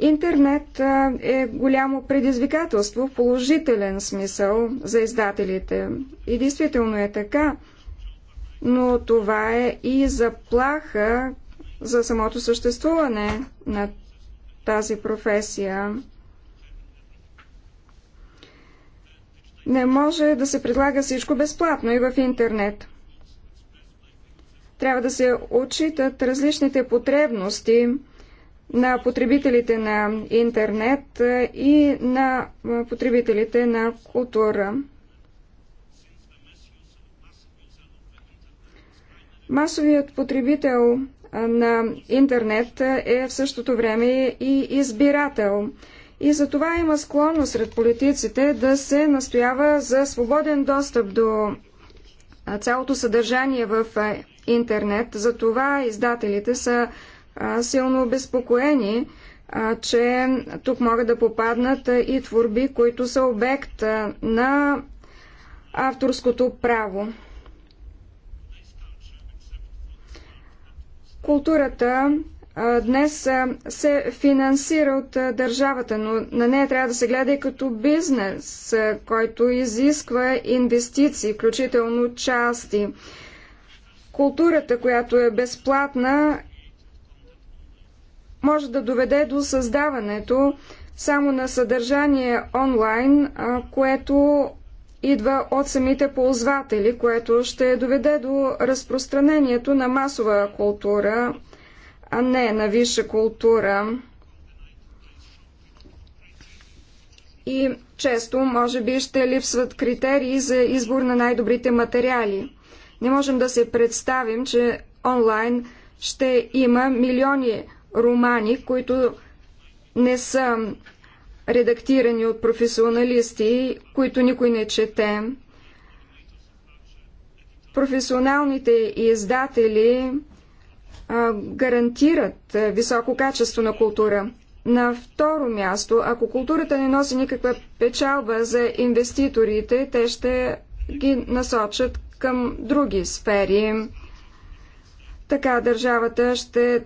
Интернет е голямо предизвикателство в положителен смисъл за издателите. И действително е така, но това е и заплаха за самото съществуване на тази професия. Не може да се предлага всичко безплатно и в интернет. Трябва да се отчитат различните потребности – на потребителите на интернет и на потребителите на култура. Масовият потребител на интернет е в същото време и избирател. И за това има склонност сред политиците да се настоява за свободен достъп до цялото съдържание в интернет. За това издателите са силно обезпокоени, че тук могат да попаднат и творби, които са обект на авторското право. Културата днес се финансира от държавата, но на нея трябва да се гледа и като бизнес, който изисква инвестиции, включително части. Културата, която е безплатна, може да доведе до създаването само на съдържание онлайн, което идва от самите ползватели, което ще доведе до разпространението на масова култура, а не на висша култура. И често, може би, ще липсват критерии за избор на най-добрите материали. Не можем да се представим, че онлайн ще има милиони романи, които не са редактирани от професионалисти, които никой не чете. Професионалните издатели а, гарантират високо качество на култура. На второ място, ако културата не носи никаква печалба за инвеститорите, те ще ги насочат към други сфери. Така държавата ще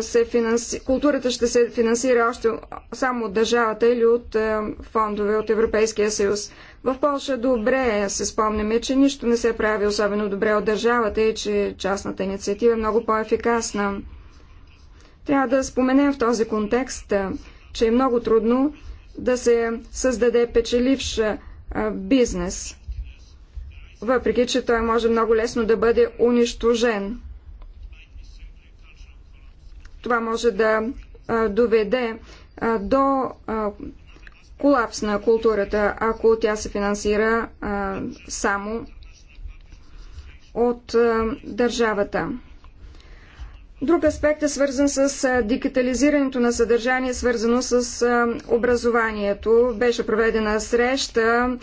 се финанси... културата ще се финансира още само от държавата или от фондове от Европейския съюз. В Польша добре се спомняме, че нищо не се прави особено добре от държавата и че частната инициатива е много по-ефикасна. Трябва да споменем в този контекст, че е много трудно да се създаде печеливш бизнес, въпреки че той може много лесно да бъде унищожен. Това може да доведе до колапс на културата, ако тя се финансира само от държавата. Друг аспект е свързан с дигитализирането на съдържание, свързано с образованието. Беше проведена среща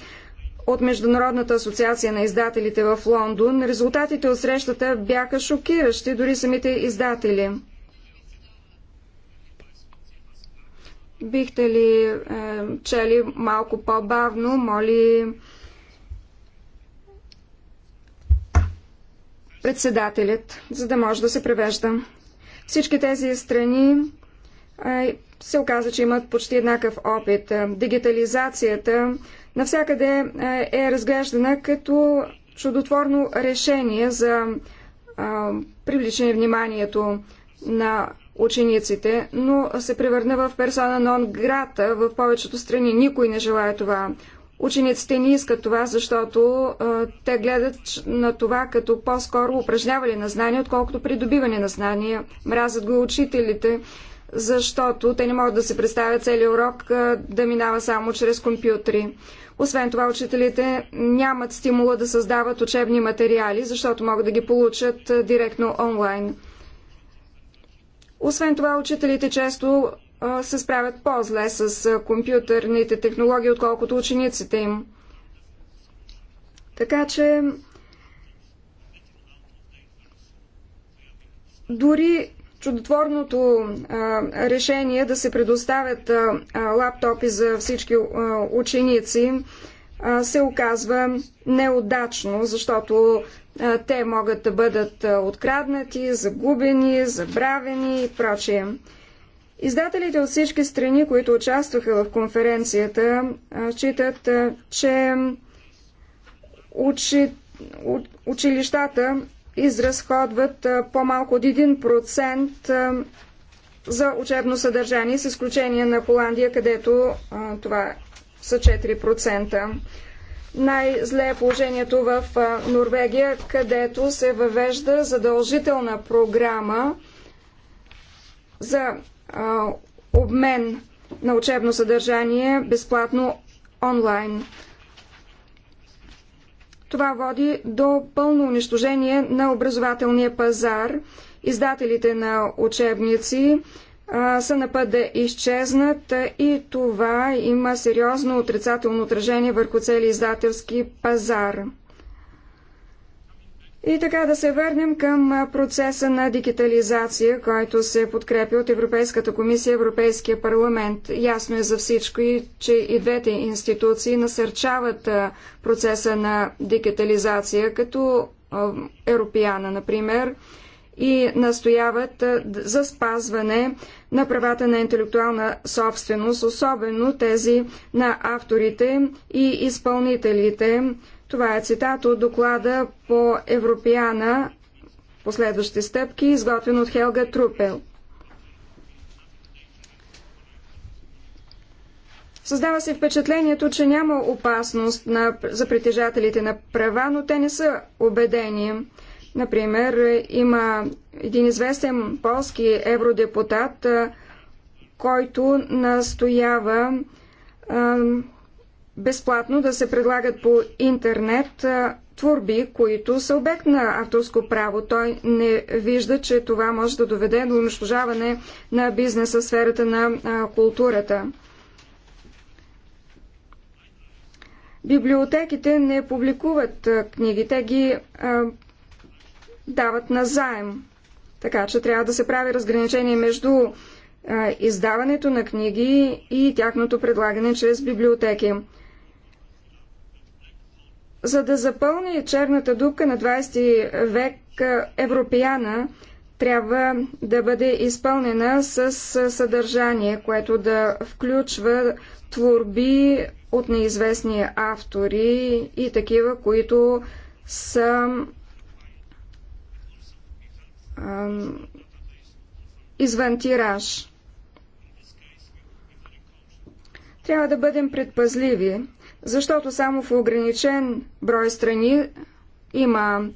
от Международната асоциация на издателите в Лондон. Резултатите от срещата бяха шокиращи дори самите издатели. Бихте ли е, чели малко по-бавно, моли председателят, за да може да се превежда. Всички тези страни е, се оказа, че имат почти еднакъв опит. Дигитализацията навсякъде е, е разглеждана като чудотворно решение за е, привличане вниманието на учениците, но се превърна в персона нон грата в повечето страни. Никой не желая това. Учениците не искат това, защото а, те гледат на това като по-скоро упражняване на знания, отколкото придобиване на знания. Мразят го и учителите, защото те не могат да се представят целият урок а, да минава само чрез компютри. Освен това, учителите нямат стимула да създават учебни материали, защото могат да ги получат а, директно онлайн. Освен това, учителите често се справят по-зле с компютърните технологии, отколкото учениците им. Така че дори чудотворното а, решение да се предоставят а, а, лаптопи за всички ученици се оказва неудачно, защото те могат да бъдат откраднати, загубени, забравени и прочие. Издателите от всички страни, които участваха в конференцията, считат, че учи... училищата изразходват по-малко от 1% за учебно съдържание, с изключение на Холандия, където това са 4%. Най-зле е положението в Норвегия, където се въвежда задължителна програма за а, обмен на учебно съдържание безплатно онлайн. Това води до пълно унищожение на образователния пазар. Издателите на учебници са на път да изчезнат и това има сериозно отрицателно отражение върху цели издателски пазар. И така да се върнем към процеса на дигитализация, който се подкрепи от Европейската комисия и Европейския парламент. Ясно е за всичко и, че и двете институции насърчават процеса на дигитализация, като Европеяна, например, и настояват за спазване на правата на интелектуална собственост, особено тези на авторите и изпълнителите. Това е цитат от доклада по Европеяна последващи стъпки, изготвен от Хелга Трупел. Създава се впечатлението, че няма опасност на, за притежателите на права, но те не са убедени. Например, има един известен полски евродепутат, който настоява безплатно да се предлагат по интернет творби, които са обект на авторско право. Той не вижда, че това може да доведе до унищожаване на бизнеса в сферата на културата. Библиотеките не публикуват книги, те ги дават на заем. Така че трябва да се прави разграничение между а, издаването на книги и тяхното предлагане чрез библиотеки. За да запълни черната дупка на 20 век европеяна, трябва да бъде изпълнена с съдържание, което да включва творби от неизвестни автори и такива, които са извън тираж. Трябва да бъдем предпазливи, защото само в ограничен брой страни има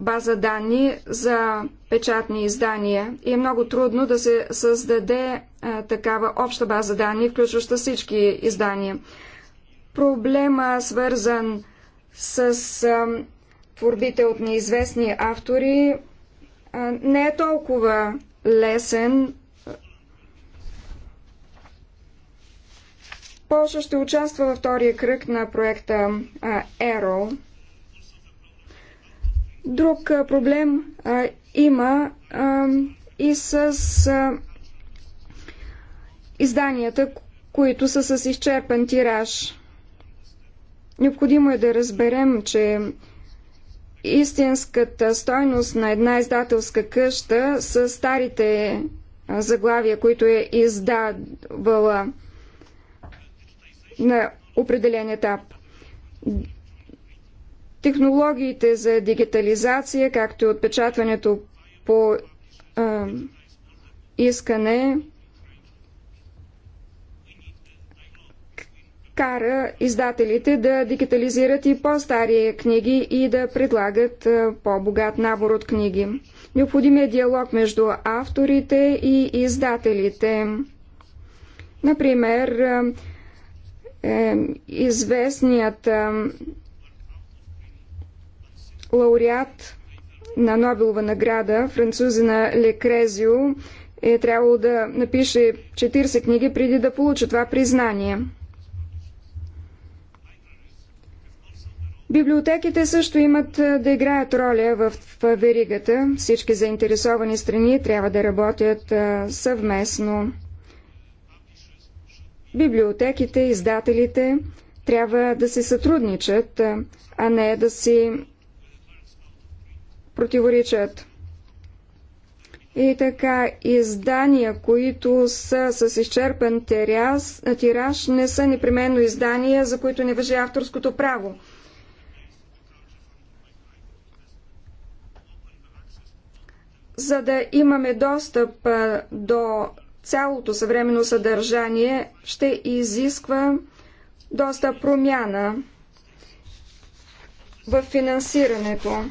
база данни за печатни издания и е много трудно да се създаде а, такава обща база данни, включваща всички издания. Проблема свързан с а, творбите от неизвестни автори не е толкова лесен. Польша ще участва във втория кръг на проекта ЕРО. Друг проблем има и с изданията, които са с изчерпан тираж. Необходимо е да разберем, че истинската стойност на една издателска къща са старите заглавия, които е издавала на определен етап. Технологиите за дигитализация, както и отпечатването по а, искане, кара издателите да дигитализират и по-стари книги и да предлагат е, по-богат набор от книги. Необходим е диалог между авторите и издателите. Например, е, е известният е, лауреат на Нобелова награда, французина Лекрезио, е трябвало да напише 40 книги преди да получи това признание. Библиотеките също имат да играят роля в веригата. Всички заинтересовани страни трябва да работят съвместно. Библиотеките, издателите трябва да се сътрудничат, а не да си противоречат. И така, издания, които са с изчерпан тираж, не са непременно издания, за които не въжи авторското право. за да имаме достъп до цялото съвременно съдържание, ще изисква доста промяна в финансирането.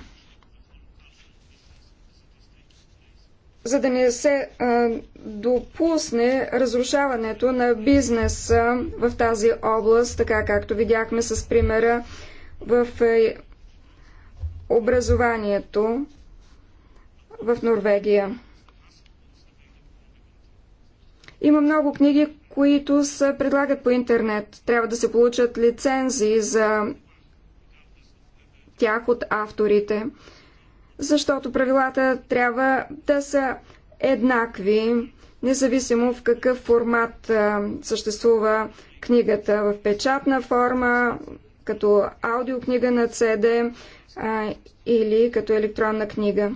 за да не се а, допусне разрушаването на бизнеса в тази област, така както видяхме с примера в е, образованието в Норвегия. Има много книги, които се предлагат по интернет. Трябва да се получат лицензии за тях от авторите, защото правилата трябва да са еднакви, независимо в какъв формат съществува книгата в печатна форма, като аудиокнига на CD или като електронна книга.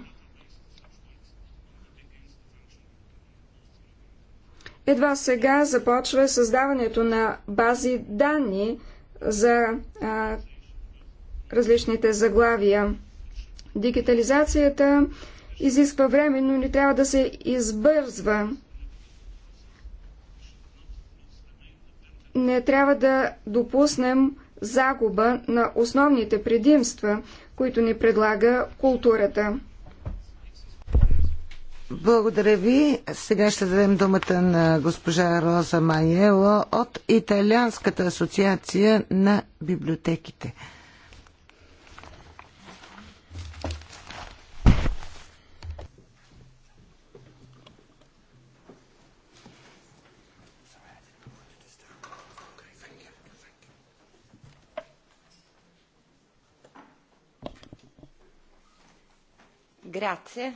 Едва сега започва създаването на бази данни за а, различните заглавия. Дигитализацията изисква време, но не трябва да се избързва. Не трябва да допуснем загуба на основните предимства, които ни предлага културата. Благодаря ви. Сега ще дадем думата на госпожа Роза Майело от Италианската асоциация на библиотеките. Grazie.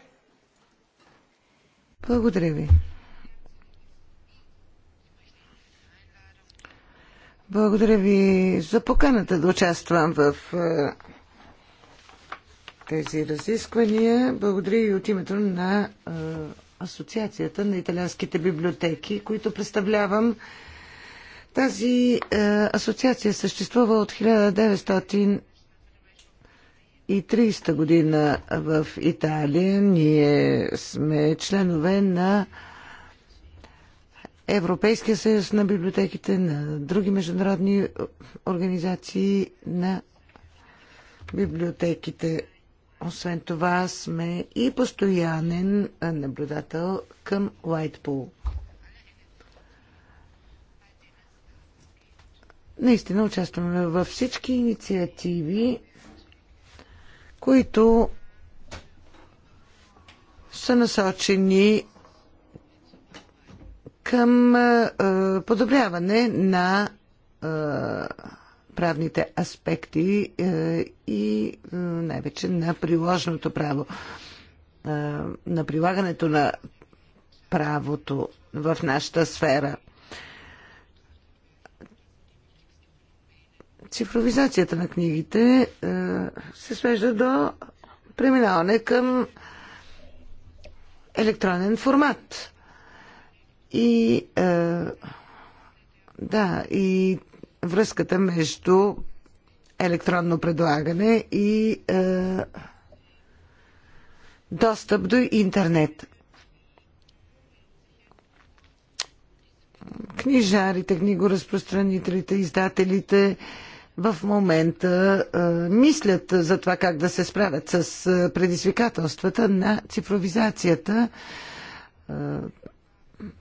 Благодаря ви. Благодаря ви за поканата да участвам в е, тези разисквания. Благодаря и от името на е, Асоциацията на италианските библиотеки, които представлявам. Тази е, асоциация съществува от 1900 1930 година в Италия ние сме членове на Европейския съюз на библиотеките, на други международни организации на библиотеките. Освен това сме и постоянен наблюдател към Лайтпул. Наистина участваме във всички инициативи, които са насочени към подобряване на правните аспекти и най-вече на приложното право, на прилагането на правото в нашата сфера – цифровизацията на книгите е, се свежда до преминаване към електронен формат. И е, да, и връзката между електронно предлагане и е, достъп до интернет. Книжарите, книгоразпространителите, издателите, в момента мислят за това как да се справят с предизвикателствата на цифровизацията.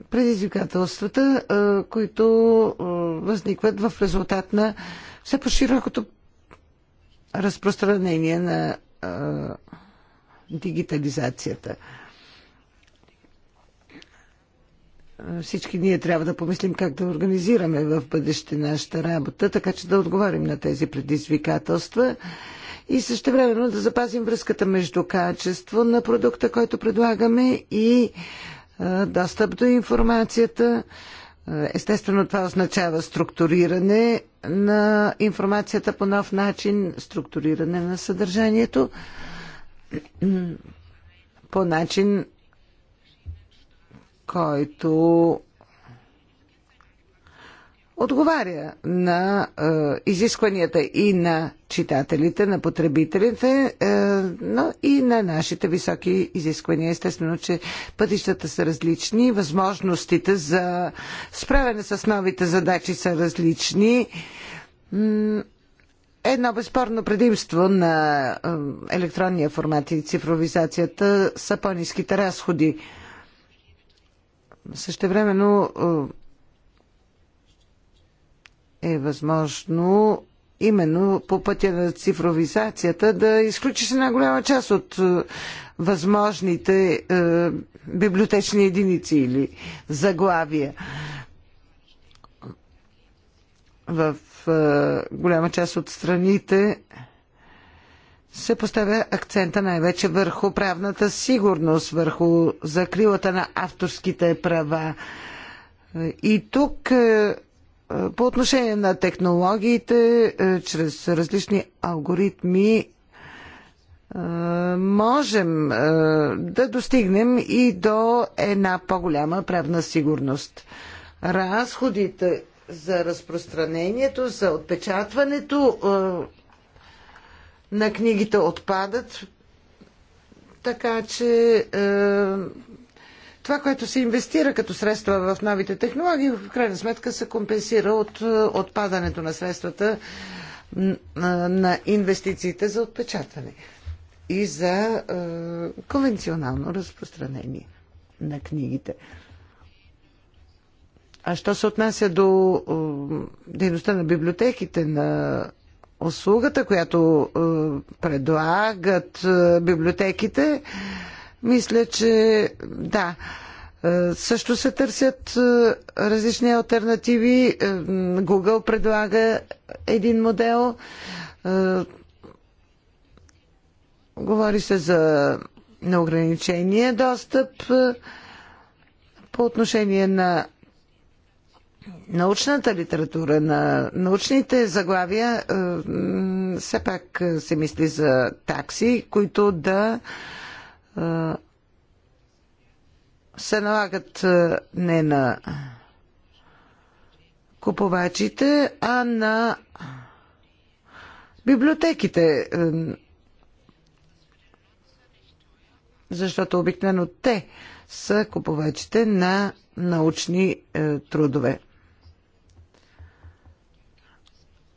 предизвикателствата, които възникват в резултат на все по-широкото разпространение на дигитализацията. всички ние трябва да помислим как да организираме в бъдеще нашата работа, така че да отговорим на тези предизвикателства и също времено да запазим връзката между качество на продукта, който предлагаме и достъп до информацията. Естествено, това означава структуриране на информацията по нов начин, структуриране на съдържанието (clears throat) по начин, който отговаря на е, изискванията и на читателите, на потребителите, е, но и на нашите високи изисквания. Естествено, че пътищата са различни, възможностите за справяне с новите задачи са различни. Едно безспорно предимство на е, електронния формат и цифровизацията са по-низките разходи. Същевременно е, е възможно именно по пътя на цифровизацията да изключиш една голяма част от е, възможните е, библиотечни единици или заглавия. В голяма част от страните се поставя акцента най-вече върху правната сигурност, върху закрилата на авторските права. И тук е, по отношение на технологиите, е, чрез различни алгоритми, е, можем да достигнем и до една по-голяма правна сигурност. Разходите за разпространението, за отпечатването на книгите отпадат, така че е, това, което се инвестира като средства в новите технологии, в крайна сметка се компенсира от е, отпадането на средствата е, на инвестициите за отпечатане и за е, конвенционално разпространение на книгите. А що се отнася до е, дейността на библиотеките, на услугата, която е, предлагат е, библиотеките, мисля, че да, е, също се търсят различни альтернативи. Google предлага един модел. Говори се за неограничения достъп по отношение на научната литература, на научните заглавия, е, все пак е, се мисли за такси, които да е, се налагат не на купувачите, а на библиотеките. Защото обикновено те са купувачите на научни трудове.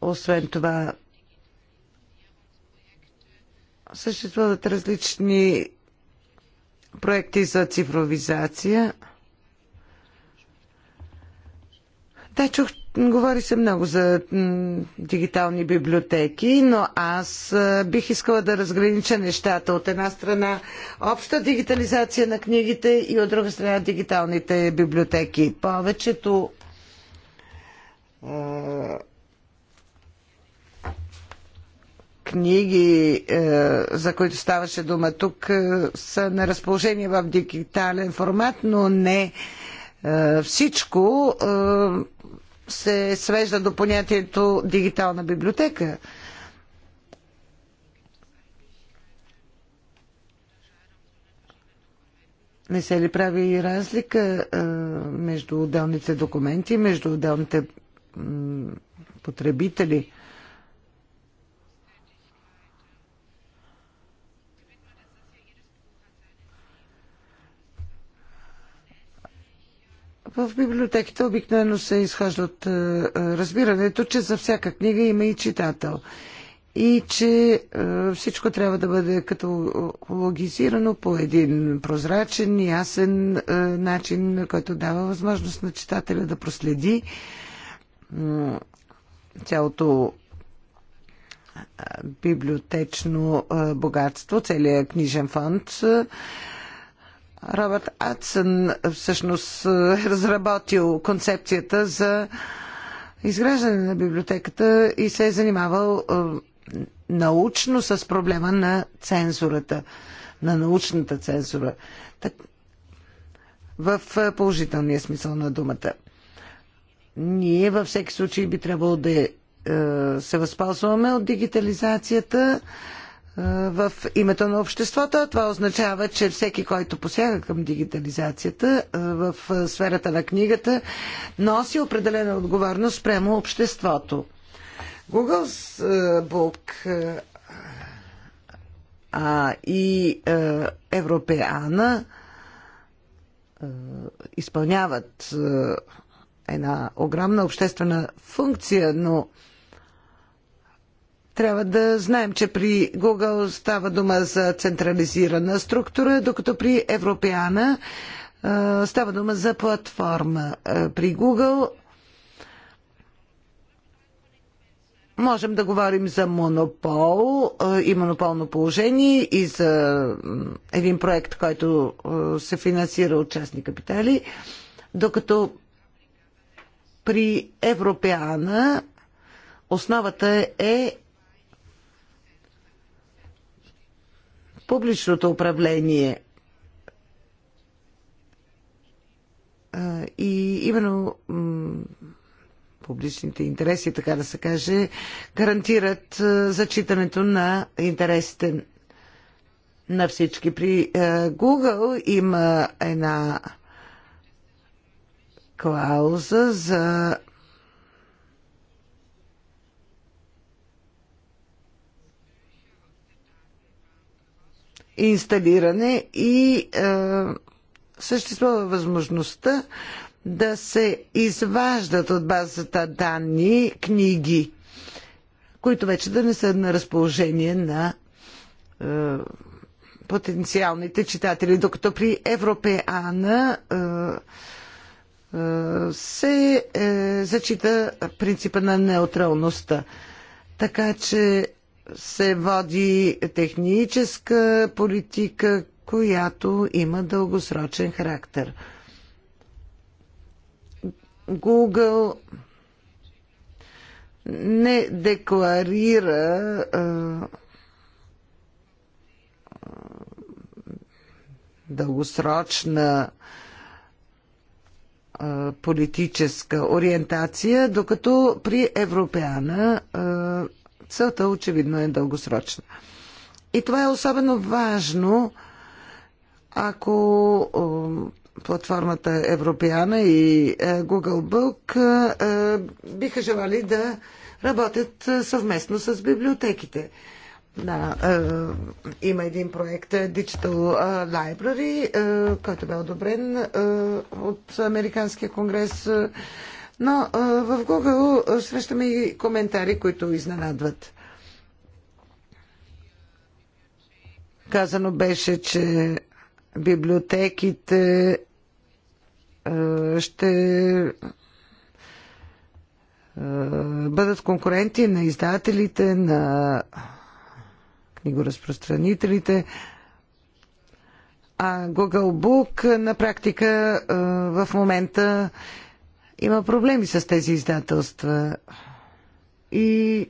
Освен това, съществуват различни проекти за цифровизация. Да, чух, говори се много за дигитални библиотеки, но аз бих искала да разгранича нещата. От една страна обща дигитализация на книгите и от друга страна дигиталните библиотеки. Повечето книги, е, за които ставаше дума тук, е, са на разположение в дигитален формат, но не е, всичко се свежда до понятието дигитална библиотека. Не се ли прави разлика между отделните документи, между отделните потребители? В библиотеките обикновено се изхожда от е, е, разбирането, че за всяка книга има и читател. И че е, всичко трябва да бъде каталогизирано по един прозрачен, ясен начин, който дава възможност на читателя да проследи цялото библиотечно богатство, целият книжен фонд. Робърт Адсън всъщност е разработил концепцията за изграждане на библиотеката и се е занимавал е, научно с проблема на цензурата, на научната цензура. Так, в е, положителния смисъл на думата. Ние във всеки случай би трябвало да е, се възползваме от дигитализацията в името на обществото. Това означава, че всеки, който посяга към дигитализацията в сферата на книгата, носи определена отговорност прямо обществото. Google Book а, и е, Европеана изпълняват една огромна обществена функция, но а, трябва да знаем, че при Google става дума за централизирана структура, докато при Европеана става дума за платформа. При Google можем да говорим за монопол и монополно положение и за един проект, който се финансира от частни капитали, докато при Европеана основата е публичното управление. И именно публичните интереси, така да се каже, гарантират зачитането на интересите на всички. При Google има една клауза за инсталиране и е, съществува възможността да се изваждат от базата данни книги, които вече да не са на разположение на е, потенциалните читатели, докато при Европеана е, е, се е, зачита принципа на неутралността. Така че се води техническа политика, която има дългосрочен характер. Google не декларира дългосрочна политическа ориентация, докато при Европеана Целта очевидно е дългосрочна. И това е особено важно, ако платформата Европеана и е, Google Book е, биха желали да работят е, съвместно с библиотеките. Да, е, има един проект Digital Library, е, който бе одобрен е, от Американския конгрес. Но в Google срещаме и коментари, които изненадват. Казано беше, че библиотеките ще бъдат конкуренти на издателите, на книгоразпространителите. А Google Book на практика в момента има проблеми с тези издателства. И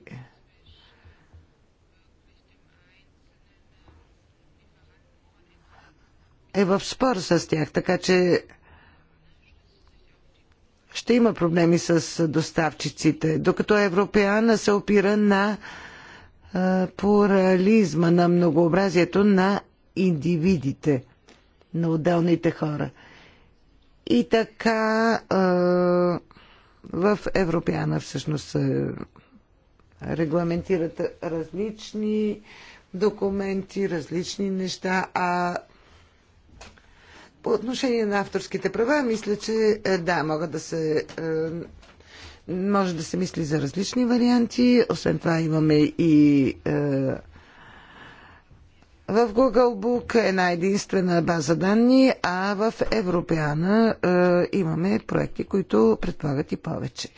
е в спор с тях, така че ще има проблеми с доставчиците, докато Европеана се опира на плурализма, на многообразието на индивидите, на отделните хора – и така в Европеана всъщност се регламентират различни документи, различни неща, а по отношение на авторските права, мисля, че е, да, могат да се е, може да се мисли за различни варианти. Освен това имаме и е, в Google Book е една единствена база данни, а в Европеана е, имаме проекти, които предполагат и повече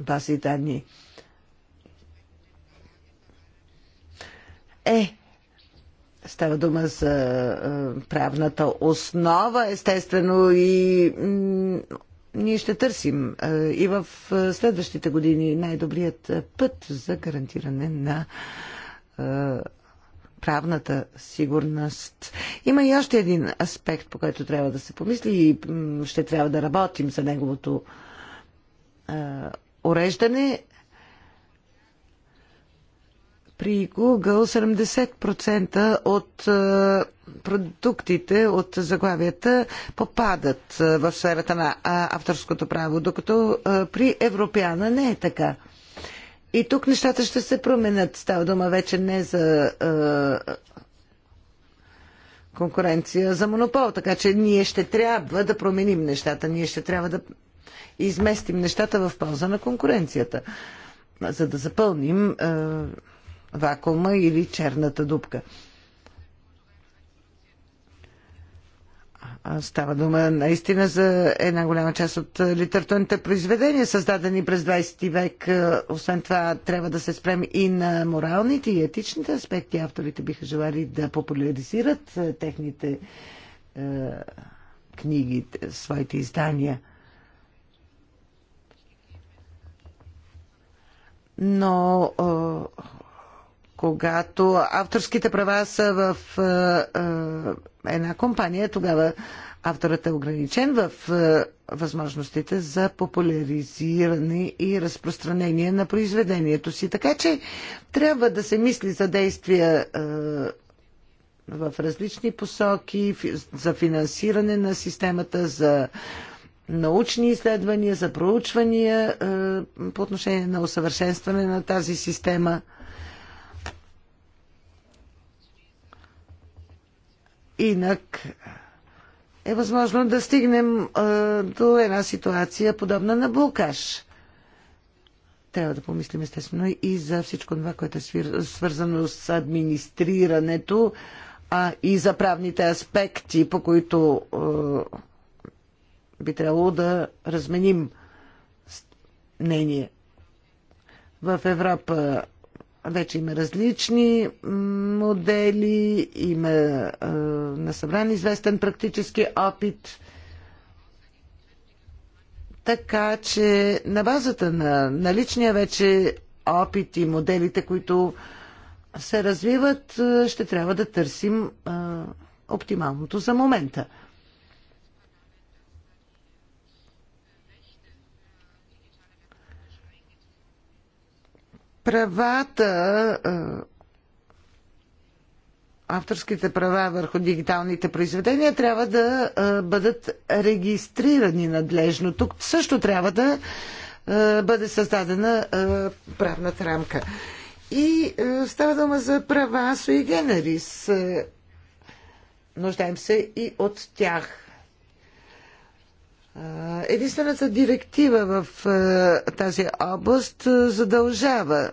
бази данни. Е, Става дума за е, правната основа, естествено, и ние ще търсим е, и в е, следващите години най-добрият е, път за гарантиране на е, правната сигурност. Има и още един аспект, по който трябва да се помисли и ще трябва да работим за неговото е, уреждане. При Google 70% от е, продуктите от заглавията попадат в сферата на авторското право, докато е, при Европеана не е така. И тук нещата ще се променят. Става дума вече не за е, конкуренция, за монопол. Така че ние ще трябва да променим нещата. Ние ще трябва да изместим нещата в полза на конкуренцията, за да запълним е, вакуума или черната дупка. Става дума наистина за една голяма част от литературните произведения, създадени през 20 век. Освен това, трябва да се спрем и на моралните и етичните аспекти. Авторите биха желали да популяризират техните е, книги, своите издания. Но е, когато авторските права са в е, е, една компания, тогава авторът е ограничен в е, възможностите за популяризиране и разпространение на произведението си. Така че трябва да се мисли за действия е, в различни посоки, за финансиране на системата, за научни изследвания, за проучвания е, по отношение на усъвършенстване на тази система – Инак е възможно да стигнем а, до една ситуация подобна на блокаж. Трябва да помислим естествено и за всичко това, което е свързано с администрирането, а и за правните аспекти, по които а, би трябвало да разменим мнение. В Европа вече има различни модели, има а, насъбран известен практически опит. Така че на базата на наличния вече опит и моделите, които се развиват, ще трябва да търсим а, оптималното за момента. правата авторските права върху дигиталните произведения трябва да бъдат регистрирани надлежно. Тук също трябва да бъде създадена правната рамка. И става дума за права и генерис. Нуждаем се и от тях. Единствената директива в тази област задължава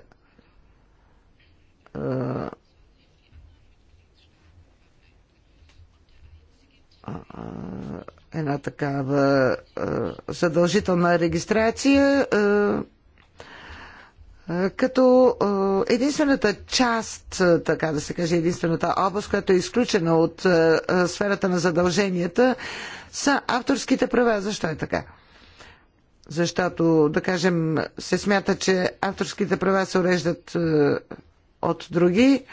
една такава задължителна регистрация, като единствената част, така да се каже, единствената област, която е изключена от сферата на задълженията, са авторските права. Защо е така? Защото, да кажем, се смята, че авторските права се уреждат от други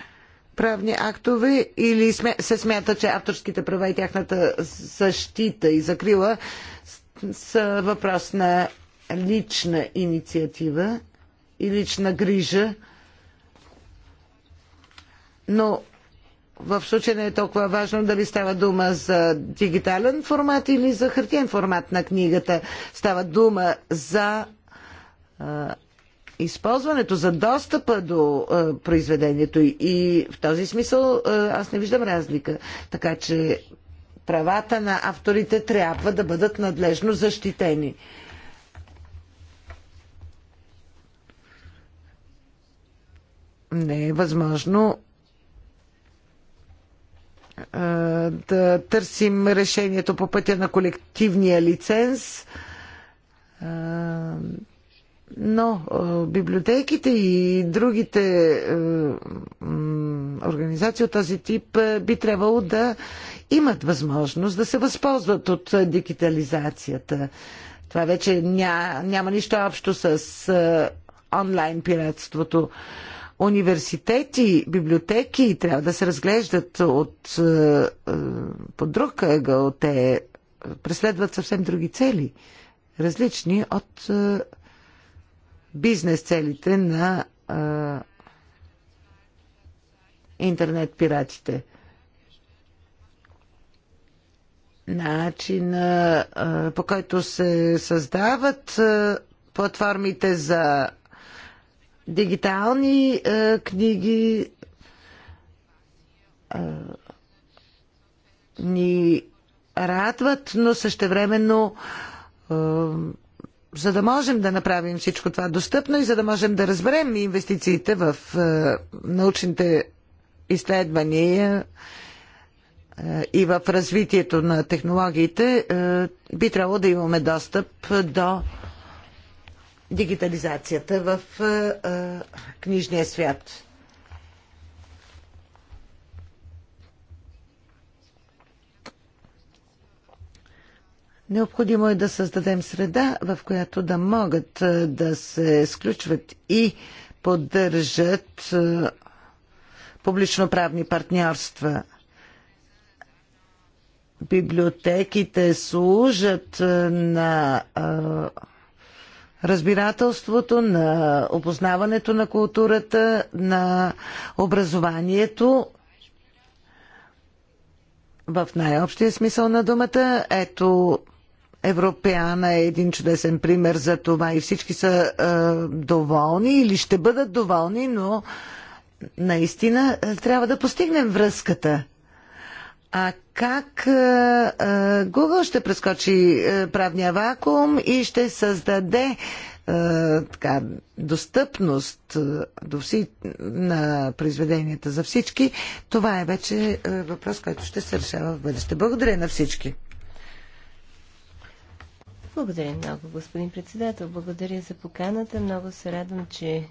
правни актове или се смята, че авторските права и тяхната защита и закрила са въпрос на лична инициатива и лична грижа, но в случая не е толкова важно дали става дума за дигитален формат или за хартиен формат на книгата. Става дума за а, използването, за достъпа до а, е, произведението. И в този смисъл а, е, аз не виждам разлика. Така че правата на авторите трябва да бъдат надлежно защитени. Не е възможно а, е, да търсим решението по пътя на колективния лиценз. А, но библиотеките и другите организации от този тип би трябвало да имат възможност да се възползват от дигитализацията. Това вече ня, няма нищо общо с онлайн пиратството. Университети, библиотеки трябва да се разглеждат от, под друг ъгъл. Те преследват съвсем други цели, различни от бизнес целите на а, интернет пиратите. Начин а, по който се създават а, платформите за дигитални а, книги а, ни радват, но същевременно а, за да можем да направим всичко това достъпно и за да можем да разберем инвестициите в е, научните изследвания е, и в развитието на технологиите, е, би трябвало да имаме достъп до дигитализацията в книжния свят. Необходимо е да създадем среда, в която да могат е, да се сключват и поддържат е, публично-правни партньорства. Библиотеките служат е, на разбирателството, на опознаването на културата, на образованието в най-общия смисъл на думата. Ето Европеана е един чудесен пример за това и всички са е, доволни или ще бъдат доволни, но наистина е, трябва да постигнем връзката. А как е, е, Google ще прескочи е, правния вакуум и ще създаде е, така, достъпност е, до вси, на произведенията за всички, това е вече е, въпрос, който ще се решава в бъдеще. Благодаря на всички. Благодаря много, господин председател. Благодаря за поканата. Много се радвам, че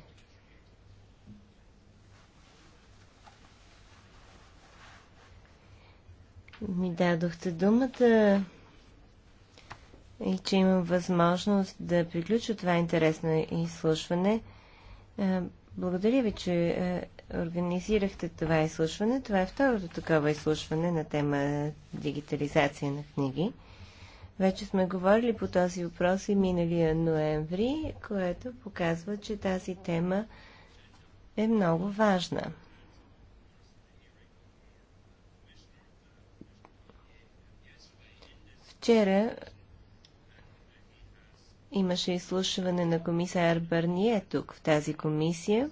ми дадохте думата и че имам възможност да приключа това интересно изслушване. Благодаря ви, че организирахте това изслушване. Това е второто такова изслушване на тема дигитализация на книги. Вече сме говорили по този въпрос и миналия ноември, което показва, че тази тема е много важна. Вчера имаше изслушване на комисар Бърние тук в тази комисия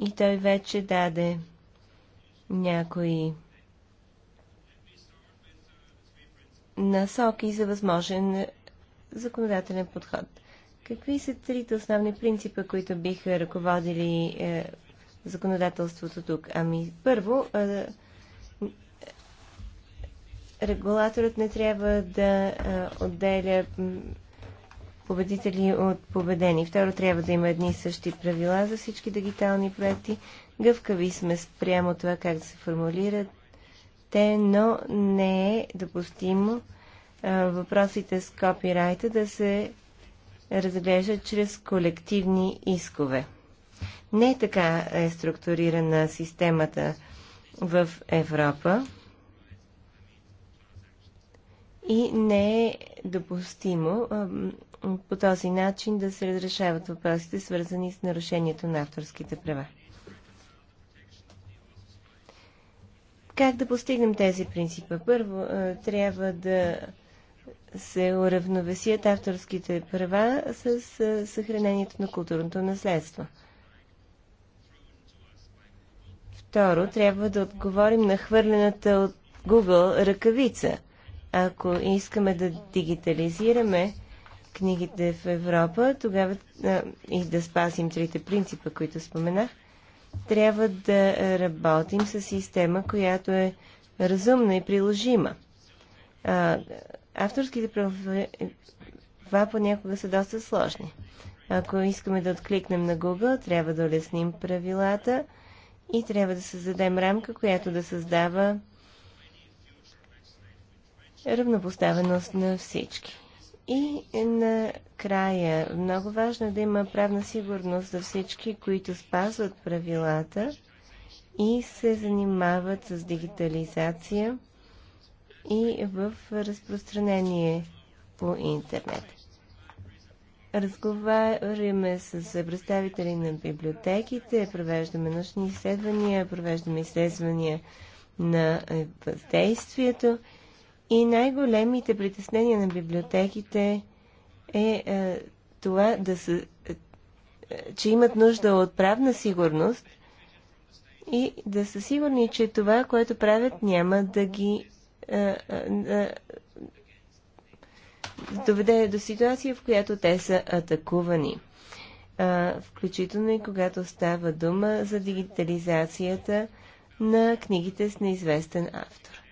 и той вече даде някои насоки за възможен е, законодателен подход. Какви са трите основни принципа, които биха ръководили е, законодателството тук? Ами, първо, е, регулаторът не трябва да е, отделя победители от победени. Второ, трябва да има едни и същи правила за всички дигитални проекти. Гъвкави сме спрямо това как да се формулират те, но не е допустимо а, въпросите с копирайта да се разглеждат чрез колективни искове. Не така е структурирана системата в Европа и не е допустимо а, по този начин да се разрешават въпросите, свързани с нарушението на авторските права. Как да постигнем тези принципа? Първо, трябва да се уравновесят авторските права с съхранението на културното наследство. Второ, трябва да отговорим на хвърлената от Google ръкавица. Ако искаме да дигитализираме книгите в Европа, тогава и да спасим трите принципа, които споменах, трябва да работим с система, която е разумна и приложима. А, авторските права понякога са доста сложни. Ако искаме да откликнем на Google, трябва да улесним правилата и трябва да създадем рамка, която да създава равнопоставеност на всички. И накрая, много важно е да има правна сигурност за всички, които спазват правилата и се занимават с дигитализация и в разпространение по интернет. Разговаряме с представители на библиотеките, провеждаме научни изследвания, провеждаме изследвания на въздействието и най-големите притеснения на библиотеките е, е това да са, е, че имат нужда от правна сигурност и да са сигурни, че това, което правят, няма да ги е, е, е доведе до ситуация, в която те са атакувани. Е, включително и когато става дума за дигитализацията на книгите с неизвестен автор.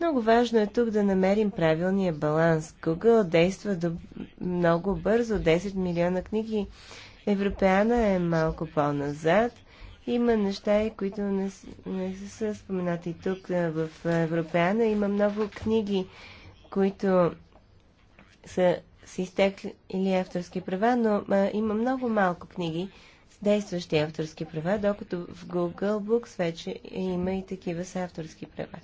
Много важно е тук да намерим правилния баланс. Google действа до... много бързо, 10 милиона книги. Европеана е малко по-назад. Има неща, които не, не са споменати тук. В Европеана има много книги, които са с изтекли или авторски права, но а, има много малко книги с действащи авторски права, докато в Google Books вече има и такива с авторски права.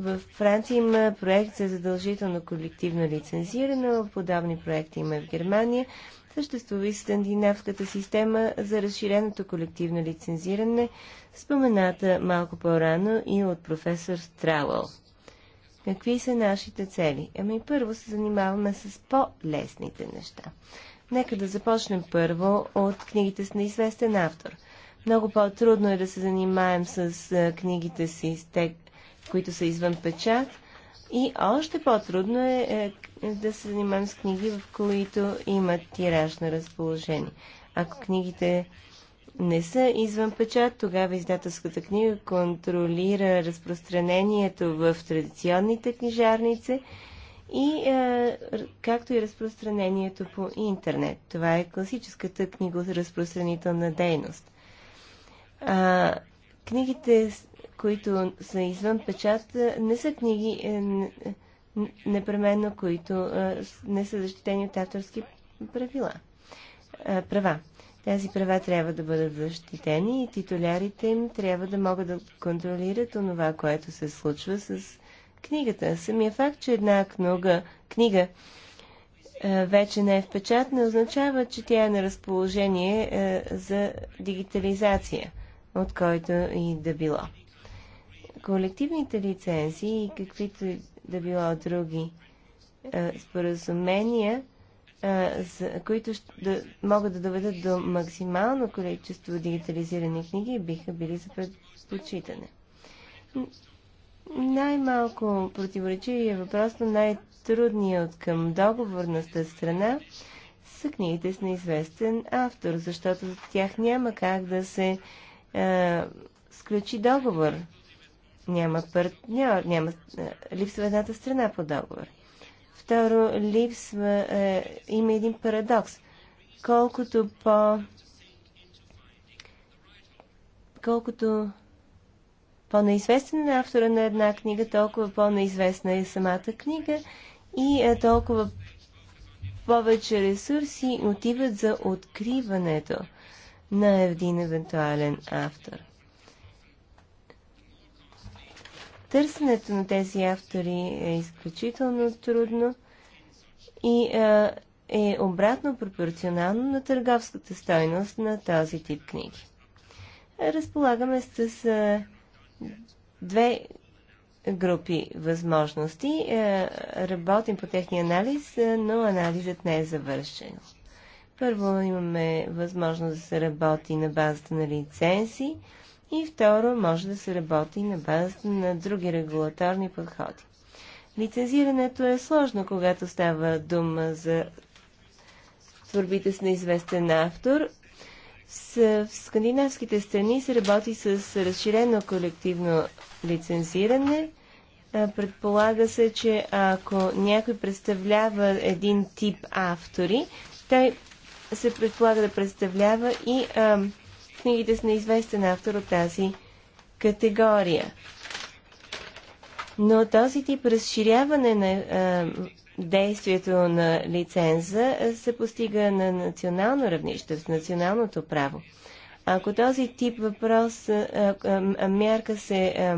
В Франция има проект за задължително колективно лицензиране, подобни проекти има в Германия. Съществува и скандинавската система за разширеното колективно лицензиране, спомената малко по-рано и от професор Страуел. Какви са нашите цели? Ами първо се занимаваме с по-лесните неща. Нека да започнем първо от книгите с неизвестен автор. Много по-трудно е да се занимаем с книгите си с тек, които са извън печат. И още по-трудно е, е да се занимавам с книги, в които имат тираж на разположение. Ако книгите не са извън печат, тогава издателската книга контролира разпространението в традиционните книжарници и е, както и разпространението по интернет. Това е класическата книга разпространителна дейност. А, книгите които са извън печат, е, не са книги е, е, непременно, които не са защитени от авторски правила. Права. Тези права трябва да бъдат защитени и титулярите им трябва да могат да контролират онова, което се случва с книгата. Самия факт, че една книга, книга вече не е в печат, не означава, че тя е на разположение за дигитализация, от който и да било колективните лицензии и каквито да било други споразумения, които могат да доведат до максимално количество дигитализирани книги, биха били за предпочитане. Най-малко противоречивия въпрос, но най-трудният от към договорната страна са книгите с неизвестен автор, защото за тях няма как да се е, сключи договор няма няма, няма, е, липсва едната страна по договор. Второ, липсва, е, има един парадокс. Колкото по... Колкото по-неизвестен е автора на една книга, толкова по-неизвестна е самата книга и е, толкова повече ресурси отиват за откриването на един евентуален автор – Търсенето на тези автори е изключително трудно и а, е обратно пропорционално на търговската стойност на този тип книги. Разполагаме с а, две групи възможности. А, работим по техния анализ, а, но анализът не е завършен. Първо имаме възможност да се работи на базата на лицензии, и второ, може да се работи на базата на други регулаторни подходи. Лицензирането е сложно, когато става дума за творбите с неизвестен автор. в скандинавските страни се работи с разширено колективно лицензиране. Предполага се, че ако някой представлява един тип автори, той се предполага да представлява и а, книгите с неизвестен автор от тази категория. Но този тип разширяване на а, действието на лиценза се постига на национално равнище, в националното право. Ако този тип въпрос, а, а, мярка се а,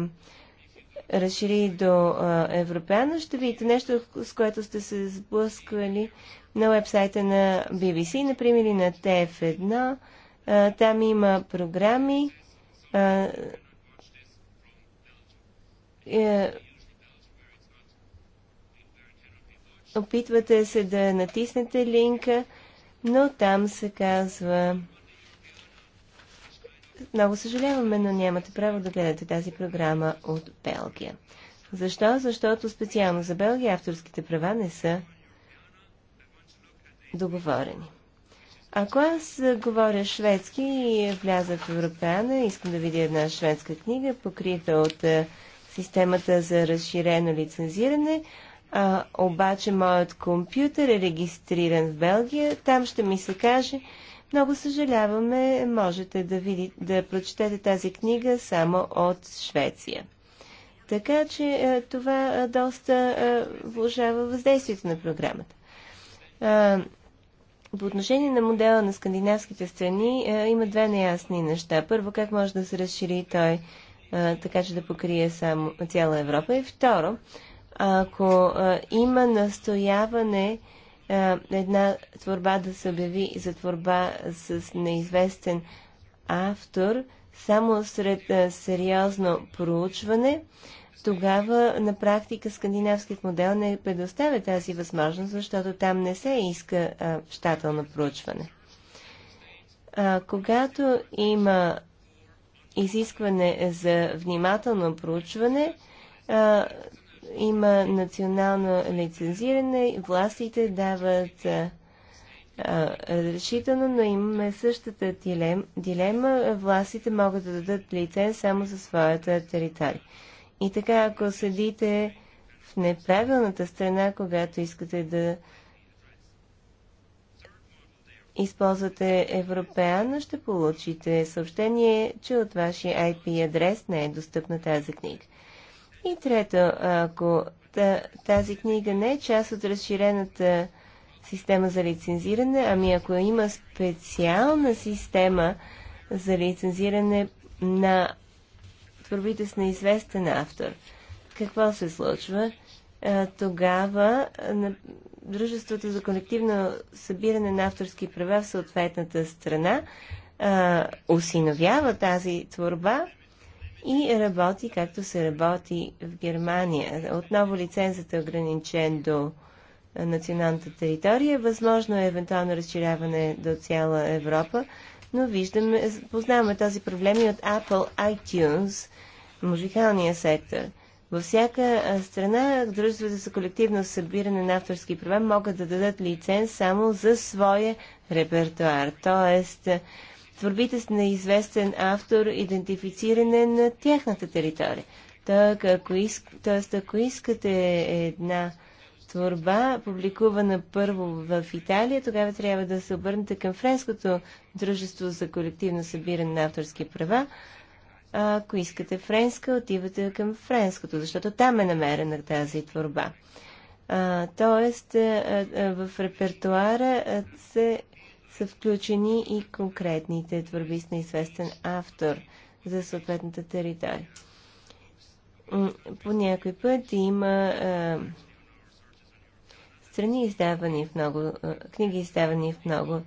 разшири до а, Европеана, ще видите нещо, с което сте се сблъсквали на вебсайта на BBC, например, и на TF1, там има програми. Е, опитвате се да натиснете линка, но там се казва много съжаляваме, но нямате право да гледате тази програма от Белгия. Защо? Защото специално за Белгия авторските права не са договорени. Ако аз говоря шведски и вляза в Европеана, искам да видя една шведска книга, покрита от е, системата за разширено лицензиране, а, обаче моят компютър е регистриран в Белгия, там ще ми се каже, много съжаляваме, можете да, види, да прочетете тази книга само от Швеция. Така че е, това доста е, влажава въздействието на програмата. По отношение на модела на скандинавските страни е, има две неясни неща. Първо, как може да се разшири той е, така, че да покрие само цяла Европа. И второ, ако е, има настояване една творба да се обяви за творба с неизвестен автор, само сред сериозно проучване, тогава на практика скандинавският модел не предоставя тази възможност, защото там не се иска щателно проучване. А, когато има изискване за внимателно проучване, а, има национално лицензиране, властите дават а, разрешително, решително, но имаме същата дилема. Властите могат да дадат лиценз само за своята територия. И така, ако седите в неправилната страна, когато искате да използвате Европеана, ще получите съобщение, че от вашия IP адрес не е достъпна тази книга. И трето, ако тази книга не е част от разширената система за лицензиране, ами ако има специална система за лицензиране на творбите с неизвестен автор. Какво се случва? Тогава на Дружеството за колективно събиране на авторски права в съответната страна осиновява тази творба и работи както се работи в Германия. Отново лицензът е ограничен до националната територия. Възможно е евентуално разширяване до цяла Европа, но виждаме, познаваме този проблем и от Apple iTunes, музикалния сектор. Във всяка страна дружествата за колективно събиране на авторски права могат да дадат лиценз само за своя репертуар, т.е. творбите на известен автор, идентифициране на тяхната територия. Так, ако иск... Тоест, ако искате една творба, публикувана първо в Италия, тогава трябва да се обърнете към Френското дружество за колективно събиране на авторски права. ако искате френска, отивате към френското, защото там е намерена тази творба. А, тоест, а, е, а, е, в репертуара е, се, са включени и конкретните творби с неизвестен автор за съответната територия. По някой път има а, страни, издавани в много, е, книги издавани в много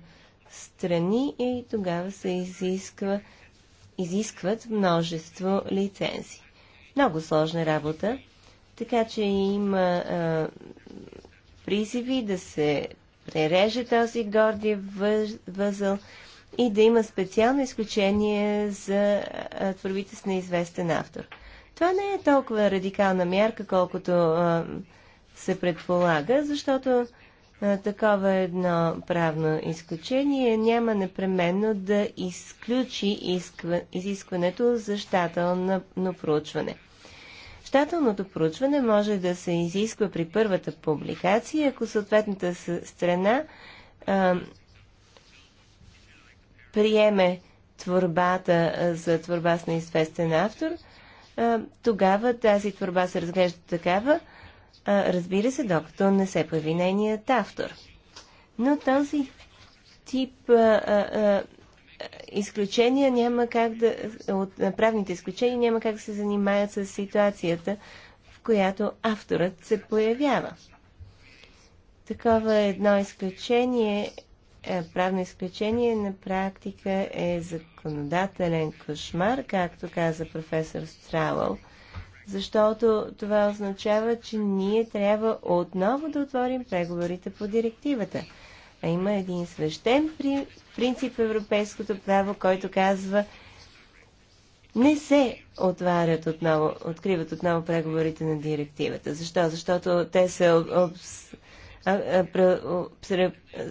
страни и тогава се изисква, изискват множество лицензи. Много сложна работа, така че има а, е, призиви да се пререже този горди възъл и да има специално изключение за е, творбите с неизвестен автор. Това не е толкова радикална мярка, колкото а, се предполага, защото такова едно правно изключение няма непременно да изключи изискването за щателно проучване. Щателното проучване може да се изисква при първата публикация, ако съответната страна а, приеме творбата за творба с неизвестен автор, а, тогава тази творба се разглежда такава, а, разбира се, докато не се появи нейният автор. Но този тип а, а, изключения няма как да, от правните изключения няма как да се занимаят с ситуацията, в която авторът се появява. Такова едно изключение, е, правно изключение на практика е законодателен кошмар, както каза професор Стравъл защото това означава, че ние трябва отново да отворим преговорите по директивата. А има един свещен принцип в европейското право, който казва не се отварят отново, откриват отново преговорите на директивата. Защо? Защото те се об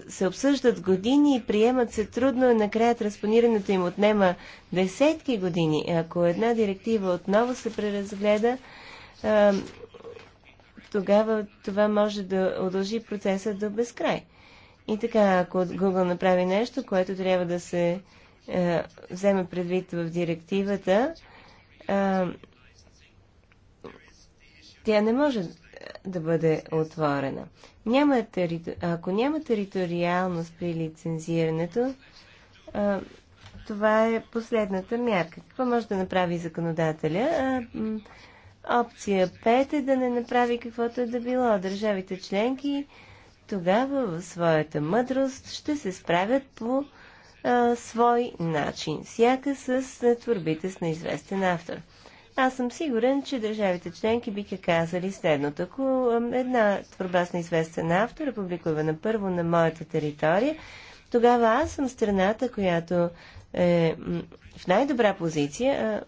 се обсъждат години и приемат се трудно, и накрая транспонирането им отнема десетки години. Ако една директива отново се преразгледа, тогава това може да удължи процеса до безкрай. И така, ако Google направи нещо, което трябва да се вземе предвид в директивата, тя не може да бъде отворена. Няма тери... Ако няма териториалност при лицензирането, а, това е последната мярка. Какво може да направи законодателя? А, опция 5 е да не направи каквото е да било. Държавите членки тогава в своята мъдрост ще се справят по а, свой начин, Сяка с творбите с неизвестен автор. Аз съм сигурен, че държавите членки биха казали следното. Ако една творба с неизвестен автор е публикувана първо на моята територия, тогава аз съм страната, която е в най-добра позиция,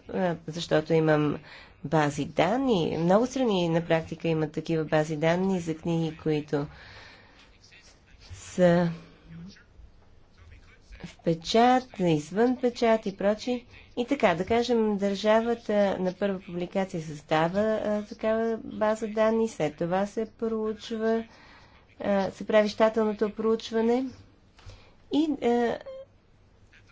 защото имам бази данни. Много страни на практика имат такива бази данни за книги, които са в печат, извън печат и прочи. И така, да кажем, държавата на първа публикация създава а, такава база данни, след това се проучва, а, се прави щателното проучване и а,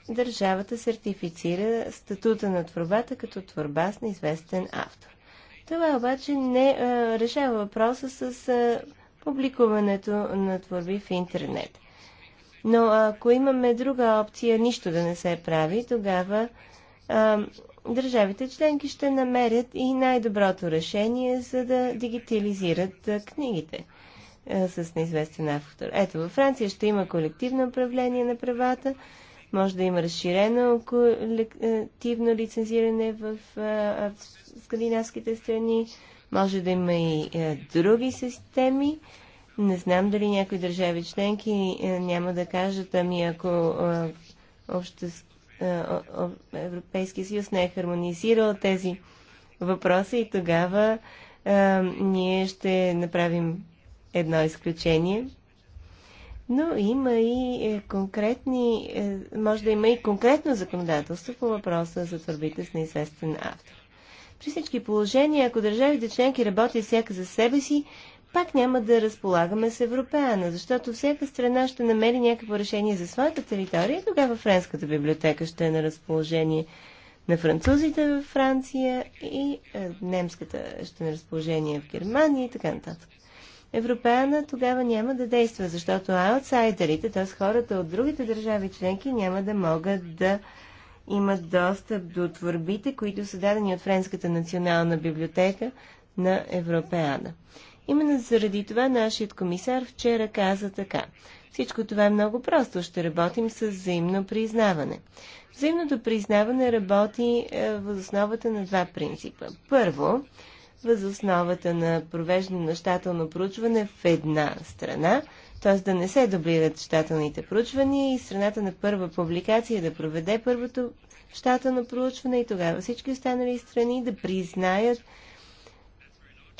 държавата сертифицира статута на творбата като творба с неизвестен автор. Това обаче не а, решава въпроса с а, публикуването на творби в интернет. Но ако имаме друга опция, нищо да не се прави, тогава държавите членки ще намерят и най-доброто решение, за да дигитализират книгите с неизвестен автор. Ето, във Франция ще има колективно управление на правата, може да има разширено колективно лицензиране в скандинавските страни, може да има и други системи. Не знам дали някои държави членки няма да кажат, ами ако обществото е, Европейския съюз не е хармонизирал тези въпроси и тогава а, е, ние ще направим едно изключение. Но има и е, конкретни, може да има и конкретно законодателство по въпроса за твърбите с неизвестен автор. При всички положения, ако държавите членки работят всяка за себе си, пак няма да разполагаме с Европеана, защото всяка страна ще намери някакво решение за своята територия, тогава Френската библиотека ще е на разположение на французите в Франция и е, немската ще е на разположение в Германия и така нататък. Европеана тогава няма да действа, защото аутсайдерите, т.е. хората от другите държави членки, няма да могат да имат достъп до творбите, които са дадени от Френската национална библиотека на Европеана. Именно заради това нашият комисар вчера каза така. Всичко това е много просто. Ще работим с взаимно признаване. Взаимното признаване работи е, възосновата на два принципа. Първо, възосновата на провеждане на щателно проучване в една страна, т.е. да не се дублират щателните проучвания и страната на първа публикация да проведе първото щателно проучване и тогава всички останали страни да признаят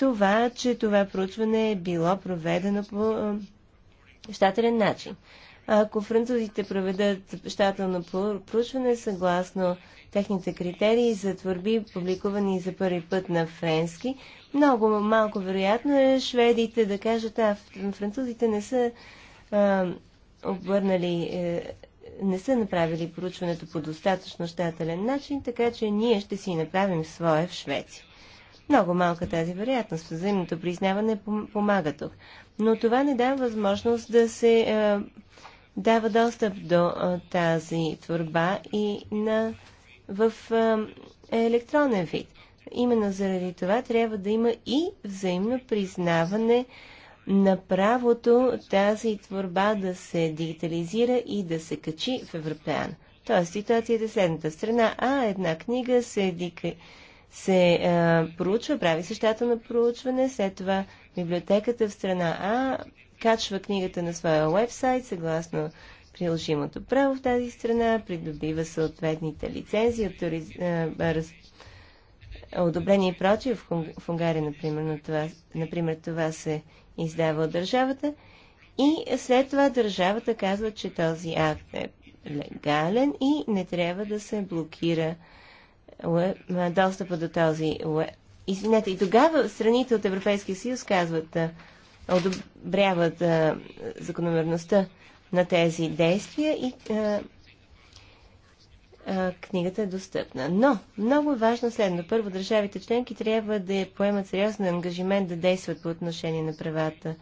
това, че това проучване е било проведено по щателен начин. Ако французите проведат щателно проучване съгласно техните критерии за творби, публикувани за първи път на френски, много малко вероятно е шведите да кажат, а французите не са а, обърнали, а, е, не са направили проучването по достатъчно щателен начин, така че ние ще си направим свое в Швеция. Много малка тази вероятност. Взаимното признаване помага тук. Но това не дава възможност да се е, дава достъп до е, тази творба и на, в е, електронен вид. Именно заради това трябва да има и взаимно признаване на правото тази творба да се дигитализира и да се качи в Европеан. Тоест ситуацията е следната. страна А една книга се дигитализира се а, е, проучва, прави същата на проучване, след това библиотеката в страна А качва книгата на своя вебсайт, съгласно приложимото право в тази страна, придобива съответните лицензии, авториз... Е, раз... одобрение и прочие. В, Хун... в Унгария, например, на това... например, това се издава от държавата. И след това държавата казва, че този акт е легален и не трябва да се блокира достъпа до този уеб. Извинете, и тогава страните от Европейския съюз казват, одобряват закономерността на тези действия и а, а, книгата е достъпна. Но много е важно следно. Първо, държавите членки трябва да поемат сериозен ангажимент да действат по отношение на правата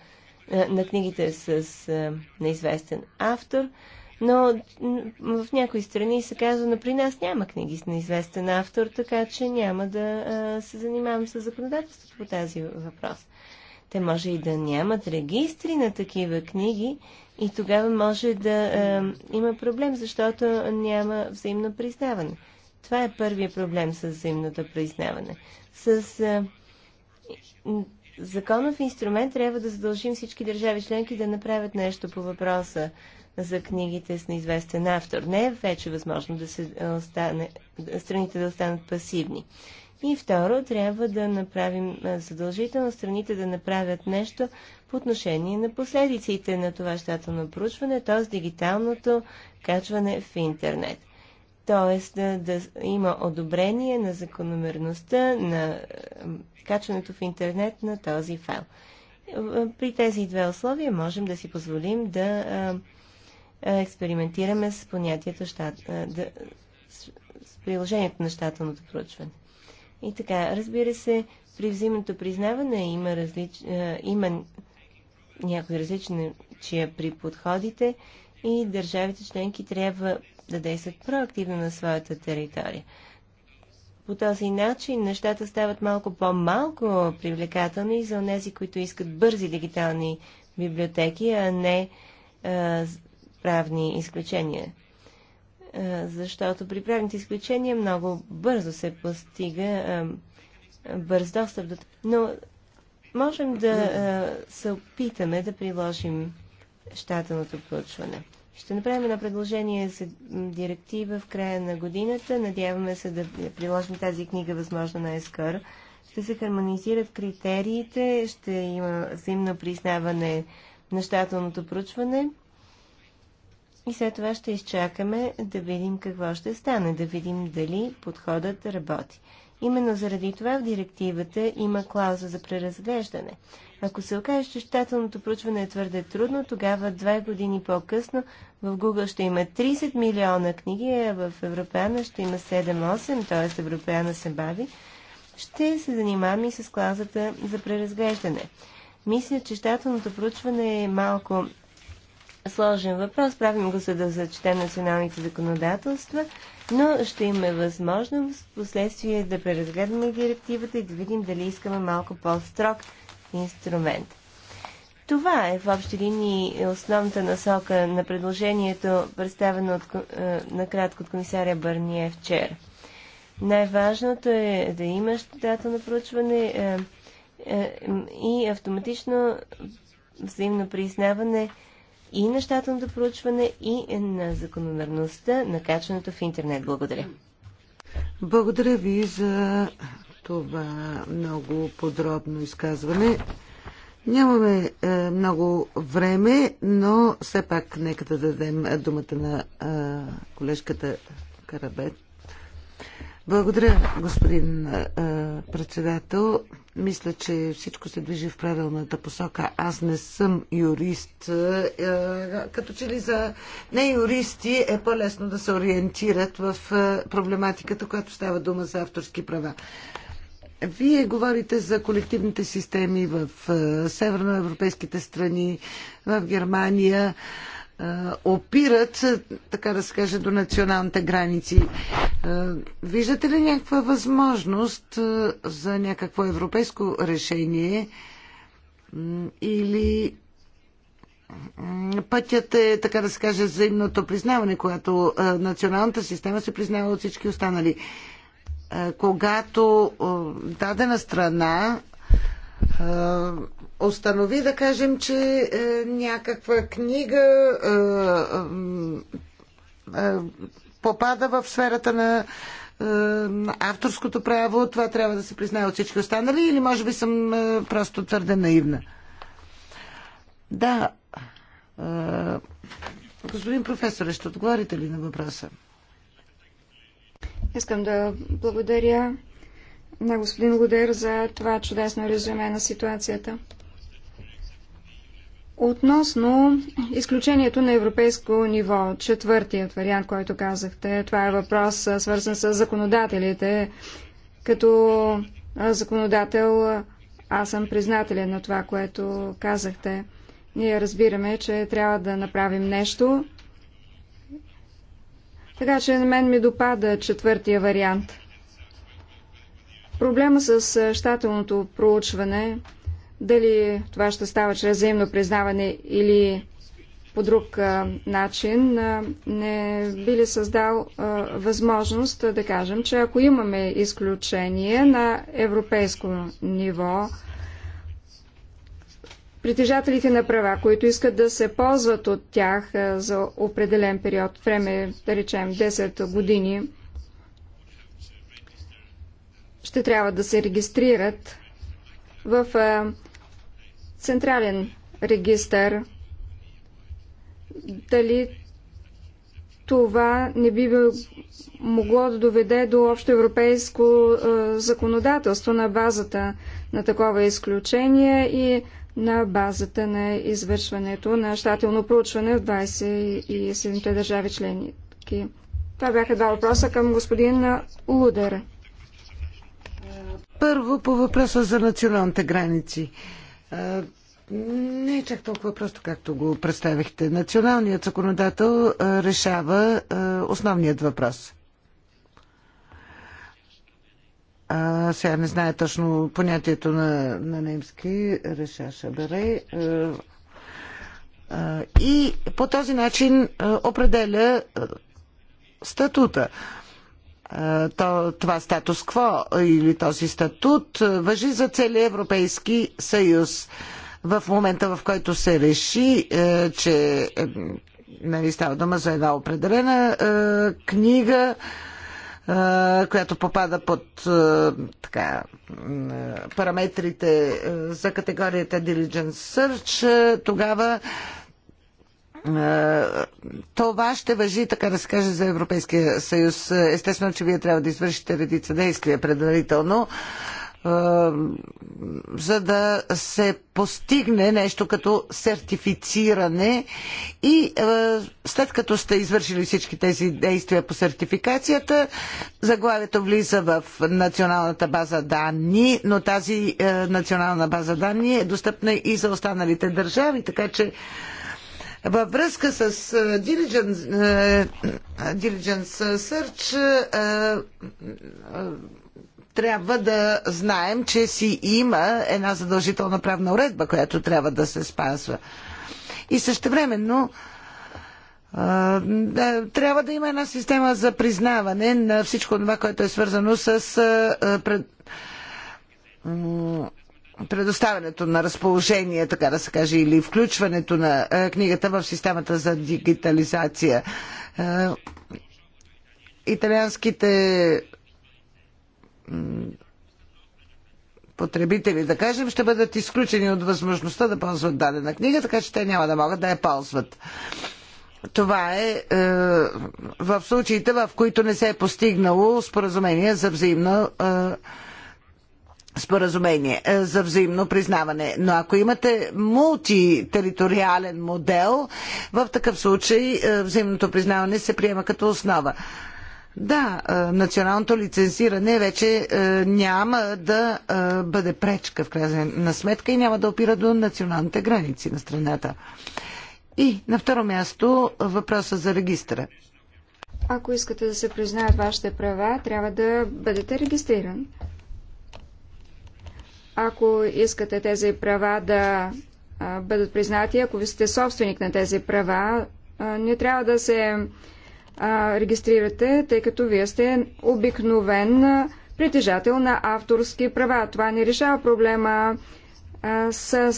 а, на книгите с неизвестен автор но в някои страни се казва, но при нас няма книги с неизвестен автор, така че няма да се занимавам с законодателството по тази въпрос. Те може и да нямат регистри на такива книги и тогава може да е, има проблем, защото няма взаимно признаване. Това е първият проблем с взаимното признаване. С е, законов инструмент трябва да задължим всички държави членки да направят нещо по въпроса за книгите с неизвестен автор. Не е вече възможно да се остане, страните да останат пасивни. И второ, трябва да направим задължително страните да направят нещо по отношение на последиците на това щателно проучване, т.е. дигиталното качване в интернет. Т.е. Да, да има одобрение на закономерността на качването в интернет на този файл. При тези две условия можем да си позволим да е, експериментираме с понятието щат, е, да, с, с приложението на щателното проучване. И така, разбира се, при взаимното признаване има, различ, а, е, има някои различни чия при подходите и държавите членки трябва да действат проактивно на своята територия. По този начин нещата стават малко по-малко привлекателни за тези, които искат бързи дигитални библиотеки, а не а, правни изключения. Защото при правните изключения много бързо се постига бърз достъп до... Но можем да се опитаме да приложим щателното проучване. Ще направим едно предложение за директива в края на годината. Надяваме се да приложим тази книга възможно най-скоро. Ще се хармонизират критериите, ще има взаимно признаване на щателното проучване. И след това ще изчакаме да видим какво ще стане, да видим дали подходът работи. Именно заради това в директивата има клауза за преразглеждане. Ако се окаже, че щателното проучване е твърде трудно, тогава две години по-късно в Google ще има 30 милиона книги, а в Европеана ще има 7-8, т.е. Европеана се бави. Ще се занимаваме и с клаузата за преразглеждане. Мисля, че щателното проучване е малко сложен въпрос. Правим го, за да зачете националните законодателства, но ще имаме възможност в последствие да преразгледаме директивата и да видим дали искаме малко по-строг инструмент. Това е в общи линии основната насока на предложението, представено от, е, накратко от комисаря Бърния вчера. Най-важното е да имаш дата на проучване е, е, и автоматично взаимно признаване и на щатното проучване, и на закономерността на качването в интернет. Благодаря. Благодаря ви за това много подробно изказване. Нямаме е, много време, но все пак нека да дадем думата на е, колежката Карабет. Благодаря, господин е, председател. Мисля, че всичко се движи в правилната посока. Аз не съм юрист. Е, като че ли за не юристи е по-лесно да се ориентират в е, проблематиката, която става дума за авторски права. Вие говорите за колективните системи в е, северноевропейските страни, в Германия опират, така да се каже, до националните граници. Виждате ли някаква възможност за някакво европейско решение или пътят е, така да се каже, взаимното признаване, когато националната система се признава от всички останали. Когато дадена страна установи, да кажем, че е, някаква книга е, е, попада в сферата е, на авторското право, това трябва да се признае от всички останали или може би съм е, просто твърде наивна? Да. Е, господин професор, ще отговорите ли на въпроса? Искам да благодаря на господин Лудер за това чудесно резюме на ситуацията. Относно изключението на европейско ниво, четвъртият вариант, който казахте, това е въпрос свързан с законодателите. Като законодател аз съм признателен на това, което казахте. Ние разбираме, че трябва да направим нещо. Така че на мен ми допада четвъртия вариант. Проблема с щателното проучване дали това ще става чрез взаимно признаване или по друг а, начин, а, не би ли създал а, възможност да кажем, че ако имаме изключение на европейско ниво, притежателите на права, които искат да се ползват от тях за определен период, време, да речем 10 години, ще трябва да се регистрират в централен регистър. Дали това не би могло да доведе до общо европейско е, законодателство на базата на такова изключение и на базата на извършването на щателно проучване в 27-те държави членки. Това бяха два въпроса към господин Лудер. Първо по въпроса за националните граници. Не е чак толкова просто, както го представихте. Националният законодател решава основният въпрос. А, сега не знае точно понятието на, на немски. Реша Шабере. И по този начин определя статута то, това статус-кво или този статут въжи за целия Европейски съюз. В момента, в който се реши, че е, нали, става дума за една определена книга, която попада под така, параметрите за категорията Diligence Search, тогава е, това ще въжи, така да се каже, за Европейския съюз. Естествено, че вие трябва да извършите редица действия предварително, е, за да се постигне нещо като сертифициране и е, след като сте извършили всички тези действия по сертификацията, заглавието влиза в националната база данни, но тази национална база данни е достъпна и за останалите държави, така че във връзка с Diligence, Diligence Search трябва да знаем, че си има една задължителна правна уредба, която трябва да се спазва. И същевременно трябва да има една система за признаване на всичко това, което е свързано с предоставянето на разположение, така да се каже, или включването на е, книгата в системата за дигитализация. Е, италианските потребители, да кажем, ще бъдат изключени от възможността да ползват дадена книга, така че те няма да могат да я ползват. Това е, е в случаите, в които не се е постигнало споразумение за взаимно е, споразумение е, за взаимно признаване. Но ако имате мултитериториален модел, в такъв случай е, взаимното признаване се приема като основа. Да, е, националното лицензиране вече няма да бъде пречка в крайна сметка и няма да опира до националните граници на страната. И на второ място въпроса за регистра. Ако искате да се признаят вашите права, трябва да бъдете регистриран ако искате тези права да бъдат признати, ако ви сте собственик на тези права, не трябва да се регистрирате, тъй като вие сте обикновен притежател на авторски права. Това не решава проблема с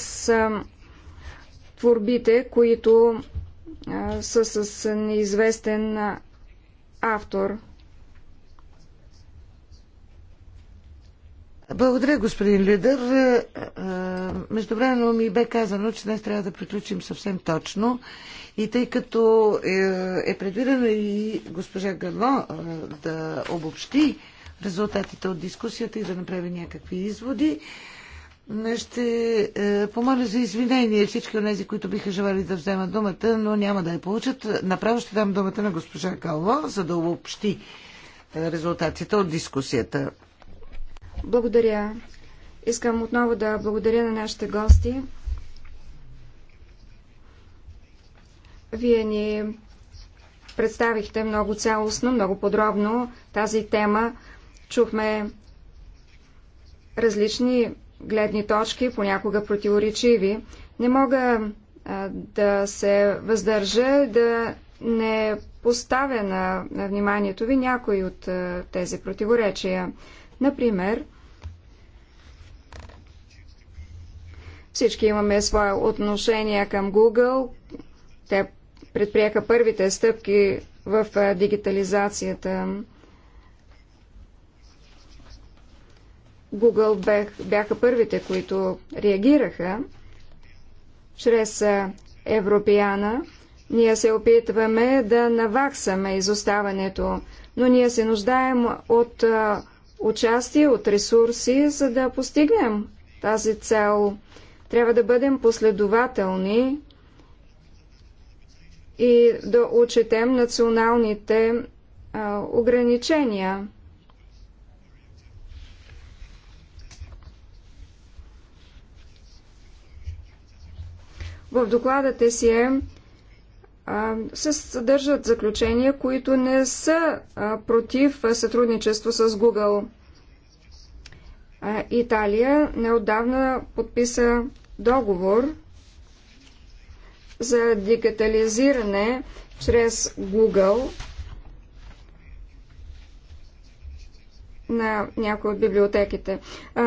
творбите, които са с неизвестен автор. Благодаря, господин Лидер. Е, е, междувременно ми бе казано, че днес трябва да приключим съвсем точно. И тъй като е, е предвидено и госпожа Гърно да обобщи резултатите от дискусията и да направи някакви изводи, ще помоля за извинение всички от тези, които биха желали да вземат думата, но няма да я получат. Направо ще дам думата на госпожа Кало, за да обобщи резултатите от дискусията. Благодаря. Искам отново да благодаря на нашите гости. Вие ни представихте много цялостно, много подробно тази тема. Чухме различни гледни точки, понякога противоречиви. Не мога а, да се въздържа да не поставя на, на вниманието ви някои от а, тези противоречия. Например, всички имаме свое отношение към Google. Те предприеха първите стъпки в дигитализацията. Google бяха първите, които реагираха чрез Европеяна. Ние се опитваме да наваксаме изоставането, но ние се нуждаем от а, участие, от ресурси, за да постигнем тази цел. Трябва да бъдем последователни и да учетем националните а, ограничения. В е си е се съдържат заключения, които не са против сътрудничество с Google. Италия неодавна подписа договор за дигитализиране чрез Google на някои от библиотеките.